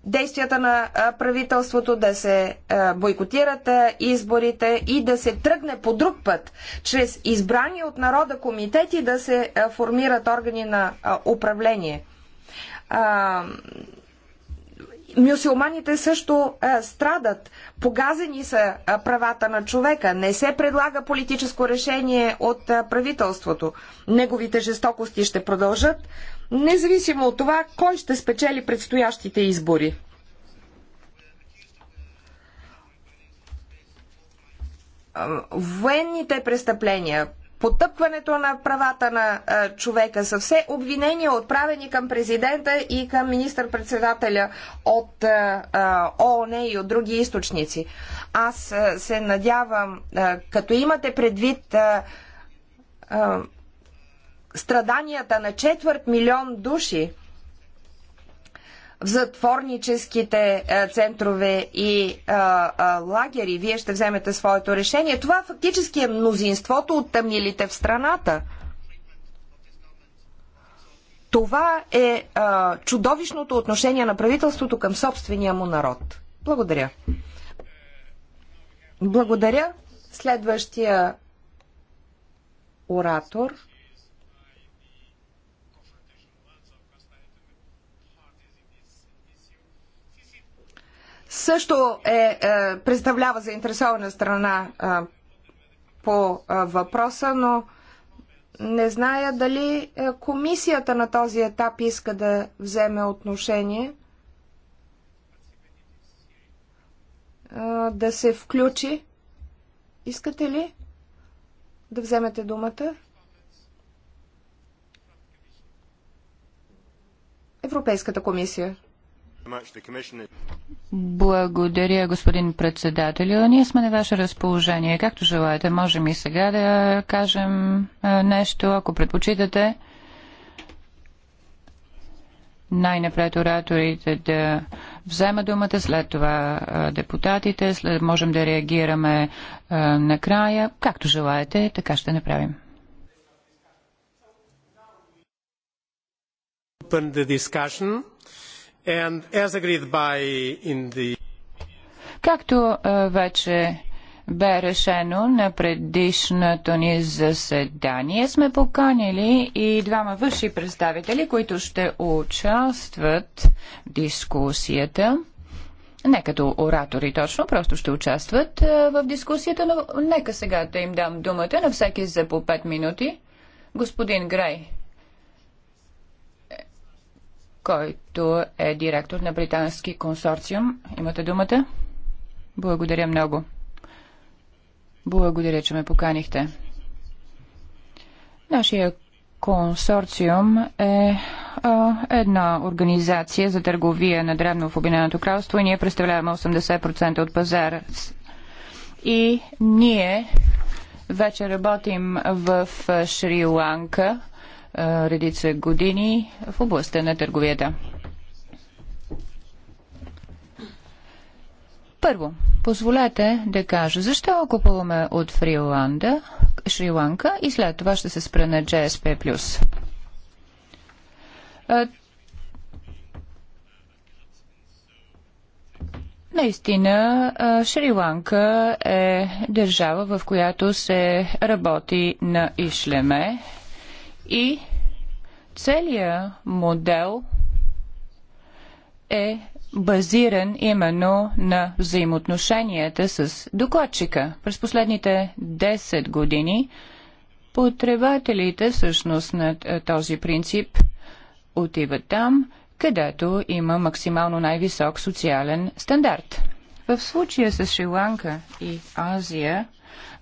действията на правителството, да се бойкотират изборите и да се тръгне по друг път, чрез избрани от народа комитети да се формират органи на управление. Мюсюлманите също а, страдат. Погазени са а, правата на човека. Не се предлага политическо решение от а, правителството. Неговите жестокости ще продължат, независимо от това кой ще спечели предстоящите избори. Военните престъпления, потъпкването на правата на човека са все обвинения отправени към президента и към министър-председателя от ООН и от други източници. Аз се надявам, като имате предвид страданията на четвърт милион души, в затворническите е, центрове и а, е, а, е, лагери. Вие ще вземете своето решение. Това фактически е мнозинството от тъмнилите в страната. Това е а, чудовищното отношение на правителството към собствения му народ. Благодаря. Благодаря. Следващия оратор – също е, е, представлява заинтересована страна е, по е, въпроса, но не зная дали комисията на този етап иска да вземе отношение, да се включи. Искате ли да вземете думата? Европейската комисия. Благодаря, господин председател. Ние сме на ваше разположение. Както желаете, можем и сега да кажем нещо, ако предпочитате. Най-напред ораторите да взема думата, след това депутатите, след можем да реагираме накрая. Както желаете, така ще направим. Open the discussion. Както е, вече бе решено на предишното ни заседание, сме поканили и двама върши представители, които ще участват в дискусията. Не като оратори точно, просто ще участват е, в дискусията, но нека сега да им дам думата на всеки за по 5 минути. Господин Грей, който е директор на британски консорциум. Имате думата? Благодаря много. Благодаря, че ме поканихте. Нашия консорциум е а, една организация за търговия на древно в Обединеното кралство и ние представляваме 80% от пазара. И ние вече работим в Шри-Ланка. Е, редица години в областта на търговията. Първо, позволете да кажа защо купуваме от Фриланда, Шри-Ланка и след това ще се спра на GSP+. Е, наистина, е, Шри-Ланка е държава, в която се работи на ишлеме и целият модел е базиран именно на взаимоотношенията с докладчика. През последните 10 години потребателите всъщност на е, този принцип отиват там, където има максимално най-висок социален стандарт. В случая с Шри-Ланка и Азия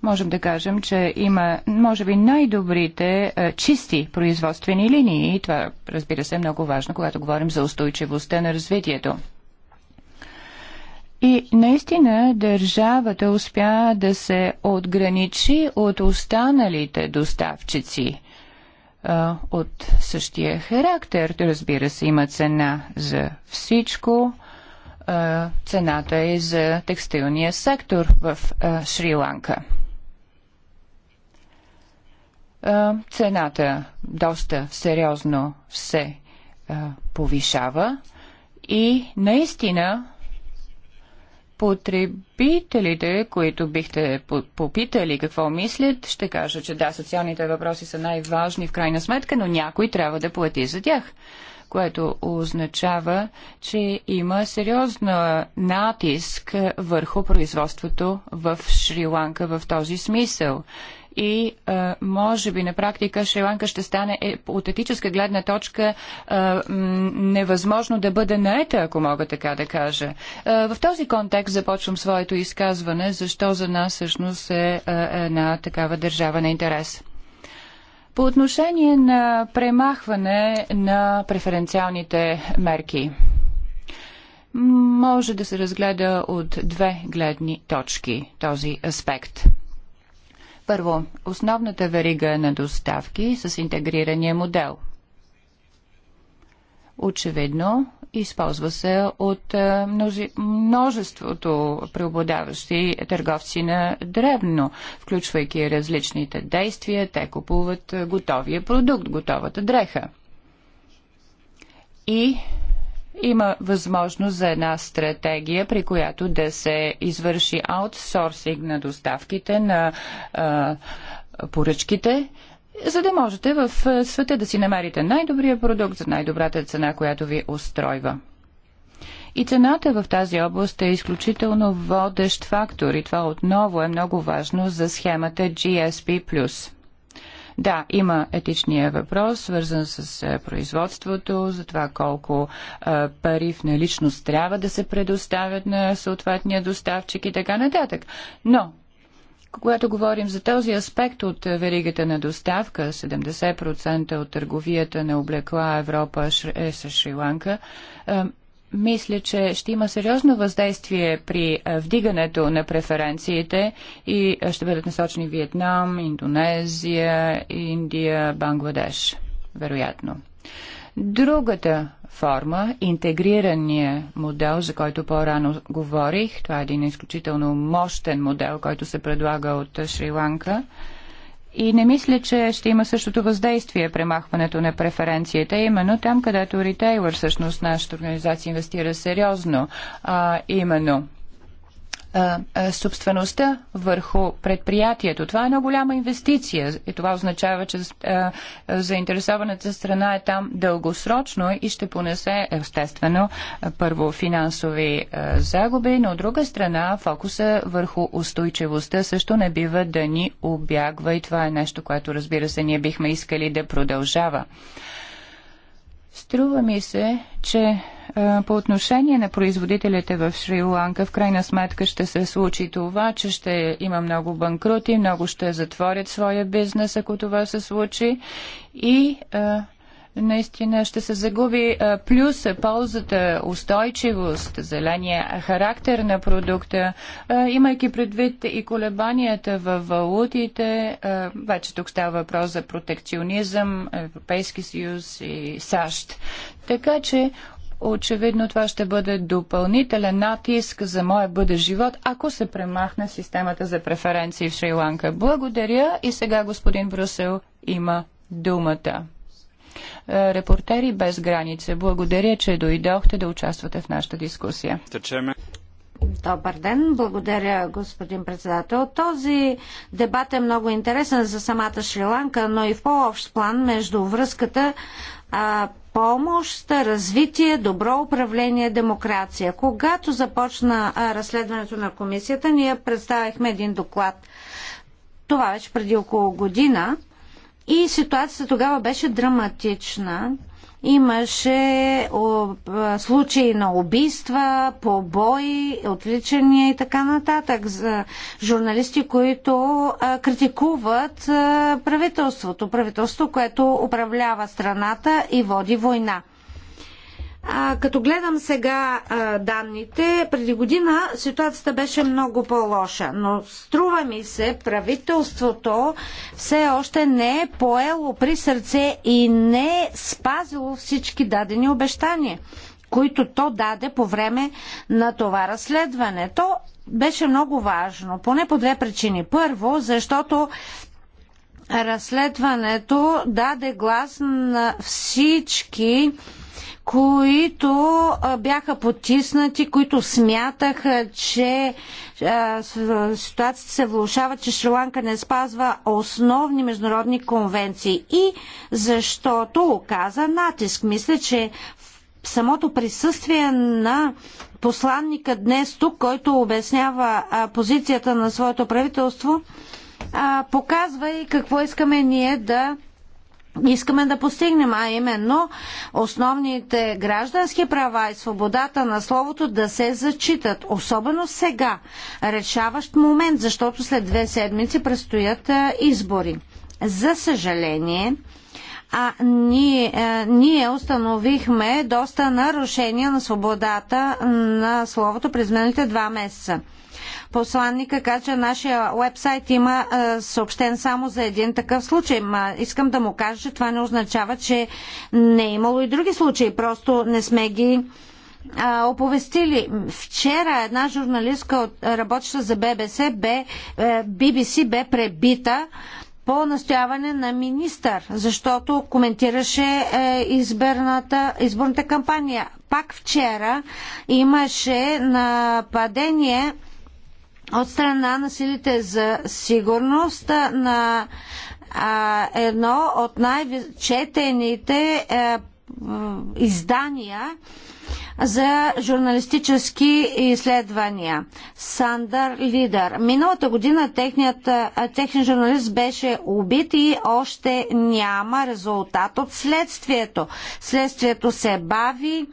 можем да кажем, че има, може би, най-добрите е, чисти производствени линии. И това, разбира се, е много важно, когато говорим за устойчивостта на развитието. И наистина държавата успя да се отграничи от останалите доставчици е, от същия характер. Разбира се, има цена за всичко цената и е за текстилния сектор в Шри-Ланка. Цената доста сериозно се повишава и наистина потребителите, които бихте попитали какво мислят, ще кажа, че да, социалните въпроси са най-важни в крайна сметка, но някой трябва да плати за тях което означава, че има сериозна натиск върху производството в Шри-Ланка в този смисъл и а, може би на практика Шри-Ланка ще стане е, от етическа гледна точка а, невъзможно да бъде наета, ако мога така да кажа. А, в този контекст започвам своето изказване, защо за нас всъщност е една такава държава на интерес. По отношение на премахване на преференциалните мерки, може да се разгледа от две гледни точки този аспект. Първо, основната верига на доставки с интегрирания модел. Очевидно, използва се от е, множеството преобладаващи търговци на древно, включвайки различните действия, те купуват е, готовия продукт, готовата дреха. И има възможност за една стратегия, при която да се извърши аутсорсинг на доставките на а, е, поръчките, за да можете в е, света да си намерите най-добрия продукт за най-добрата цена, която ви устройва. И цената в тази област е изключително водещ фактор и това отново е много важно за схемата GSP+. Да, има етичния въпрос, свързан с е, производството, за това колко а, е, пари в наличност трябва да се предоставят на съответния доставчик и така нататък. Но когато говорим за този аспект от е, веригата на доставка, 70% от търговията на облекла Европа е с Шри-Ланка, е, мисля, че ще има сериозно въздействие при е, вдигането на преференциите и ще бъдат насочени Виетнам, Индонезия, Индия, Бангладеш, вероятно. Другата форма, интегрирания модел, за който по-рано говорих, това е един изключително мощен модел, който се предлага от Шри-Ланка. И не мисля, че ще има същото въздействие премахването на преференцията, именно там, където ритейлър, всъщност нашата организация инвестира сериозно, а, именно а, а, собствеността върху предприятието. Това е една голяма инвестиция и това означава, че а, заинтересованата страна е там дългосрочно и ще понесе естествено първо финансови а, загуби, но от друга страна фокуса върху устойчивостта също не бива да ни обягва и това е нещо, което разбира се ние бихме искали да продължава. Струва ми се, че е, по отношение на производителите в Шри-Ланка, в крайна сметка ще се случи това, че ще има много банкрути, много ще затворят своя бизнес, ако това се случи. И е, наистина ще се загуби е, плюс ползата, устойчивост, зеления характер на продукта, имайки предвид и колебанията във валутите. Вече тук става въпрос за протекционизъм, Европейски съюз и САЩ. Така че очевидно това ще бъде допълнителен натиск за моя бъде живот, ако се премахне системата за преференции в Шри-Ланка. Благодаря и сега господин Брусел има думата. Е, репортери без граница, благодаря, че дойдохте да участвате в нашата дискусия. Добър ден, благодаря господин председател. Този дебат е много интересен за самата Шри-Ланка, но и в по-общ план между връзката а, помощ, развитие, добро управление, демокрация. Когато започна а, разследването на комисията, ние представихме един доклад. Това вече преди около година. И ситуацията тогава беше драматична. Имаше случаи на убийства, побои, отвличания и така нататък за журналисти, които критикуват правителството. Правителство, което управлява страната и води война. А, като гледам сега а, данните, преди година ситуацията беше много по-лоша, но струва ми се, правителството все още не е поело при сърце и не е спазило всички дадени обещания които то даде по време на това разследване. То беше много важно, поне по две причини. Първо, защото разследването даде глас на всички които бяха потиснати, които смятаха, че ситуацията се влушава, че Шри-Ланка не спазва основни международни конвенции и защото оказа натиск. Мисля, че самото присъствие на посланника днес тук, който обяснява позицията на своето правителство, показва и какво искаме ние да искаме да постигнем, а именно основните граждански права и свободата на словото да се зачитат. Особено сега, решаващ момент, защото след две седмици предстоят избори. За съжаление, а ние, а, ние установихме доста нарушения на свободата на словото през миналите два месеца посланника каза, че нашия вебсайт има съобщен само за един такъв случай. Ма, искам да му кажа, че това не означава, че не е имало и други случаи. Просто не сме ги а, оповестили. Вчера една журналистка, работеща за ББС, бе, BBC е, бе пребита по настояване на министър, защото коментираше е, изберната, изборната кампания. Пак вчера имаше нападение от страна на силите за сигурност на а, едно от най-четените е, издания за журналистически изследвания. Сандър Лидър. Миналата година техният, е, техният журналист беше убит и още няма резултат от следствието. Следствието се бави.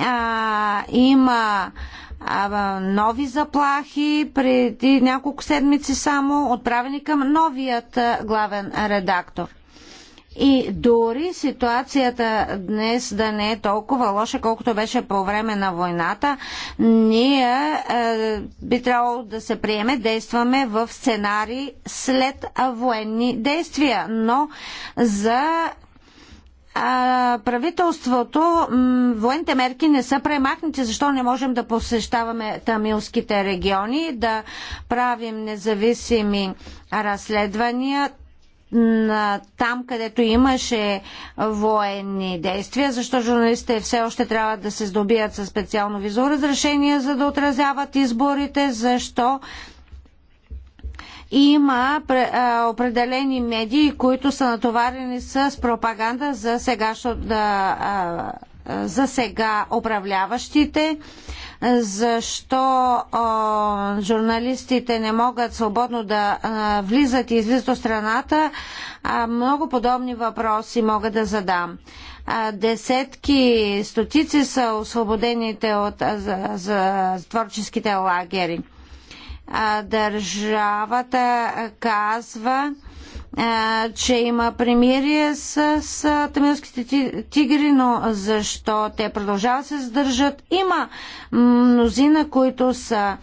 А, има а, а, нови заплахи преди няколко седмици само, отправени към новият главен редактор. И дори ситуацията днес да не е толкова лоша, колкото беше по време на войната, ние е, би трябвало да се приеме, действаме в сценари след военни действия. Но за правителството, военните мерки не са премахнати. Защо не можем да посещаваме тамилските региони, да правим независими разследвания? там, където имаше военни действия, защо журналистите все още трябва да се здобият със специално визово разрешение, за да отразяват изборите, защо има определени медии, които са натоварени с пропаганда за сега, за сега управляващите защо журналистите не могат свободно да влизат и излизат от страната, много подобни въпроси мога да задам. десетки, стотици са освободените от за, за творческите лагери държавата казва, че има премирие с, с тамилските тигри, но защо те продължават да се задържат? Има мнозина, които са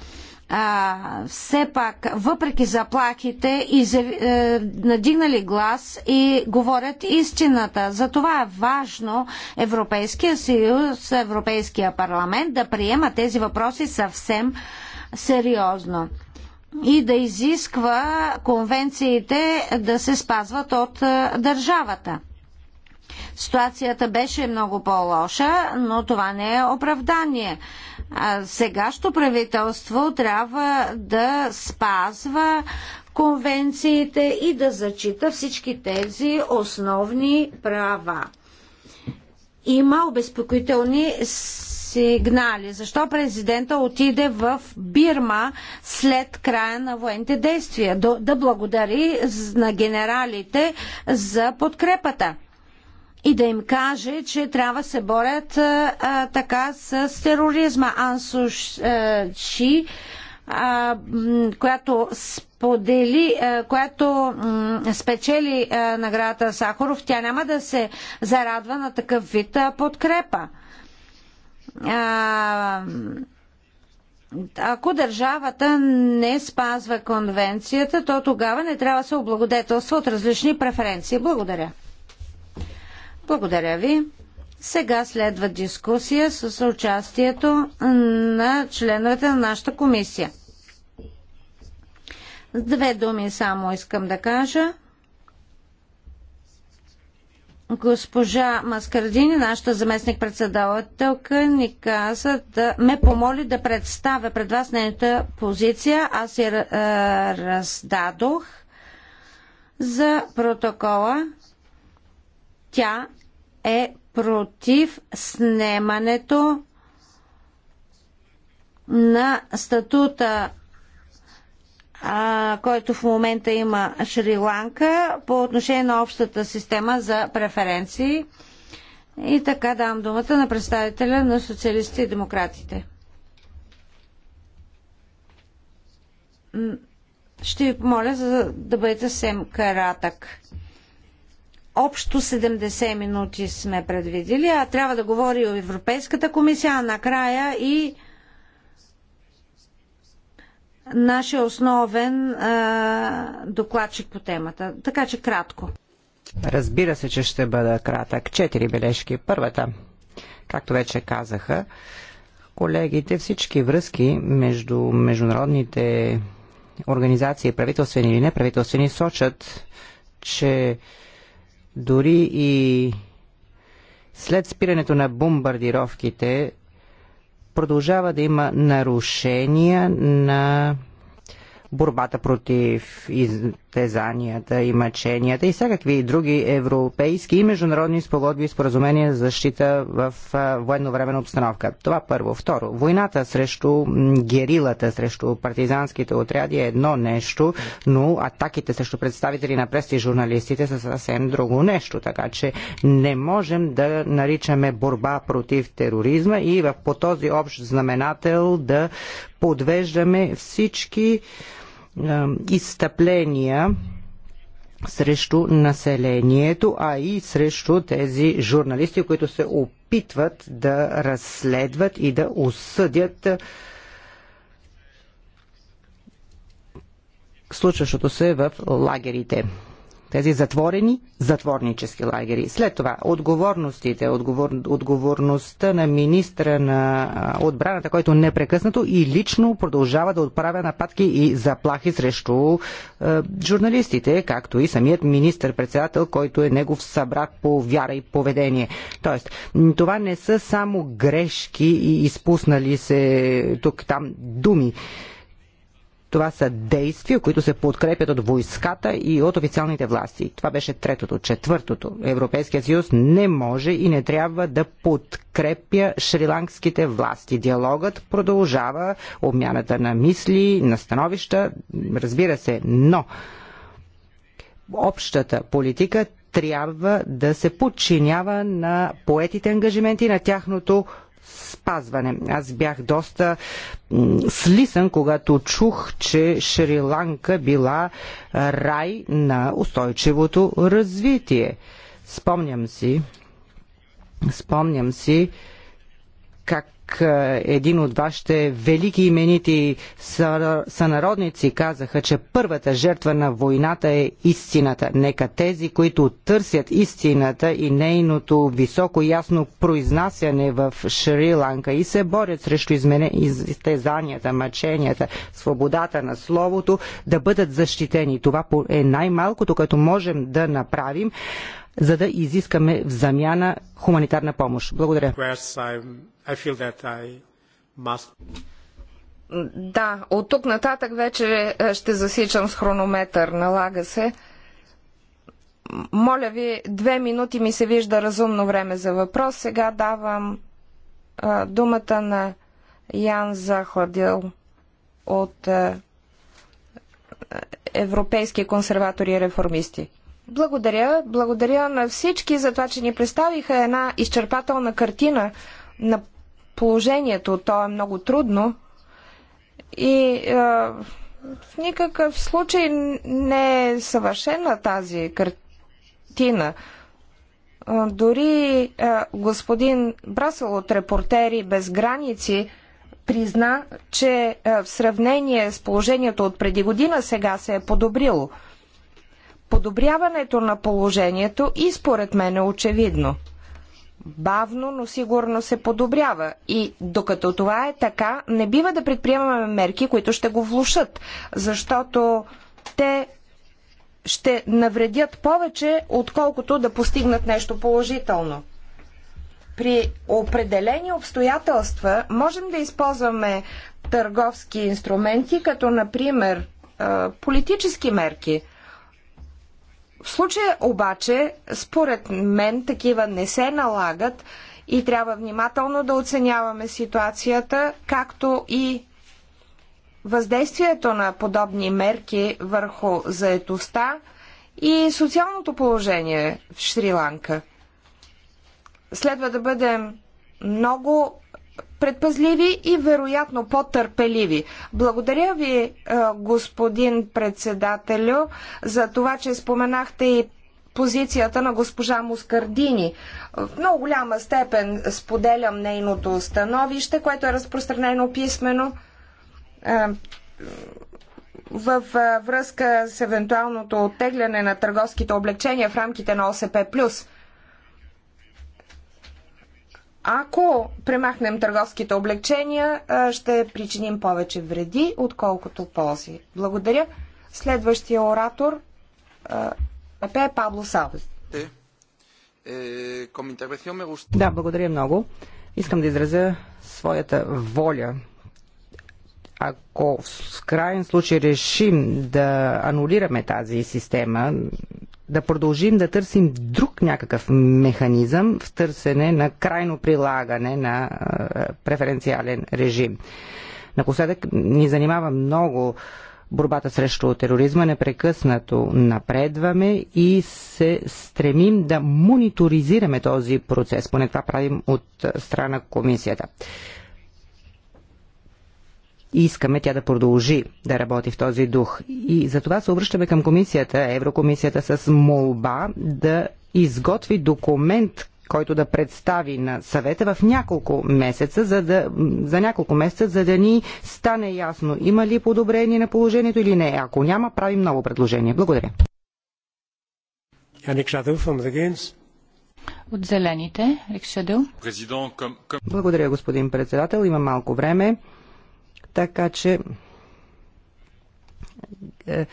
а, все пак, въпреки заплахите, из, е, надигнали глас и говорят истината. Затова е важно Европейския съюз, Европейския парламент да приема тези въпроси съвсем сериозно и да изисква конвенциите да се спазват от държавата. Ситуацията беше много по-лоша, но това не е оправдание. Сегащо правителство трябва да спазва конвенциите и да зачита всички тези основни права. Има обезпокоителни сигнали. Защо президента отиде в Бирма след края на военните действия? Да благодари на генералите за подкрепата и да им каже, че трябва да се борят а, така с тероризма. Ансу Чи, а, която сподели, а, която спечели наградата Сахаров, тя няма да се зарадва на такъв вид подкрепа а, ако държавата не спазва конвенцията, то тогава не трябва да се облагодетелства от различни преференции. Благодаря. Благодаря ви. Сега следва дискусия с участието на членовете на нашата комисия. Две думи само искам да кажа. Госпожа Маскардини, нашата заместник председателка, ни каза да ме помоли да представя пред вас нейната позиция. Аз я е, раздадох за протокола. Тя е против снемането на статута а, който в момента има Шри-Ланка по отношение на общата система за преференции. И така давам думата на представителя на социалистите и демократите. Ще ви помоля за да бъдете съвсем кратък. Общо 70 минути сме предвидили, а трябва да говори и Европейската комисия, а накрая и нашия основен а, докладчик по темата. Така че кратко. Разбира се, че ще бъда кратък. Четири бележки. Първата, както вече казаха, колегите, всички връзки между международните организации, правителствени или неправителствени, сочат, че дори и след спирането на бомбардировките, продължава да има нарушения на борбата против Тезанията и мъченията и всякакви други европейски и международни спогодби и споразумения за защита в военновременна обстановка. Това първо. Второ, войната срещу герилата, срещу партизанските отряди е едно нещо, но атаките срещу представители на прес и журналистите са съвсем друго нещо, така че не можем да наричаме борба против тероризма и по този общ знаменател да подвеждаме всички изтъпления срещу населението, а и срещу тези журналисти, които се опитват да разследват и да осъдят случващото се в лагерите тези затворени затворнически лагери. След това отговорностите, отговор, отговорността на министра на отбраната, който непрекъснато и лично продължава да отправя нападки и заплахи срещу е, журналистите, както и самият министр-председател, който е негов събрат по вяра и поведение. Тоест, това не са само грешки и изпуснали се тук-там думи. Това са действия, които се подкрепят от войската и от официалните власти. Това беше третото. Четвъртото. Европейския съюз не може и не трябва да подкрепя шриланкските власти. Диалогът продължава, обмяната на мисли, на становища, разбира се, но общата политика трябва да се подчинява на поетите ангажименти на тяхното спазване. Аз бях доста слисан, когато чух, че Шри-Ланка била рай на устойчивото развитие. Спомням си, спомням си как е, един от вашите велики именити сънародници казаха, че първата жертва на войната е истината. Нека тези, които търсят истината и нейното високо ясно произнасяне в Шри-Ланка и се борят срещу изтезанията, мъченията, свободата на словото, да бъдат защитени. Това е най-малкото, като можем да направим за да изискаме в замяна хуманитарна помощ. Благодаря. I feel that I must... Да, от тук нататък вече е, ще засичам с хронометър, налага се. Моля ви, две минути ми се вижда разумно време за въпрос. Сега давам а, думата на Ян Захладил от а, Европейски консерватори и реформисти. Благодаря. Благодаря на всички за това, че ни представиха една изчерпателна картина на положението. То е много трудно и е, в никакъв случай не е съвършена тази картина. Е, дори е, господин Брасел от Репортери без граници призна, че е, в сравнение с положението от преди година сега се е подобрило. Подобряването на положението и според мен е очевидно бавно, но сигурно се подобрява. И докато това е така, не бива да предприемаме мерки, които ще го влушат, защото те ще навредят повече, отколкото да постигнат нещо положително. При определени обстоятелства можем да използваме търговски инструменти, като например политически мерки – в случая обаче, според мен, такива не се налагат и трябва внимателно да оценяваме ситуацията, както и въздействието на подобни мерки върху заетостта и социалното положение в Шри-Ланка. Следва да бъдем много предпазливи и вероятно по-търпеливи. Благодаря ви, е, господин председателю, за това, че споменахте и позицията на госпожа Мускардини. В много голяма степен споделям нейното становище, което е разпространено писменно е, в е, връзка с евентуалното оттегляне на търговските облегчения в рамките на ОСП+. Ако премахнем търговските облегчения, ще причиним повече вреди, отколкото ползи. Благодаря. Следващия оратор е Пабло Савес. Е, е, да, благодаря много. Искам да изразя своята воля ако в крайен случай решим да анулираме тази система, да продължим да търсим друг някакъв механизъм в търсене на крайно прилагане на преференциален режим. Напоследък ни занимава много борбата срещу тероризма, непрекъснато напредваме и се стремим да мониторизираме този процес. Поне това правим от страна комисията и искаме тя да продължи да работи в този дух. И затова се обръщаме към комисията, Еврокомисията с молба да изготви документ, който да представи на съвета в няколко месеца, за, да, за няколко месеца, за да ни стане ясно има ли подобрение на положението или не. Ако няма, правим ново предложение. Благодаря. От зелените, Благодаря, господин председател. Има малко време. Така че е,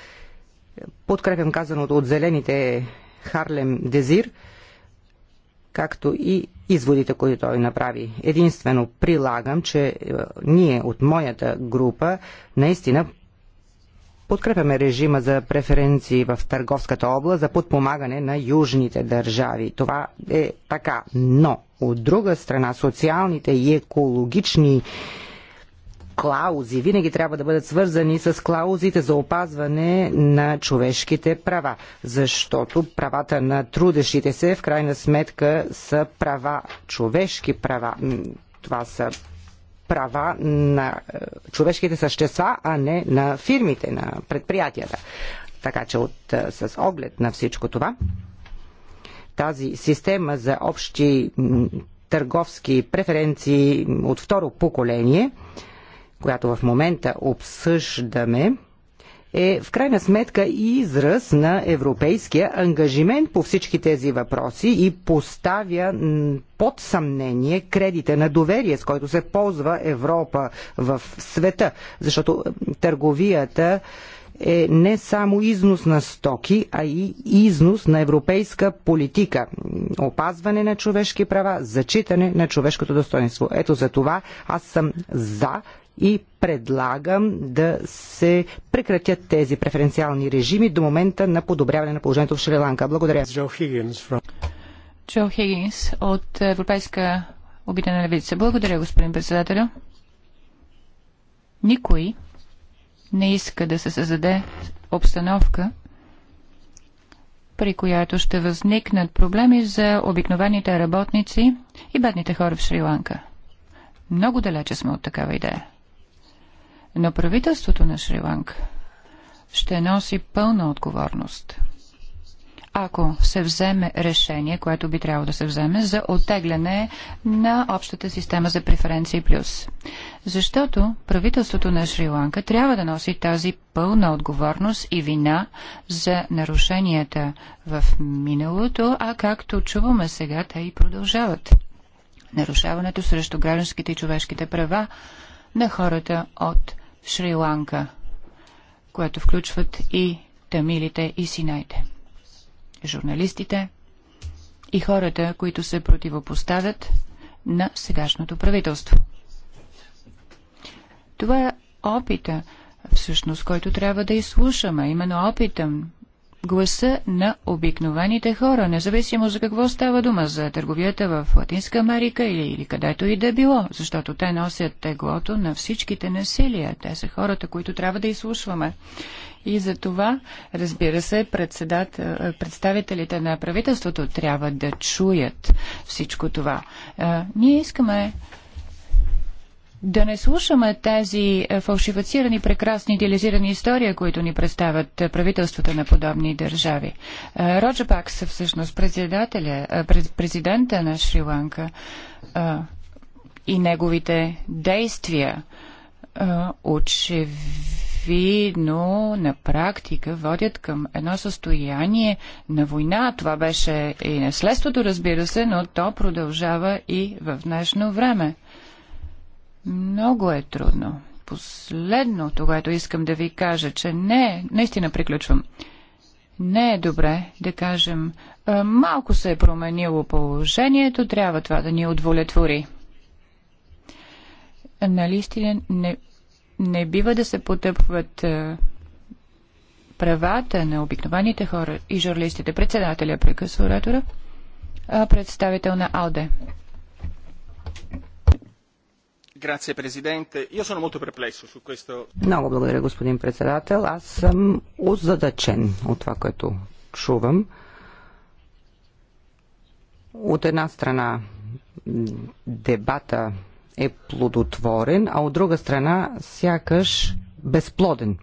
подкрепям казаното от зелените Харлем Дезир, както и изводите, които той направи. Единствено прилагам, че е, ние от моята група наистина подкрепяме режима за преференции в търговската област за подпомагане на южните държави. Това е така. Но, от друга страна, социалните и екологични клаузи винаги трябва да бъдат свързани с клаузите за опазване на човешките права, защото правата на трудещите се в крайна сметка са права, човешки права. Това са права на е, човешките същества, а не на фирмите, на предприятията. Така че от, е, с оглед на всичко това, тази система за общи търговски преференции от второ поколение – която в момента обсъждаме, е в крайна сметка и израз на европейския ангажимент по всички тези въпроси и поставя под съмнение кредита на доверие, с който се ползва Европа в света. Защото търговията е не само износ на стоки, а и износ на европейска политика. Опазване на човешки права, зачитане на човешкото достоинство. Ето за това аз съм за и предлагам да се прекратят тези преференциални режими до момента на подобряване на положението в Шри-Ланка. Благодаря. Джо Хигинс от Европейска обидена левица. Благодаря, господин председател. Никой не иска да се създаде обстановка, при която ще възникнат проблеми за обикновените работници и бедните хора в Шри-Ланка. Много далече сме от такава идея но правителството на Шри-Ланка ще носи пълна отговорност. Ако се вземе решение, което би трябвало да се вземе за оттегляне на общата система за преференции плюс. Защото правителството на Шри-Ланка трябва да носи тази пълна отговорност и вина за нарушенията в миналото, а както чуваме сега, те и продължават. Нарушаването срещу гражданските и човешките права на хората от Шри-Ланка, което включват и тамилите и синайте, журналистите и хората, които се противопоставят на сегашното правителство. Това е опита, всъщност, който трябва да изслушаме, именно опитам гласа на обикновените хора, независимо за какво става дума, за търговията в Латинска Америка или, или където и да било, защото те носят теглото на всичките насилия. Те са хората, които трябва да изслушваме. И за това, разбира се, е, представителите на правителството трябва да чуят всичко това. А, е, ние искаме да не слушаме тези е, фалшифицирани, прекрасни, идеализирани истории, които ни представят е, правителствата на подобни държави. Е, Роджа Пакс, всъщност, председателя, президента на Шри-Ланка и неговите действия, очевидно на практика водят към едно състояние на война. Това беше и наследството, разбира се, но то продължава и в днешно време. Много е трудно. Последното, което искам да ви кажа, че не, наистина приключвам. Не е добре да кажем, малко се е променило положението, трябва това да ни удовлетвори. Наистина не, не бива да се потъпват правата на обикновените хора и журналистите. Председателя прекъсва оратора, представител на АЛДЕ. Грация, президенте. Io sono molto perplesso su questo. Много благодаря, господин председател. Аз съм озадачен от това, което чувам. От една страна дебата е плодотворен, а от друга страна сякаш безплоден.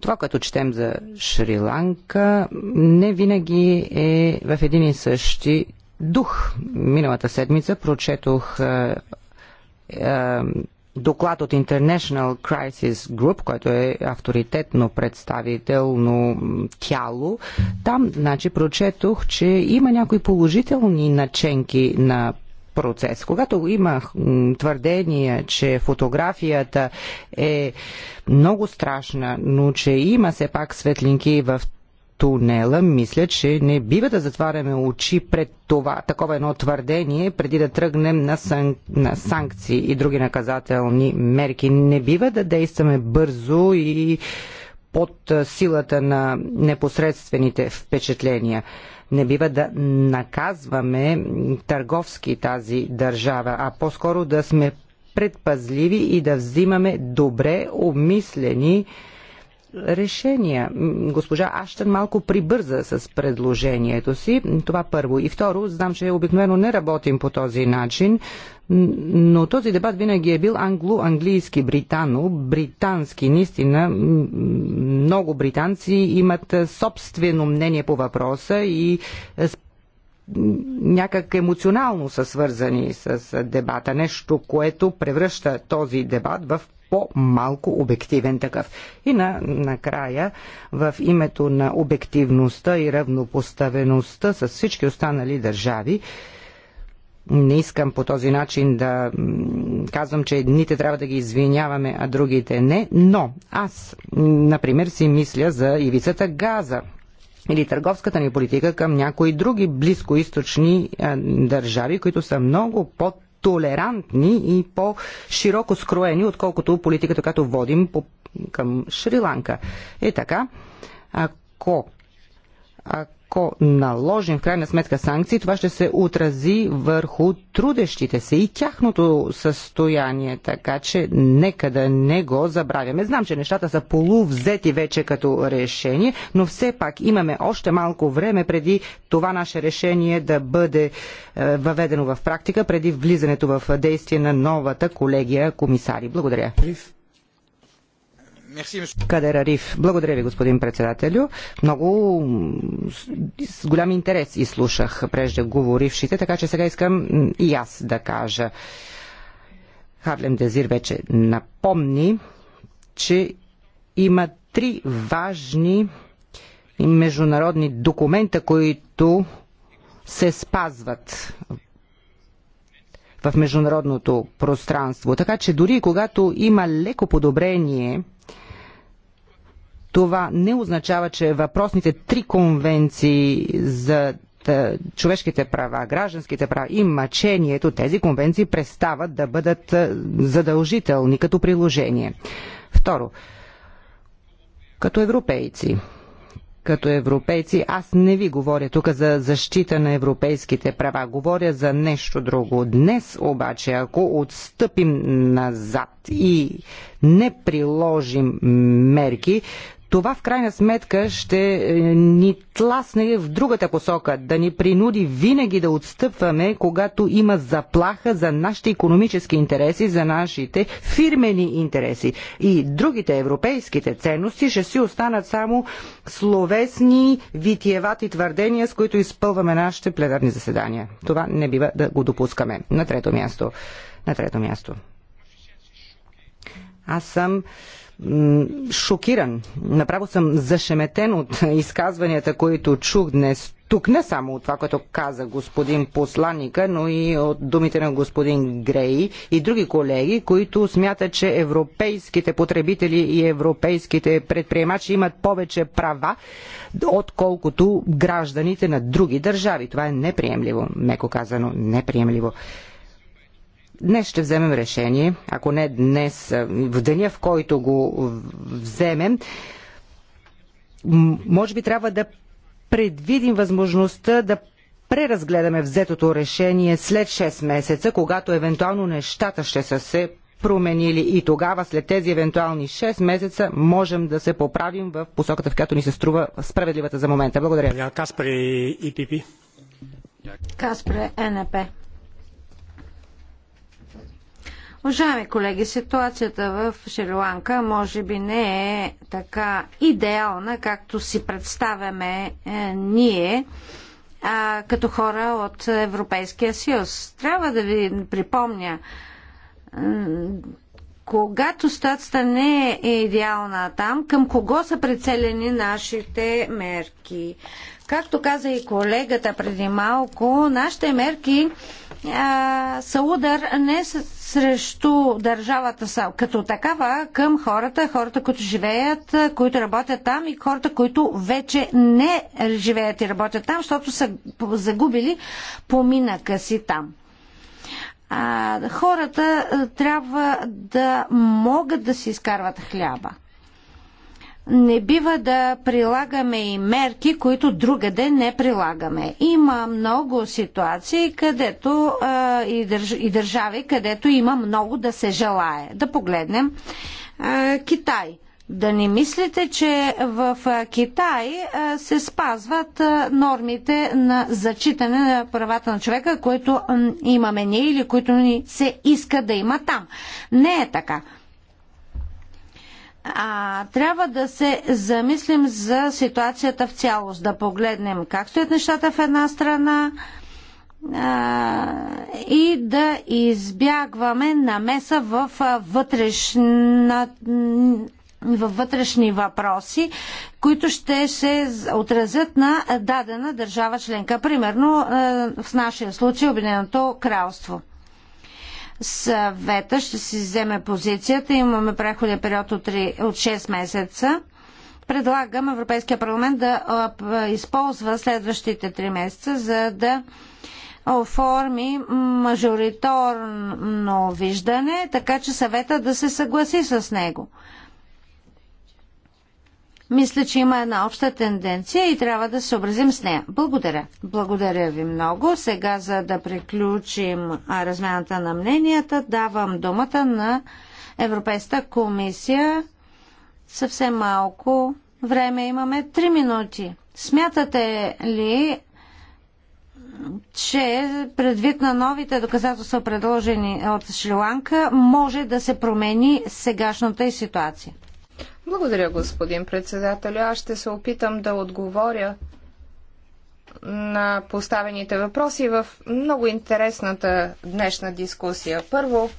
Това, което четем за Шри-Ланка, не винаги е в един и същи дух. Миналата седмица прочетох е, доклад от International Crisis Group, който е авторитетно представително тяло, там значи, прочетох, че има някои положителни наченки на процес. Когато има твърдение, че фотографията е много страшна, но че има все пак светлинки в тунела, мисля, че не бива да затваряме очи пред това, такова едно твърдение, преди да тръгнем на, сан, на санкции и други наказателни мерки. Не бива да действаме бързо и под силата на непосредствените впечатления. Не бива да наказваме търговски тази държава, а по-скоро да сме предпазливи и да взимаме добре обмислени решения. Госпожа Аштен малко прибърза с предложението си. Това първо. И второ, знам, че обикновено не работим по този начин, но този дебат винаги е бил англо-английски, британо, британски. Наистина, много британци имат собствено мнение по въпроса и е, някак емоционално са свързани с дебата. Нещо, което превръща този дебат в по-малко обективен такъв. И на, накрая, в името на обективността и равнопоставеността с всички останали държави, не искам по този начин да казвам, че едните трябва да ги извиняваме, а другите не, но аз, например, си мисля за ивицата Газа или търговската ни политика към някои други близкоисточни държави, които са много под толерантни и по-широко скроени, отколкото политиката, която водим по, към Шри-Ланка. Е така, ако, ако ако наложим в крайна сметка санкции, това ще се отрази върху трудещите се и тяхното състояние, така че нека да не го забравяме. Знам, че нещата са полувзети вече като решение, но все пак имаме още малко време преди това наше решение да бъде е, въведено в практика, преди влизането в действие на новата колегия комисари. Благодаря. Благодаря. Кадер Ариф. Благодаря ви, господин председателю. Много с голям интерес изслушах преждеговорившите, така че сега искам и аз да кажа. Харлем Дезир вече напомни, че има три важни международни документа, които се спазват в международното пространство. Така че дори когато има леко подобрение това не означава, че въпросните три конвенции за е, човешките права, гражданските права и мъчението, тези конвенции престават да бъдат е, задължителни като приложение. Второ, като европейци, като европейци, аз не ви говоря тук за защита на европейските права, говоря за нещо друго. Днес обаче, ако отстъпим назад и не приложим мерки, това в крайна сметка ще е, ни тласне в другата посока, да ни принуди винаги да отстъпваме, когато има заплаха за нашите економически интереси, за нашите фирмени интереси. И другите европейските ценности ще си останат само словесни, витиевати твърдения, с които изпълваме нашите пледарни заседания. Това не бива да го допускаме. На трето място. На трето място. Аз съм шокиран. Направо съм зашеметен от [LAUGHS] изказванията, които чух днес тук. Не само от това, което каза господин посланника, но и от думите на господин Грей и други колеги, които смятат, че европейските потребители и европейските предприемачи имат повече права, отколкото гражданите на други държави. Това е неприемливо, меко казано, неприемливо. Днес ще вземем решение, ако не днес, в деня в който го вземем, може би трябва да предвидим възможността да преразгледаме взетото решение след 6 месеца, когато евентуално нещата ще са се променили и тогава след тези евентуални 6 месеца можем да се поправим в посоката, в която ни се струва справедливата за момента. Благодаря. Каспре, ИПП. Каспре, НП. Уважаеми колеги, ситуацията в Шри-Ланка може би не е така идеална, както си представяме е, ние а, като хора от Европейския съюз. Трябва да ви припомня, когато статста не е идеална там, към кого са прицелени нашите мерки? Както каза и колегата преди малко, нашите мерки а, са удар не с, срещу държавата като такава към хората, хората, които живеят, които работят там и хората, които вече не живеят и работят там, защото са загубили поминъка си там. А, хората трябва да могат да си изкарват хляба не бива да прилагаме и мерки, които другаде не прилагаме. Има много ситуации, където а, и, държ, и държави, където има много да се желае. Да погледнем а, Китай. Да не мислите, че в Китай се спазват нормите на зачитане на правата на човека, които имаме ние или които ни се иска да има там. Не е така а, трябва да се замислим за ситуацията в цялост, да погледнем как стоят нещата в една страна а, и да избягваме намеса в вътрешна в вътрешни въпроси, които ще се отразят на дадена държава членка. Примерно в нашия случай Обединеното кралство съвета ще си вземе позицията. Имаме преходен период от, 3, от 6 месеца. Предлагам Европейския парламент да използва следващите 3 месеца, за да оформи мажориторно виждане, така че съвета да се съгласи с него. Мисля, че има една обща тенденция и трябва да се образим с нея. Благодаря. Благодаря ви много. Сега, за да приключим размяната на мненията, давам думата на Европейската комисия. Съвсем малко време имаме. Три минути. Смятате ли, че предвид на новите доказателства, предложени от Шри-Ланка, може да се промени сегашната и ситуация? Благодаря, господин председател. Аз ще се опитам да отговоря на поставените въпроси в много интересната днешна дискусия. Първо,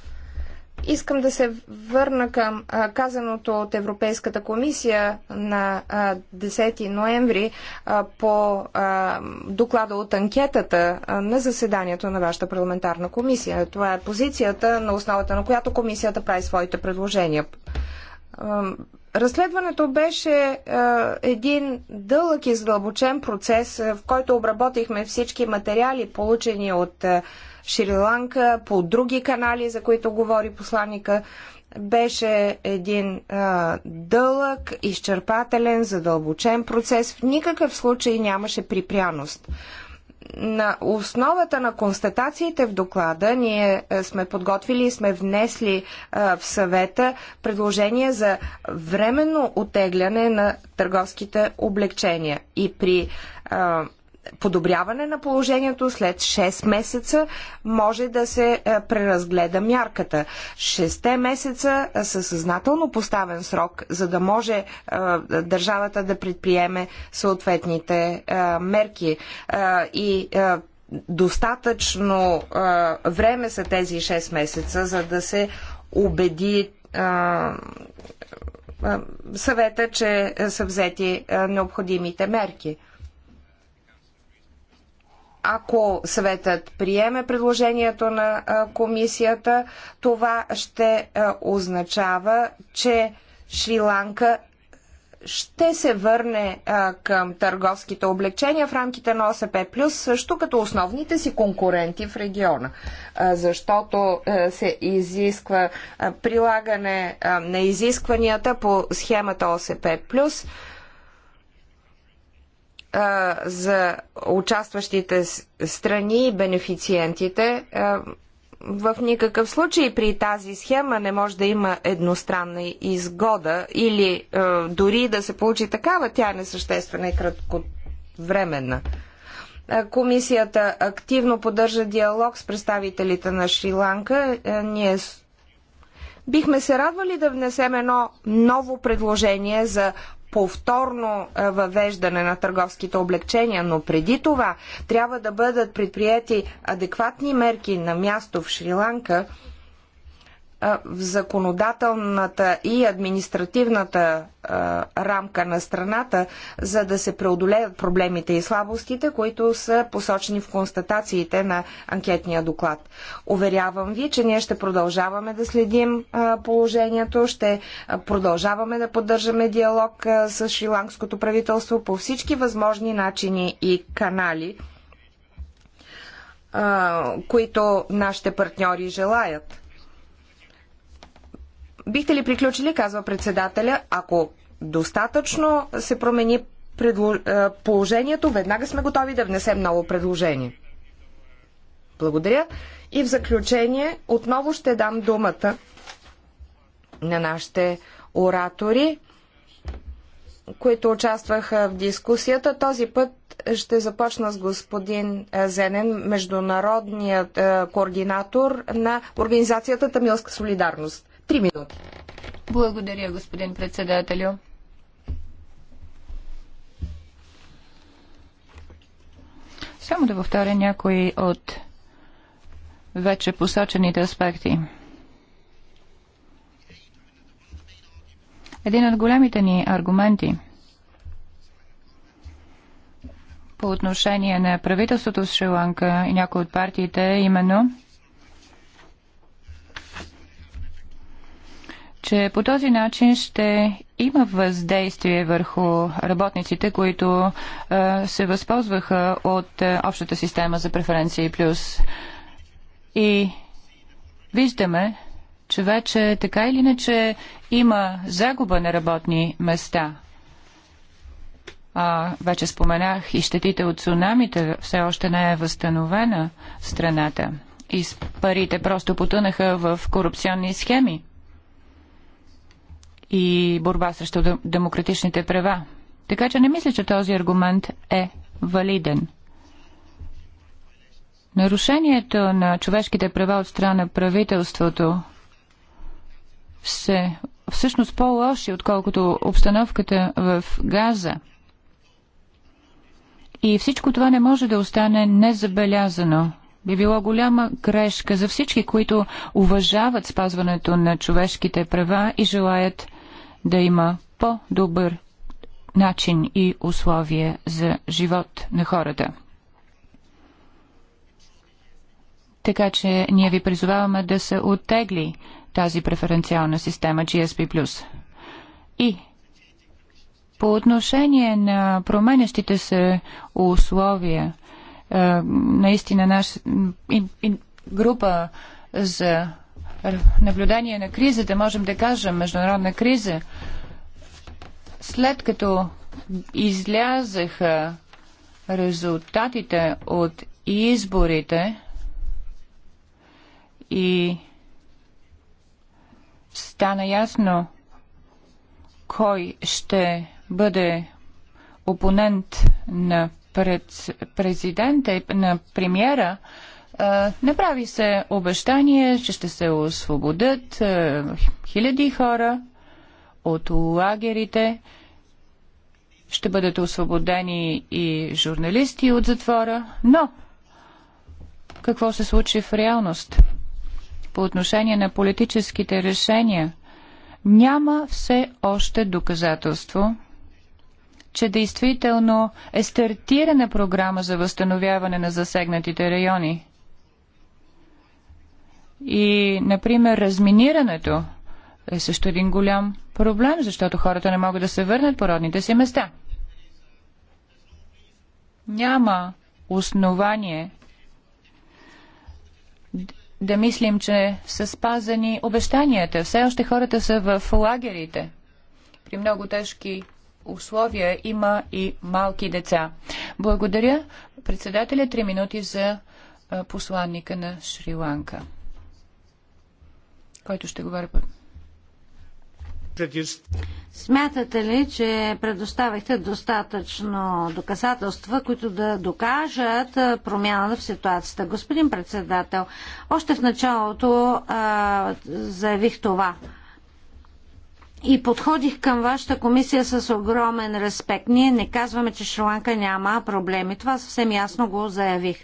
искам да се върна към казаното от Европейската комисия на 10 ноември по доклада от анкетата на заседанието на вашата парламентарна комисия. Това е позицията, на основата на която комисията прави своите предложения Разследването беше е, един дълъг и задълбочен процес, е, в който обработихме всички материали, получени от е, Шри-Ланка, по други канали, за които говори посланника. Беше един е, дълъг, изчерпателен, задълбочен процес. В никакъв случай нямаше припряност на основата на констатациите в доклада ние е, сме подготвили и сме внесли е, в съвета предложение за временно отегляне на търговските облегчения. И при е, подобряване на положението след 6 месеца може да се е, преразгледа мярката. 6 месеца е, са съзнателно поставен срок, за да може е, държавата да предприеме съответните мерки. И достатъчно време са тези 6 месеца, за да се убеди съвета, че са взети необходимите мерки. Ако съветът приеме предложението на комисията, това ще означава, че Шри-Ланка ще се върне а, към търговските облегчения в рамките на ОСП, плюс също като основните си конкуренти в региона, а, защото а, се изисква а, прилагане а, на изискванията по схемата ОСП, плюс а, за участващите страни и бенефициентите. А, в никакъв случай при тази схема не може да има едностранна изгода или е, дори да се получи такава, тя е несъществена и кратковременна. Комисията активно поддържа диалог с представителите на Шри-Ланка. Ние Бихме се радвали да внесем едно ново предложение за повторно въвеждане на търговските облегчения, но преди това трябва да бъдат предприяти адекватни мерки на място в Шри-Ланка, в законодателната и административната а, рамка на страната, за да се преодолеят проблемите и слабостите, които са посочени в констатациите на анкетния доклад. Уверявам ви, че ние ще продължаваме да следим а, положението, ще продължаваме да поддържаме диалог а, с шриланкското правителство по всички възможни начини и канали, които нашите партньори желаят Бихте ли приключили, казва председателя, ако достатъчно се промени предло... Е, положението, веднага сме готови да внесем ново предложение. Благодаря. И в заключение отново ще дам думата на нашите оратори, които участваха в дискусията. Този път ще започна с господин е, Зенен, международният е, координатор на Организацията Тамилска солидарност. Три минути. Благодаря, господин председателю. Само да повторя някои от вече посочените аспекти. Един от големите ни аргументи по отношение на правителството в Шри-Ланка и някои от партиите е именно – че по този начин ще има въздействие върху работниците, които а, е, се възползваха от а, е, общата система за преференции плюс. И виждаме, че вече така или иначе има загуба на работни места. А, вече споменах и щетите от цунамите все още не е възстановена страната. И парите просто потънаха в корупционни схеми и борба срещу демократичните права. Така че не мисля, че този аргумент е валиден. Нарушението на човешките права от страна на правителството се всъщност по-лоши, отколкото обстановката в Газа. И всичко това не може да остане незабелязано. Би било голяма грешка за всички, които уважават спазването на човешките права и желаят да има по-добър начин и условие за живот на хората. Така че ние ви призоваваме да се оттегли тази преференциална система GSP+. И по отношение на променящите се условия, е, наистина наша група за наблюдение на кризата, можем да кажем международна криза, след като излязаха резултатите от изборите и стана ясно кой ще бъде опонент на пред президента и на премиера, Направи се обещание, че ще се освободят хиляди хора от лагерите. Ще бъдат освободени и журналисти от затвора. Но какво се случи в реалност? По отношение на политическите решения, няма все още доказателство, че действително е стартирана програма за възстановяване на засегнатите райони – и, например, разминирането е също един голям проблем, защото хората не могат да се върнат по родните си места. Няма основание да мислим, че са спазани обещанията. Все още хората са в лагерите. При много тежки условия има и малки деца. Благодаря. Председателя, три минути за посланника на Шри-Ланка който ще говори Смятате ли, че предоставихте достатъчно доказателства, които да докажат промяната в ситуацията? Господин председател, още в началото а, заявих това и подходих към вашата комисия с огромен респект. Ние не казваме, че Шри-Ланка няма проблеми. Това съвсем ясно го заявих.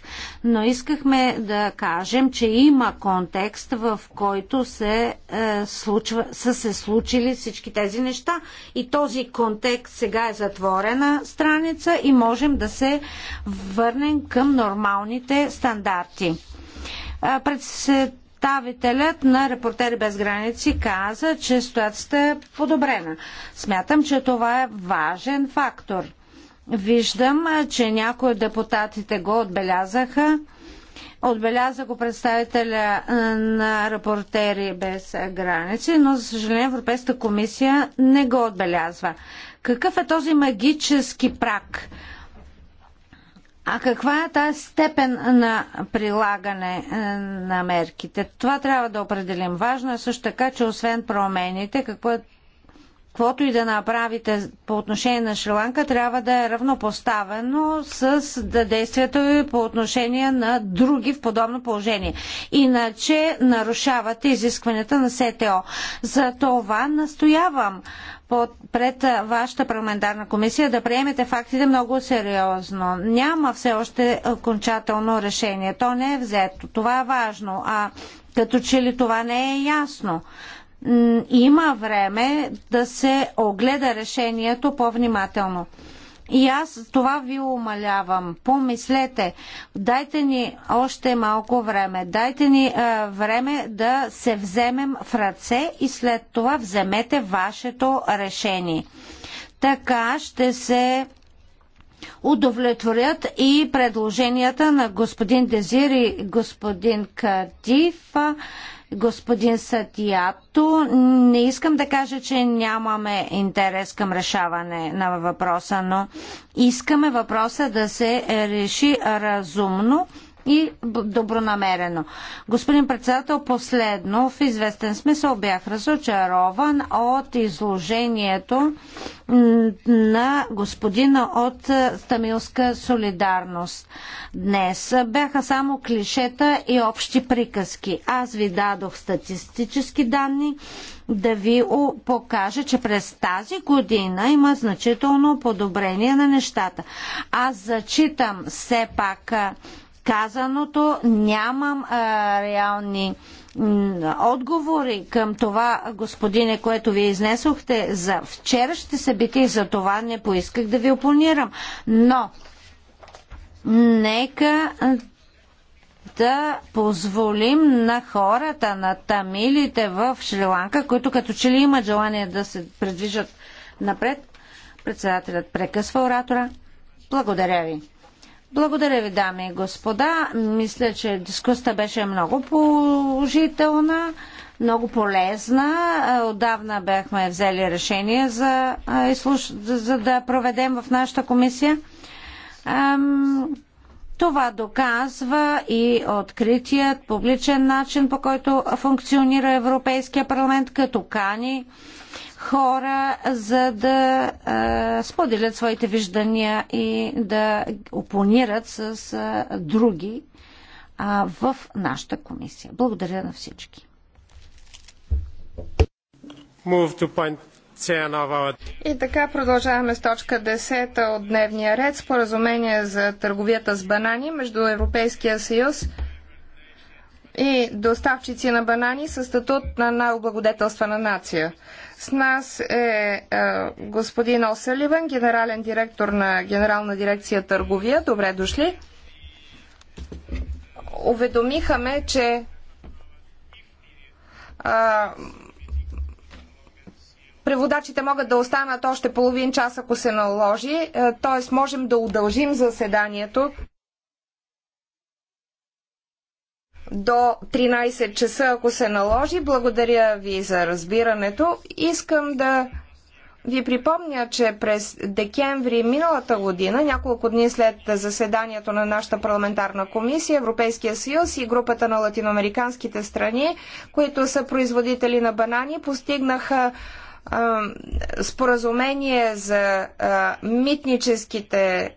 Но искахме да кажем, че има контекст, в който се, е, случва, са се случили всички тези неща. И този контекст сега е затворена страница и можем да се върнем към нормалните стандарти. Е, пред представителят на Репортери без граници каза, че ситуацията е подобрена. Смятам, че това е важен фактор. Виждам, че някои от депутатите го отбелязаха. Отбеляза го представителя на репортери без граници, но за съжаление Европейската комисия не го отбелязва. Какъв е този магически прак? А каква е тази степен на прилагане е, на мерките? Това трябва да определим. Важно е също така, че освен промените, какво е каквото и да направите по отношение на Шри-Ланка, трябва да е равнопоставено с действието ви по отношение на други в подобно положение. Иначе нарушавате изискванията на СТО. За това настоявам под, пред вашата парламентарна комисия да приемете фактите много сериозно. Няма все още окончателно решение. То не е взето. Това е важно. А като че ли това не е ясно има време да се огледа решението по-внимателно. И аз това ви умалявам. Помислете, дайте ни още малко време, дайте ни е, време да се вземем в ръце и след това вземете вашето решение. Така ще се удовлетворят и предложенията на господин Дезир и господин Кадифа господин Сатиято. Не искам да кажа, че нямаме интерес към решаване на въпроса, но искаме въпроса да се реши разумно и добронамерено. Господин председател, последно в известен смисъл бях разочарован от изложението на господина от Стамилска е, солидарност. Днес бяха само клишета и общи приказки. Аз ви дадох статистически данни да ви покажа, че през тази година има значително подобрение на нещата. Аз зачитам все пак е, казаното. Нямам а, реални отговори към това, господине, което вие изнесохте за вчерашните събития, за това не поисках да ви опонирам. Но, нека да позволим на хората, на тамилите в Шри-Ланка, които като че ли имат желание да се предвижат напред, председателят прекъсва оратора. Благодаря ви. Благодаря ви, дами и господа. Мисля, че дискусията беше много положителна, много полезна. Отдавна бяхме взели решение за, за да проведем в нашата комисия. Това доказва и откритият публичен начин, по който функционира Европейския парламент, като кани хора, за да а, споделят своите виждания и да опонират с а, други а, в нашата комисия. Благодаря на всички. И така продължаваме с точка 10 от дневния ред. Споразумение за търговията с банани между Европейския съюз и доставчици на банани със статут на най-облагодетелствана нация. С нас е, е господин Оселиван, генерален директор на Генерална дирекция Търговия. Добре дошли. Уведомиха ме, че е, преводачите могат да останат още половин час, ако се наложи, т.е. можем да удължим заседанието. до 13 часа, ако се наложи. Благодаря ви за разбирането. Искам да ви припомня, че през декември миналата година, няколко дни след заседанието на нашата парламентарна комисия, Европейския съюз и групата на латиноамериканските страни, които са производители на банани, постигнаха споразумение за митническите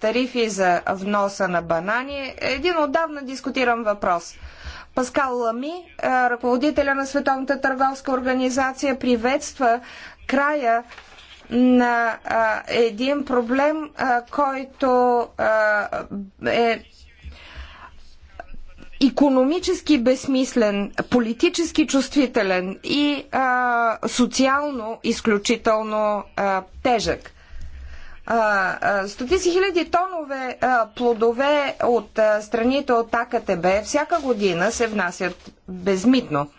тарифи за вноса на банани е един отдавна дискутиран въпрос. Паскал Лами, ръководителя на Световната търговска организация, приветства края на един проблем, който е економически безсмислен, политически чувствителен и а, социално изключително а, тежък. А, а, стотици хиляди тонове а, плодове от а, страните от АКТБ всяка година се внасят безмитно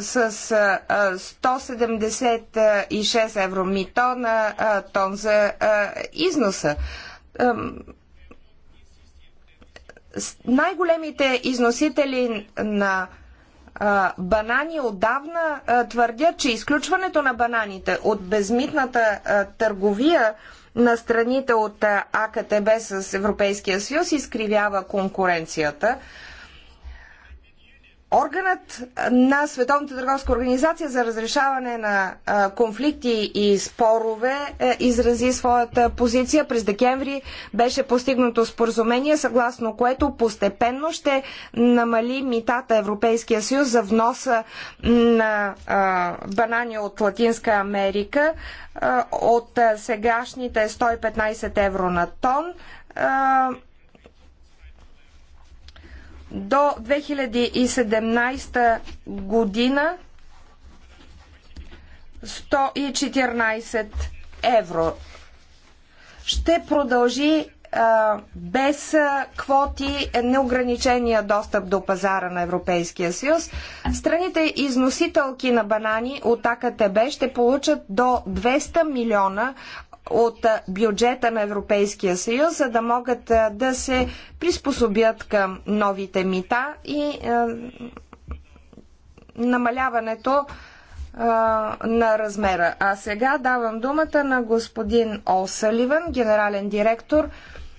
с 176 евро мито на тон за износа най-големите износители на банани отдавна твърдят, че изключването на бананите от безмитната търговия на страните от АКТБ с Европейския съюз изкривява конкуренцията, Органът на Световната търговска организация за разрешаване на конфликти и спорове е, изрази своята позиция. През декември беше постигнато споразумение, съгласно което постепенно ще намали митата Европейския съюз за вноса на банани от Латинска Америка от сегашните 115 евро на тон до 2017 година 114 евро. Ще продължи а, без а, квоти неограничения достъп до пазара на Европейския съюз. Страните износителки на банани от АКТБ ще получат до 200 милиона от бюджета на Европейския съюз, за да могат да се приспособят към новите мита и намаляването на размера. А сега давам думата на господин Осаливан, генерален директор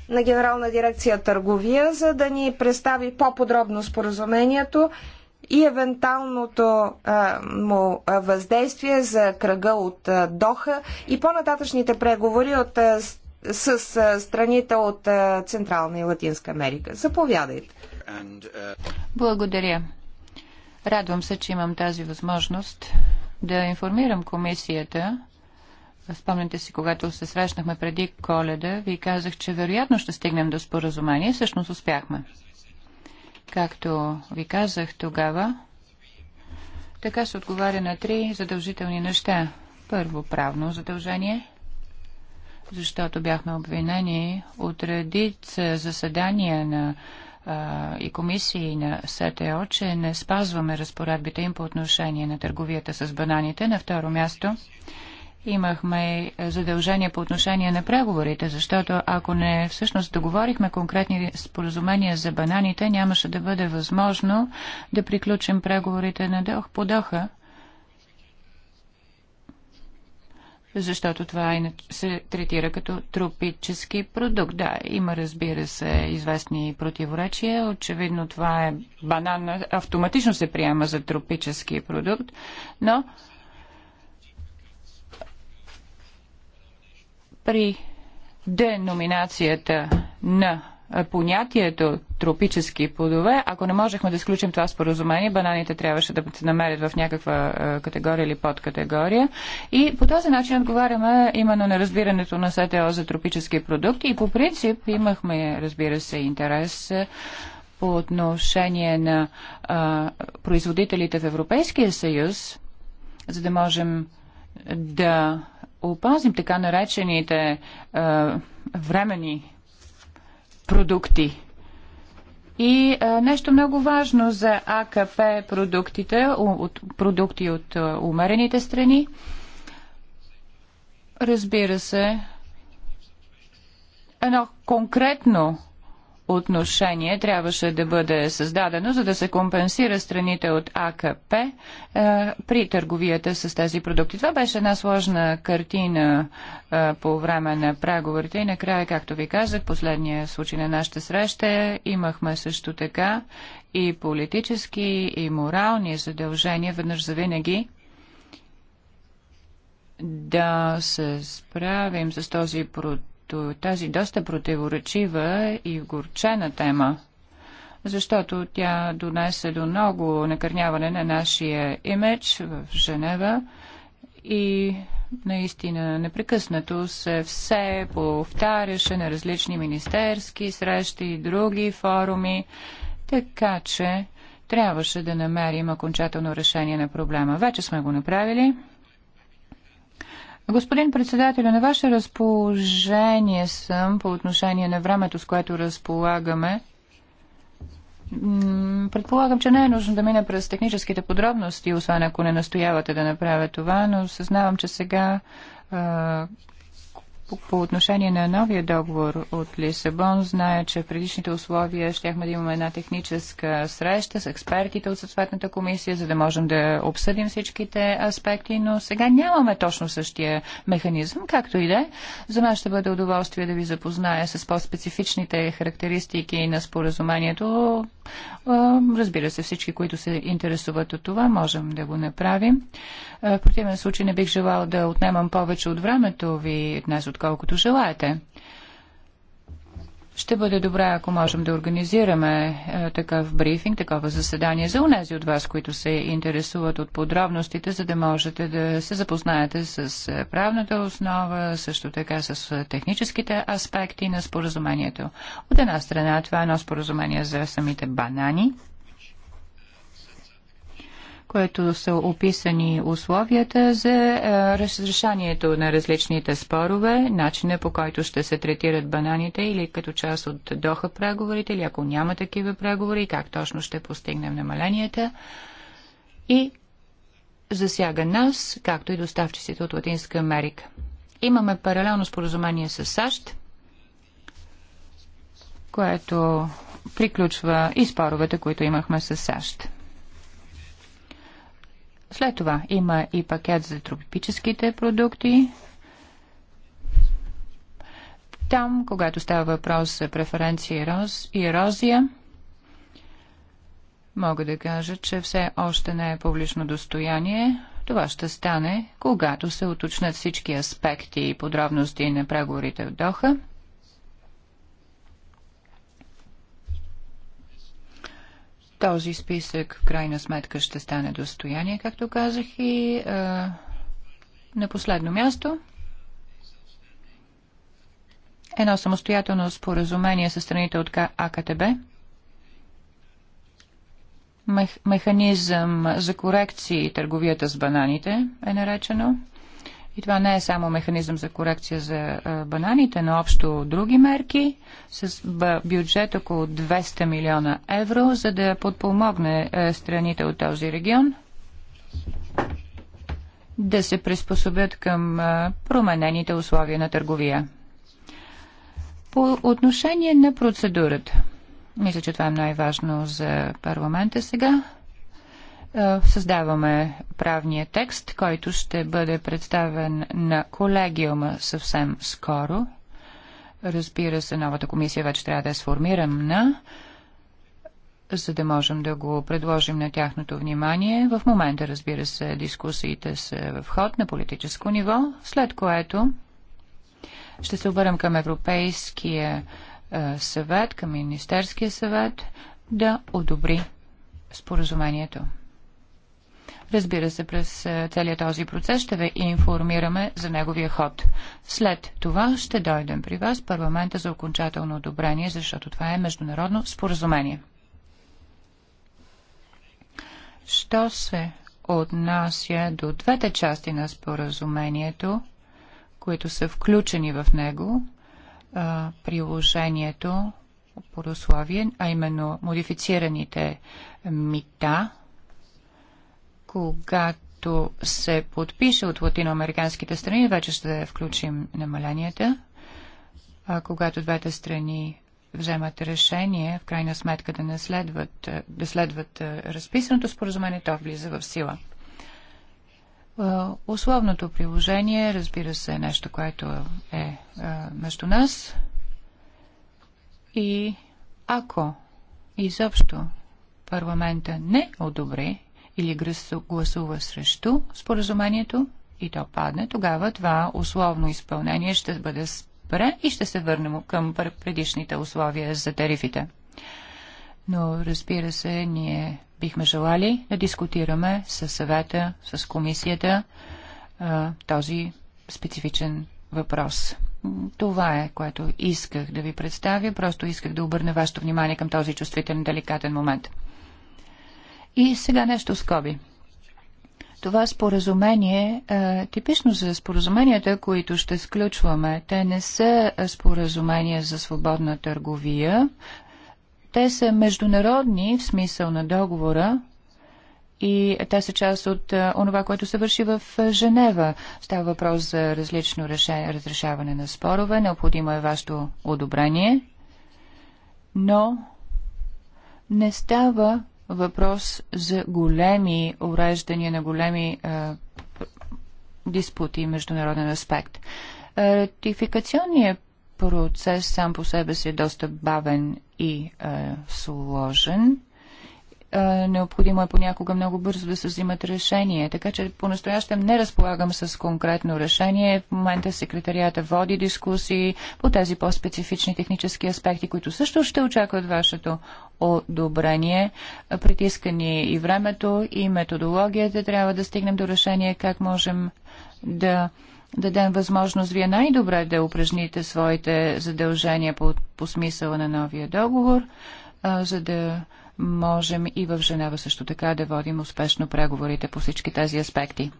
на Генерална дирекция търговия, за да ни представи по-подробно споразумението и евентуалното а, му въздействие за кръга от а, Доха и по-нататъчните преговори от, а, с, с страните от Централна и Латинска Америка. Заповядайте. Благодаря. Радвам се, че имам тази възможност да информирам комисията. Спомняте си, когато се срещнахме преди коледа, ви казах, че вероятно ще стигнем до споразумение. Всъщност успяхме. Както ви казах тогава, така се отговаря на три задължителни неща. Първо, правно задължение, защото бяхме обвинени от редица заседания на а, и комисии на СТО, че не спазваме разпоредбите им по отношение на търговията с бананите. На второ място, имахме задължения по отношение на преговорите, защото ако не всъщност договорихме конкретни споразумения за бананите, нямаше да бъде възможно да приключим преговорите на Дох по Доха. защото това е се третира като тропически продукт. Да, има разбира се известни противоречия. Очевидно това е банан, автоматично се приема за тропически продукт, но при деноминацията на понятието тропически плодове, ако не можехме да изключим това споразумение, бананите трябваше да се намерят в някаква е, категория или подкатегория. И по този начин отговаряме именно на разбирането на СТО за тропически продукти. И по принцип имахме, разбира се, интерес е, по отношение на а, производителите в Европейския съюз, за да можем да опазим така наречените е, времени продукти. И е, нещо много важно за АКП продуктите, от, продукти от е, умерените страни. Разбира се, едно конкретно отношение трябваше да бъде създадено, за да се компенсира страните от АКП е, при търговията с тези продукти. Това беше една сложна картина е, по време на преговорите и накрая, както ви казах, последния случай на нашата среща имахме също така и политически и морални задължения веднъж за винаги да се справим с този продукт като тази доста противоречива и горчена тема, защото тя донесе до много накърняване на нашия имидж в Женева и наистина непрекъснато се все повтаряше на различни министерски срещи и други форуми, така че трябваше да намерим окончателно решение на проблема. Вече сме го направили. Господин председател, на ваше разположение съм по отношение на времето, с което разполагаме. Предполагам, че не е нужно да мина през техническите подробности, освен ако не настоявате да направя това, но съзнавам, че сега по, отношение на новия договор от Лисабон, зная, че в предишните условия щяхме да имаме една техническа среща с експертите от съответната комисия, за да можем да обсъдим всичките аспекти, но сега нямаме точно същия механизъм, както и да е. За мен ще бъде удоволствие да ви запозная с по-специфичните характеристики на споразумението. Разбира се, всички, които се интересуват от това, можем да го направим. В противен случай не бих желал да отнемам повече от времето ви днес от отколкото желаете. Ще бъде добре, ако можем да организираме е, такъв брифинг, такова заседание за унези от вас, които се интересуват от подробностите, за да можете да се запознаете с е, правната основа, също така с е, техническите аспекти на споразумението. От една страна това е едно споразумение за самите банани, което са описани условията за е, разрешанието на различните спорове, начина по който ще се третират бананите или като част от доха преговорите, или ако няма такива преговори, как точно ще постигнем намаленията. И засяга нас, както и доставчиците от Латинска Америка. Имаме паралелно споразумение с САЩ, което приключва и споровете, които имахме с САЩ. След това има и пакет за тропическите продукти. Там, когато става въпрос за преференция и ерозия, мога да кажа, че все още не е публично достояние. Това ще стане, когато се уточнят всички аспекти и подробности на преговорите в Доха. Този списък в крайна сметка ще стане достояние, както казах и а, на последно място едно самостоятелно споразумение със страните от АКТБ, механизъм за корекции и търговията с бананите е наречено, и това не е само механизъм за корекция за бананите, но общо други мерки с бюджет около 200 милиона евро, за да подпомогне страните от този регион да се приспособят към променените условия на търговия. По отношение на процедурата, мисля, че това е най-важно за парламента сега. Е, създаваме правния текст, който ще бъде представен на колегиума съвсем скоро. Разбира се, новата комисия вече трябва да е сформирана, за да можем да го предложим на тяхното внимание. В момента, разбира се, дискусиите са в ход на политическо ниво, след което ще се обърнем към Европейския е, съвет, към Министерския съвет да одобри споразумението. Разбира се, през е, целият този процес ще ви информираме за неговия ход. След това ще дойдем при вас парламента за окончателно одобрение, защото това е международно споразумение. Що се отнася до двете части на споразумението, които са включени в него, е, приложението по условие, а именно модифицираните мита – когато се подпише от латиноамериканските страни, вече ще включим намаленията. А когато двете страни вземат решение, в крайна сметка да не следват, да следват разписаното споразумение, то влиза в сила. Условното приложение, разбира се, е нещо, което е между нас. И ако изобщо парламента не одобри или гласува срещу споразумението и то падне, тогава това условно изпълнение ще бъде спре и ще се върнем към предишните условия за тарифите. Но разбира се, ние бихме желали да дискутираме с съвета, с комисията този специфичен въпрос. Това е, което исках да ви представя. Просто исках да обърна вашето внимание към този чувствителен, деликатен момент. И сега нещо скоби. Това споразумение е, типично за споразуменията, които ще сключваме. Те не са споразумения за свободна търговия. Те са международни в смисъл на договора, и те са част от е, онова, което се върши в е, Женева. Става въпрос за различно решение, разрешаване на спорове. Необходимо е вашето одобрение, но не става въпрос за големи уреждания на големи а, диспути международен аспект. Ратификационният процес сам по себе си е доста бавен и а, сложен необходимо е понякога много бързо да се взимат решения. Така че по-настоящем не разполагам с конкретно решение. В момента секретарията води дискусии по тези по-специфични технически аспекти, които също ще очакват вашето одобрение. Притискани и времето, и методологията. Трябва да стигнем до решение как можем да дадем възможност вие най-добре да упражните своите задължения по, по смисъла на новия договор, а, за да можем и в Женева също така да водим успешно преговорите по всички тези аспекти.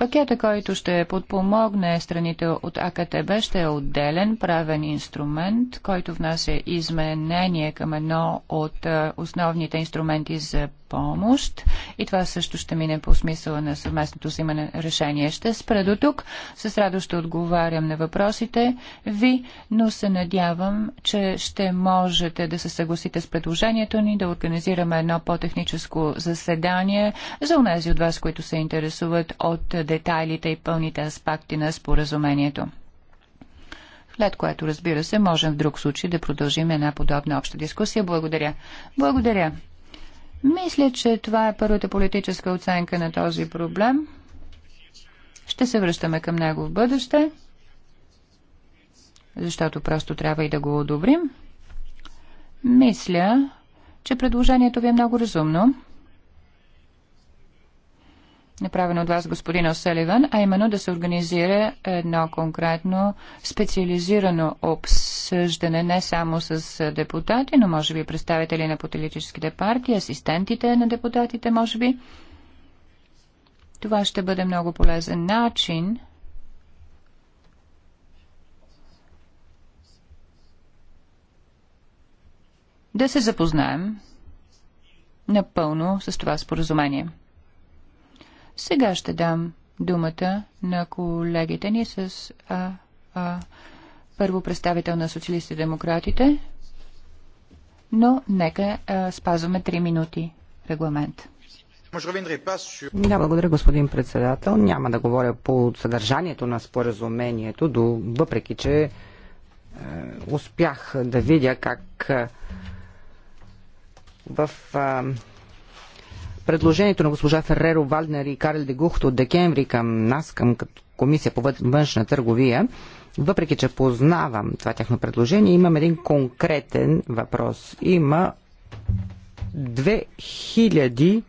Пакета, който ще подпомогне страните от АКТБ, ще е отделен правен инструмент, който внася изменение към едно от основните инструменти за помощ и това също ще мине по смисъла на съвместното взимане решение. Ще спра до тук. С радост ще отговарям на въпросите ви, но се надявам, че ще можете да се съгласите с предложението ни да организираме едно по-техническо заседание за унези от вас, които се интересуват от детайлите и пълните аспекти на споразумението след което, разбира се, можем в друг случай да продължим една подобна обща дискусия. Благодаря. Благодаря. Мисля, че това е първата политическа оценка на този проблем. Ще се връщаме към него в бъдеще, защото просто трябва и да го одобрим. Мисля, че предложението ви е много разумно. Направено от вас господин Оселиван, а именно да се организира едно конкретно специализирано обс обсъждане не само с депутати, но може би представители на политическите партии, асистентите на депутатите, може би. Това ще бъде много полезен начин да се запознаем напълно с това споразумение. Сега ще дам думата на колегите ни с а, а, първо представител на социалистите демократите, но нека а, е, спазваме 3 минути регламент. Да, благодаря, господин председател. Няма да говоря по съдържанието на споразумението, до, въпреки че е, успях да видя как е, в е, предложението на госпожа Ферреро Валнер и Карл Дегухто от декември към нас, към Комисия по външна търговия, въпреки, че познавам това тяхно предложение, имам един конкретен въпрос. Има 2200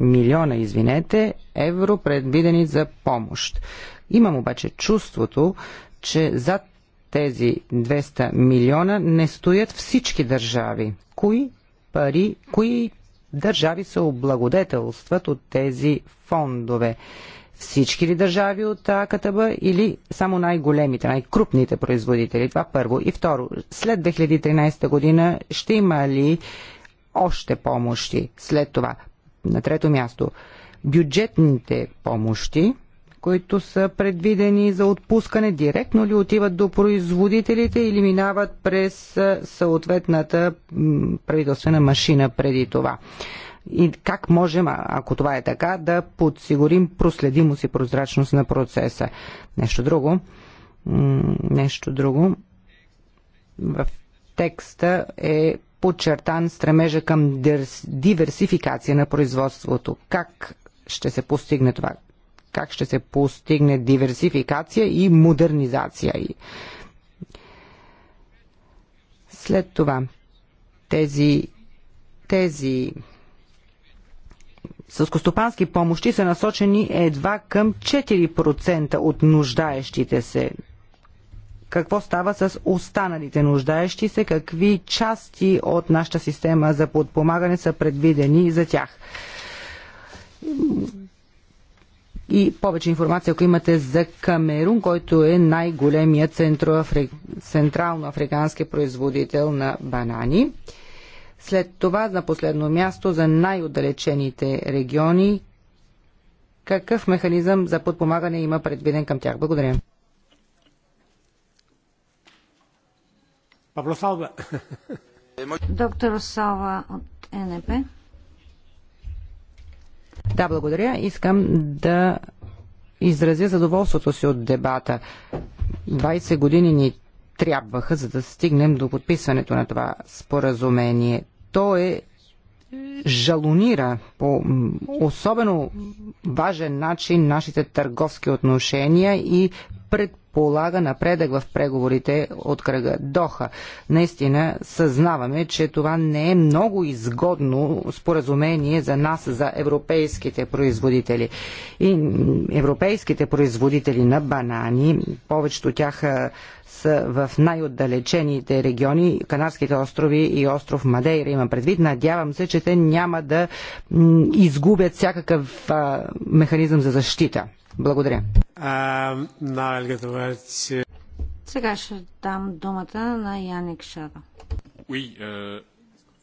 милиона, извинете, евро предвидени за помощ. Имам обаче чувството, че зад тези 200 милиона не стоят всички държави. Кои пари, кои държави се облагодетелстват от тези фондове? всички ли държави от АКТБ или само най-големите, най-крупните производители? Това първо. И второ, след 2013 година ще има ли още помощи след това? На трето място, бюджетните помощи, които са предвидени за отпускане, директно ли отиват до производителите или минават през съответната правителствена машина преди това? и как можем, ако това е така, да подсигурим проследимост и прозрачност на процеса. Нещо друго. Нещо друго. В текста е подчертан стремежа към диверсификация на производството. Как ще се постигне това? Как ще се постигне диверсификация и модернизация? След това тези, тези съскостопански помощи са насочени едва към 4% от нуждаещите се. Какво става с останалите нуждаещи се? Какви части от нашата система за подпомагане са предвидени за тях? И повече информация, ако имате за Камерун, който е най-големият централно-африкански производител на банани. След това, на последно място, за най-отдалечените региони, какъв механизъм за подпомагане има предвиден към тях? Благодаря. Павло Салва. Доктор Сава от НП. Е да, благодаря. Искам да изразя задоволството си от дебата. 20 години ни трябваха, за да стигнем до подписването на това споразумение то е жалонира по особено важен начин нашите търговски отношения и предполага напредък в преговорите от кръга Доха. Наистина съзнаваме, че това не е много изгодно споразумение за нас, за европейските производители. И европейските производители на банани, повечето тях са в най-отдалечените региони, Канарските острови и остров Мадейра имам предвид. Надявам се, че те няма да изгубят всякакъв а, механизъм за защита. Благодаря. Е- Сега ще дам думата на Яник Шада. Oui, euh,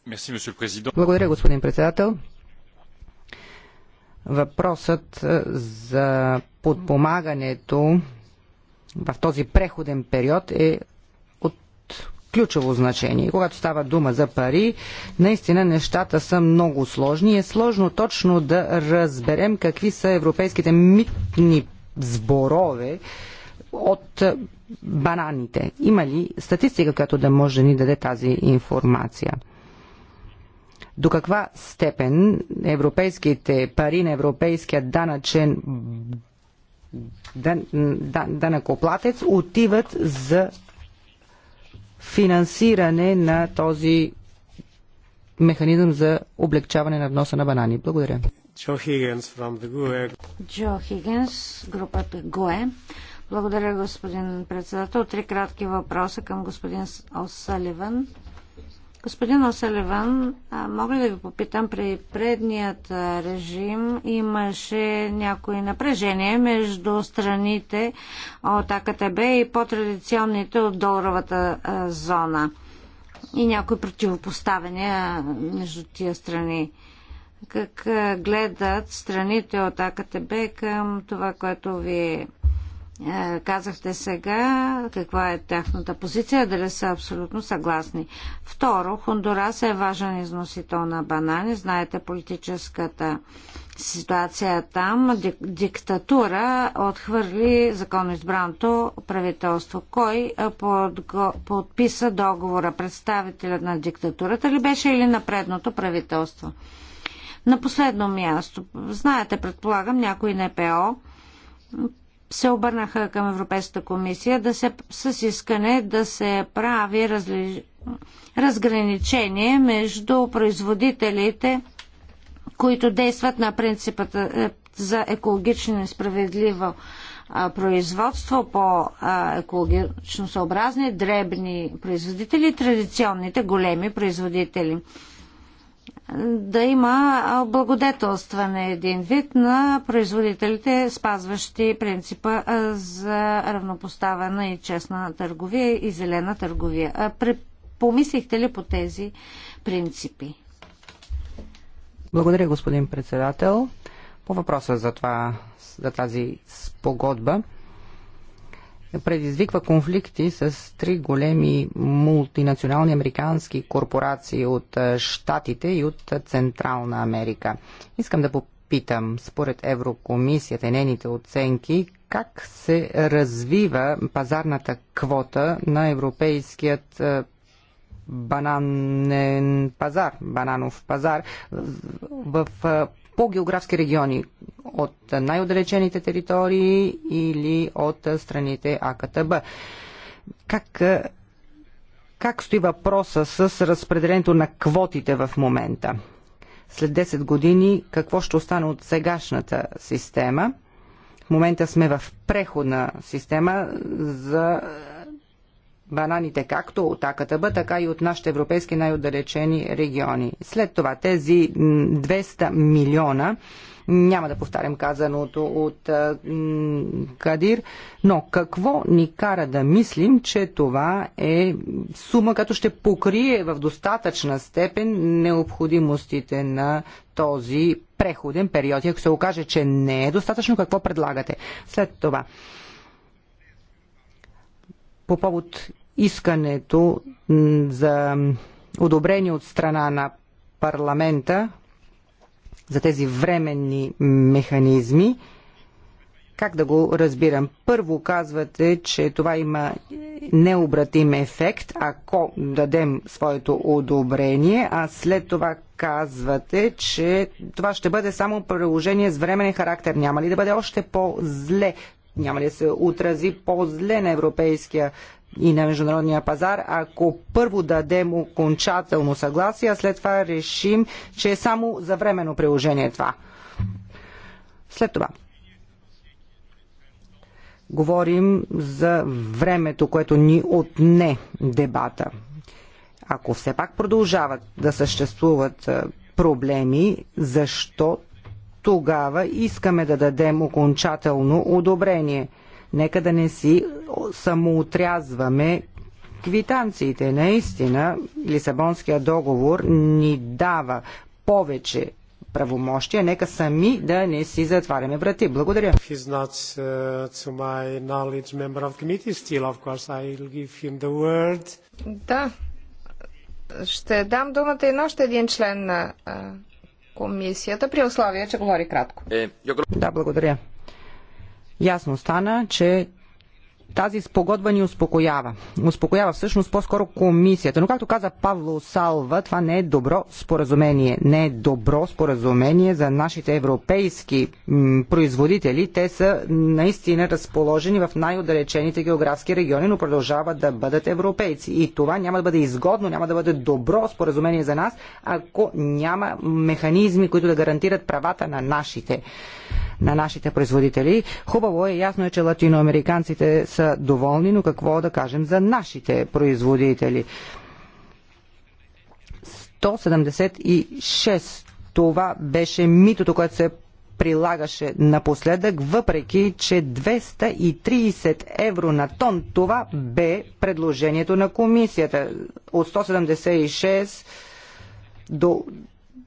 merci, Благодаря, господин председател. Въпросът за подпомагането в този преходен период е от ключово значение. когато става дума за пари, наистина нещата са много сложни. Е сложно точно да разберем какви са европейските митни сборове от бананите. Има ли статистика, която да може да ни даде тази информация? до каква степен европейските пари на европейския данъчен данъкоплатец отиват за финансиране на този механизъм за облегчаване на вноса на банани. Благодаря. Джо Хигенс, Джо Хигенс групата ГОЕ. E. Благодаря, господин председател. Три кратки въпроса към господин Осаливан. Господин Оселеван, мога ли да ви попитам, при предният режим имаше някои напрежение между страните от АКТБ и по-традиционните от доларовата зона и някои противопоставяния между тия страни. Как гледат страните от АКТБ към това, което ви е, казахте сега каква е тяхната позиция, дали са абсолютно съгласни. Второ, Хондурас е важен износител на банани. Знаете политическата ситуация там. Диктатура отхвърли законоизбраното правителство. Кой е, подписа договора? Представителят на диктатурата ли беше или на предното правителство? На последно място, знаете, предполагам, някои НПО се обърнаха към Европейската комисия да се, с искане да се прави разли, разграничение между производителите, които действат на принципата е, за екологично и справедливо производство по екологично съобразни дребни производители и традиционните големи производители да има благодетелстване един вид на производителите, спазващи принципа за равнопоставена и честна търговия и зелена търговия. Помислихте ли по тези принципи? Благодаря, господин председател. По въпроса за, това, за тази спогодба предизвиква конфликти с три големи мултинационални американски корпорации от е, Штатите и от е, Централна Америка. Искам да попитам, според Еврокомисията и нейните оценки, как се развива пазарната квота на европейският е, бананен пазар, бананов пазар в по географски региони от най-отдалечените територии или от страните АКТБ. Как, как стои въпроса с разпределението на квотите в момента? След 10 години какво ще остане от сегашната система? В момента сме в преходна система за бананите както от АКТБ, така и от нашите европейски най-отдалечени региони. След това тези 200 милиона няма да повтарям казаното от а, Кадир, но какво ни кара да мислим, че това е сума, като ще покрие в достатъчна степен необходимостите на този преходен период. И ако се окаже, че не е достатъчно, какво предлагате? След това по повод искането за одобрение от страна на парламента за тези временни механизми. Как да го разбирам? Първо казвате, че това има необратим ефект, ако дадем своето одобрение, а след това казвате, че това ще бъде само приложение с временен характер. Няма ли да бъде още по-зле? Няма ли да се отрази по-зле на европейския и на международния пазар, ако първо дадем окончателно съгласие, а след това решим, че е само за временно приложение това. След това говорим за времето, което ни отне дебата. Ако все пак продължават да съществуват проблеми, защо тогава искаме да дадем окончателно одобрение – Нека да не си самоотрязваме квитанциите. Наистина, Лисабонския договор ни дава повече правомощия. Нека сами да не си затваряме врати. Благодаря. Uh, да. Ще дам думата и на още един член на комисията, при условие, че говори кратко. Е, да, благодаря ясно стана, че тази спогодба ни успокоява. Успокоява всъщност по-скоро комисията. Но както каза Павло Салва, това не е добро споразумение. Не е добро споразумение за нашите европейски производители. Те са наистина разположени в най-отдалечените географски региони, но продължават да бъдат европейци. И това няма да бъде изгодно, няма да бъде добро споразумение за нас, ако няма механизми, които да гарантират правата на нашите на нашите производители. Хубаво е, ясно е, че латиноамериканците са доволни, но какво да кажем за нашите производители? 176 това беше митото, което се прилагаше напоследък, въпреки че 230 евро на тон, това бе предложението на комисията. От 176 до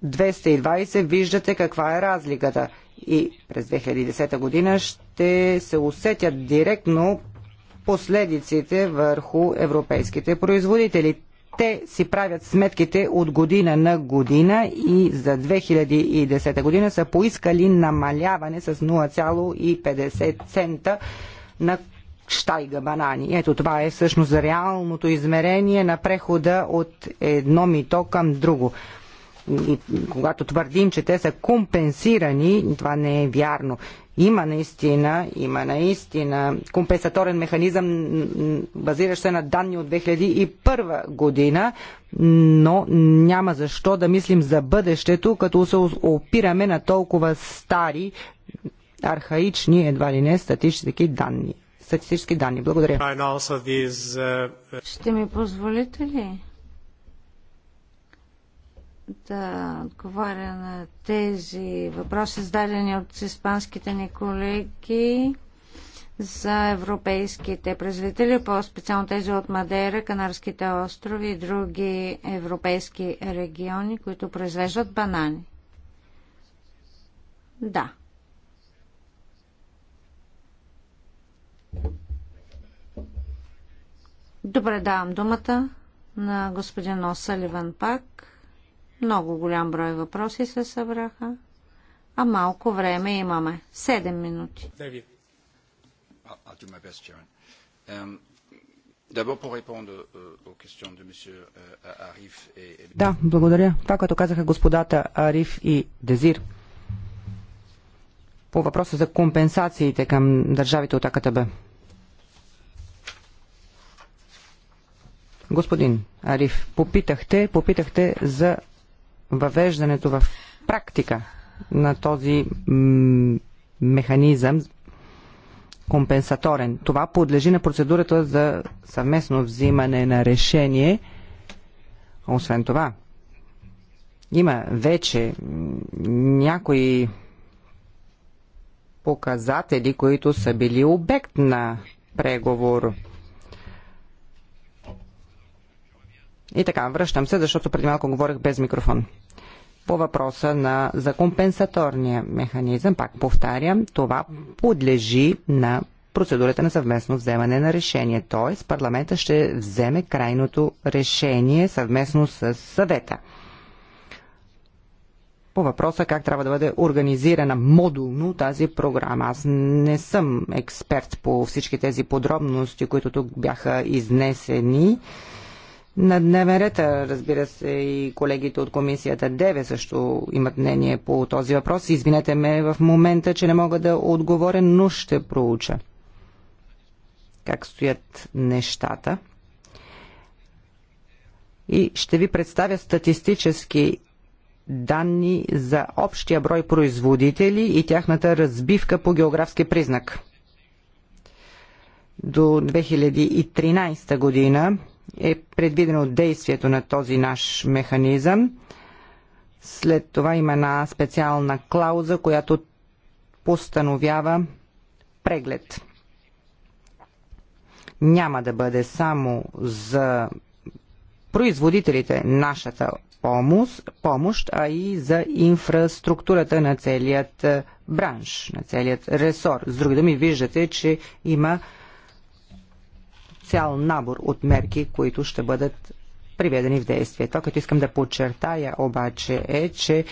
220 виждате каква е разликата и през 2010 година ще се усетят директно последиците върху европейските производители. Те си правят сметките от година на година и за 2010 година са поискали намаляване с 0,50 цента на штайга банани. Ето това е всъщност реалното измерение на прехода от едно мито към друго когато твърдим, че те са компенсирани, това не е вярно. Има наистина, има наистина компенсаторен механизъм, базиращ се на данни от 2001 година, но няма защо да мислим за бъдещето, като се опираме на толкова стари, архаични, едва ли не, статистически данни. Статистически данни. Благодаря. Uh, Ще ми позволите ли? да отговаря на тези въпроси, зададени от испанските ни колеги за европейските производители, по-специално тези от Мадера, Канарските острови и други европейски региони, които произвеждат банани. Да. Добре, давам думата на господин Осаливан пак. Много голям брой въпроси се събраха, а малко време имаме. Седем минути. Да, благодаря. Това, което казаха господата Ариф и Дезир по въпроса за компенсациите към държавите от АКТБ. Господин Ариф, попитахте, попитахте за въвеждането в практика на този механизъм компенсаторен. Това подлежи на процедурата за съвместно взимане на решение. Освен това, има вече някои показатели, които са били обект на преговор И така, връщам се, защото преди малко говорих без микрофон. По въпроса на, за компенсаторния механизъм, пак повтарям, това подлежи на процедурата на съвместно вземане на решение. Т.е. парламента ще вземе крайното решение съвместно с съвета. По въпроса как трябва да бъде организирана модулно тази програма. Аз не съм експерт по всички тези подробности, които тук бяха изнесени на дневен ред, разбира се, и колегите от комисията ДЕВЕ също имат мнение по този въпрос. Извинете ме в момента, че не мога да отговоря, но ще проуча как стоят нещата. И ще ви представя статистически данни за общия брой производители и тяхната разбивка по географски признак. До 2013 година е предвидено действието на този наш механизъм. След това има една специална клауза, която постановява преглед. Няма да бъде само за производителите нашата помощ, помощ, а и за инфраструктурата на целият бранш, на целият ресор. С други думи, виждате, че има цял набор от мерки, които ще бъдат приведени в действие. Това, което искам да подчертая обаче е, че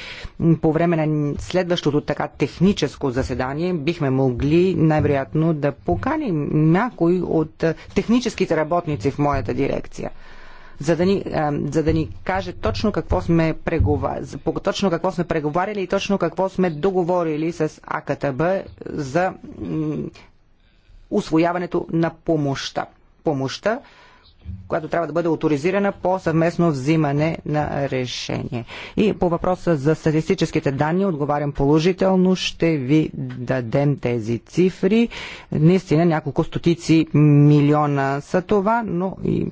по време на следващото така техническо заседание бихме могли най-вероятно да поканим някой от техническите работници в моята дирекция. За да, ни, за да ни каже точно какво, сме преговар... точно какво сме преговаряли и точно какво сме договорили с АКТБ за освояването на помощта помощта, която трябва да бъде авторизирана по съвместно взимане на решение. И по въпроса за статистическите данни отговарям положително. Ще ви дадем тези цифри. Наистина няколко стотици милиона са това, но и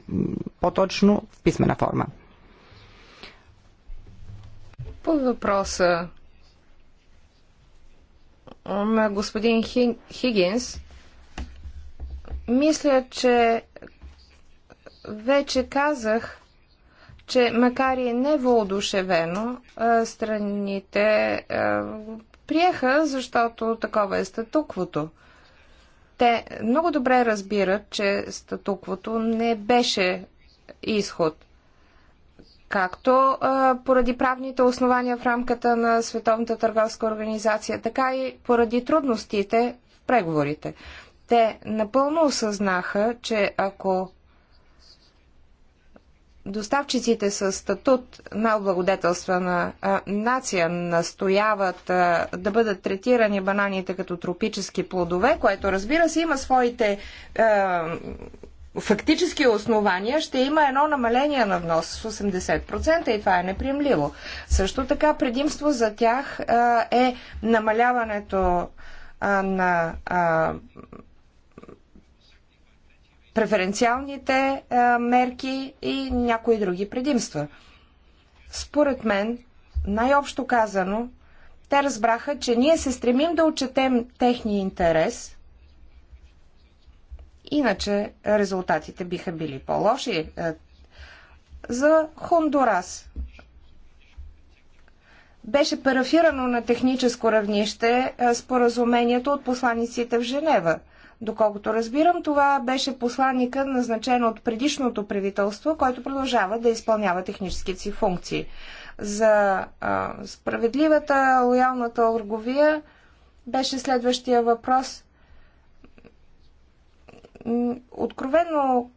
по-точно в писмена форма. По въпроса на господин Хигинс, мисля, че вече казах, че макар и не воодушевено, страните приеха, защото такова е статуквото. Те много добре разбират, че статуквото не беше изход. Както а, поради правните основания в рамката на Световната търговска организация, така и поради трудностите в преговорите. Те напълно осъзнаха, че ако доставчиците с статут на облагодетелствана нация настояват а, да бъдат третирани бананите като тропически плодове, което разбира се има своите а, фактически основания, ще има едно намаление на внос с 80% и това е неприемливо. Също така предимство за тях а, е намаляването на преференциалните е, мерки и някои други предимства. Според мен, най-общо казано, те разбраха, че ние се стремим да отчетем техния интерес, иначе резултатите биха били по-лоши. Е, за Хондурас беше парафирано на техническо равнище е, споразумението от посланиците в Женева – Доколкото разбирам, това беше посланника, назначен от предишното правителство, който продължава да изпълнява техническите си функции. За а, справедливата, лоялната орговия беше следващия въпрос. Откровено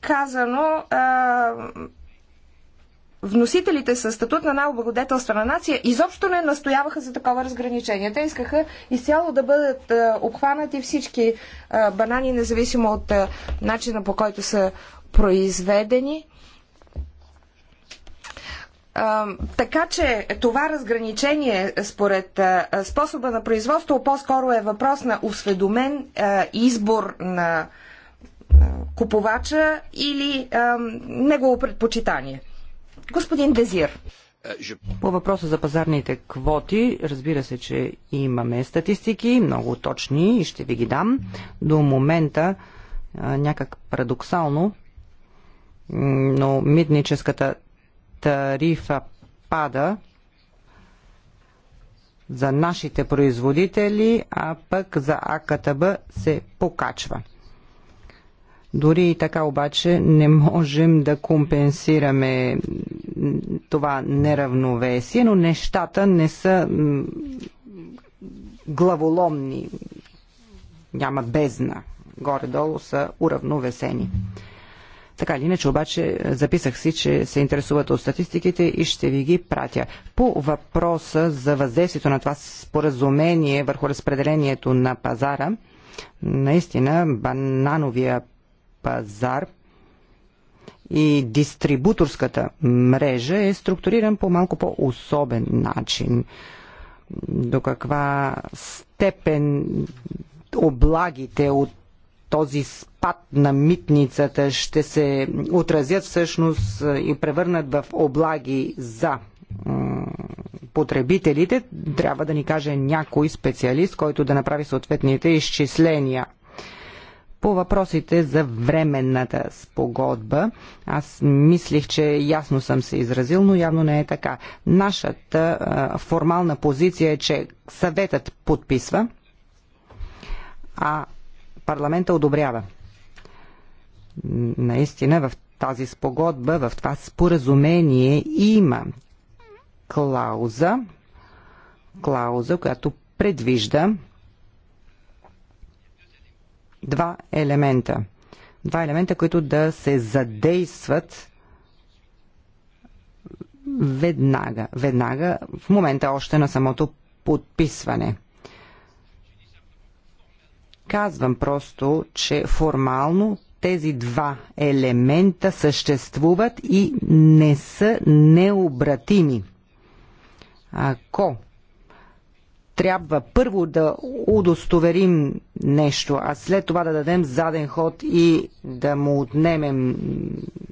казано, а, вносителите с статут на най-облагодетелствена нация изобщо не настояваха за такова разграничение. Те искаха изцяло да бъдат обхванати всички банани, независимо от начина по който са произведени. Така че това разграничение според способа на производство по-скоро е въпрос на осведомен избор на купувача или негово предпочитание. Господин Дезир. По въпроса за пазарните квоти, разбира се, че имаме статистики, много точни и ще ви ги дам. До момента някак парадоксално, но митническата тарифа пада за нашите производители, а пък за АКТБ се покачва. Дори и така обаче не можем да компенсираме това неравновесие, но нещата не са главоломни. Няма бездна. Горе-долу са уравновесени. Така или иначе, обаче, записах си, че се интересуват от статистиките и ще ви ги пратя. По въпроса за въздействието на това споразумение върху разпределението на пазара, наистина банановия пазар и дистрибуторската мрежа е структуриран по малко по-особен начин. До каква степен облагите от този спад на митницата ще се отразят всъщност и превърнат в облаги за потребителите, трябва да ни каже някой специалист, който да направи съответните изчисления. По въпросите за временната спогодба, аз мислих, че ясно съм се изразил, но явно не е така. Нашата а, формална позиция е, че съветът подписва, а парламента одобрява. Наистина в тази спогодба, в това споразумение има клауза, клауза, която предвижда два елемента. Два елемента, които да се задействат веднага, веднага, в момента още на самото подписване. Казвам просто, че формално тези два елемента съществуват и не са необратими. Ако трябва първо да удостоверим нещо, а след това да дадем заден ход и да му отнемем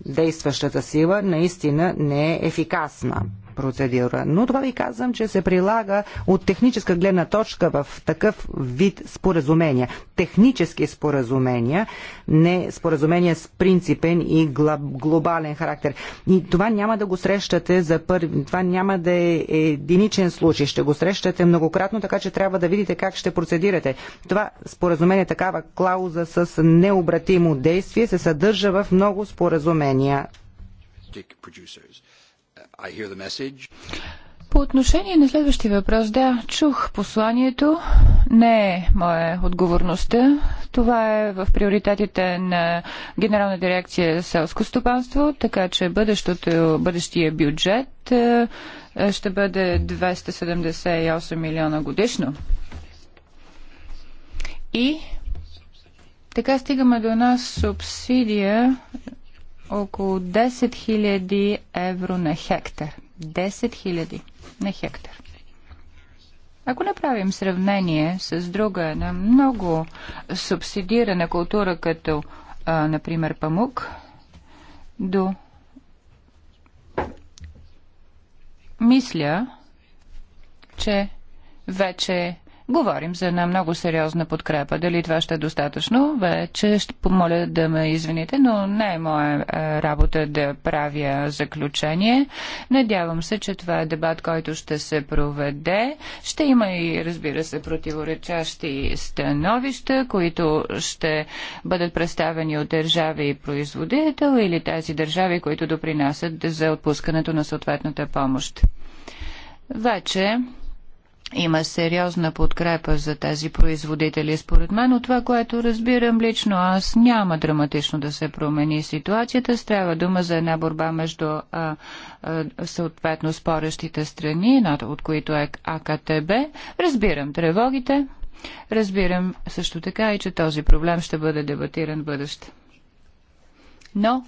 действащата сила, наистина не е ефикасна процедура. Но това ви казвам, че се прилага от техническа гледна точка в такъв вид споразумения. Технически споразумения, не споразумения с принципен и глобален характер. И това няма да го срещате за първи, това няма да е единичен случай. Ще го срещате многократно, така че трябва да видите как ще процедирате. Това споразумение, такава клауза с необратимо действие се съдържа в много споразумения. По отношение на следващия въпрос, да, чух посланието. Не е моя отговорността. Това е в приоритетите на Генерална дирекция селско стопанство, така че бъдещото, бъдещия бюджет е, ще бъде 278 милиона годишно. И така стигаме до една субсидия около 10 000 евро на хектар. 10 000 на хектар. Ако направим сравнение с друга на много субсидирана култура, като, а, например, памук, до мисля, че вече Говорим за една много сериозна подкрепа. Дали това ще е достатъчно? Вече ще помоля да ме извините, но не е моя е, работа да правя заключение. Надявам се, че това е дебат, който ще се проведе. Ще има и, разбира се, противоречащи становища, които ще бъдат представени от държави и производител или тези държави, които допринасят за отпускането на съответната помощ. Вече има сериозна подкрепа за тези производители. Според мен от това, което разбирам лично, аз няма драматично да се промени ситуацията. Става дума за една борба между а, а, съответно спорещите страни, над, от които е АКТБ. Разбирам тревогите. Разбирам също така и, че този проблем ще бъде дебатиран в бъдеще. Но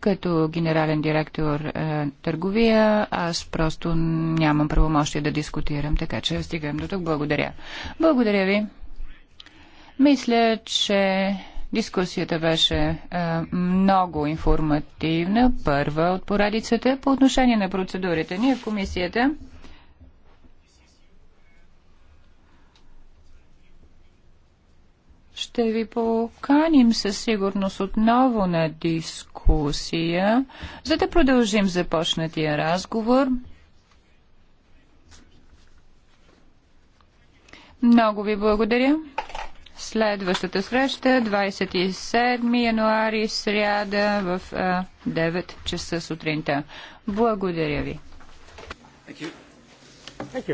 като генерален директор е, търговия, аз просто нямам правомощие да дискутирам, така че стигам до тук. Благодаря. Благодаря ви. Мисля, че Дискусията беше е, много информативна, първа от поредицата по отношение на процедурите. Ние в комисията ще ви поканим със сигурност отново на дискусията дискусия, за да продължим започнатия разговор. Много ви благодаря. Следващата среща 27 януари, сряда в 9 часа сутринта. Благодаря ви. Thank you. Thank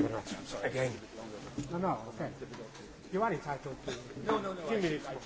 you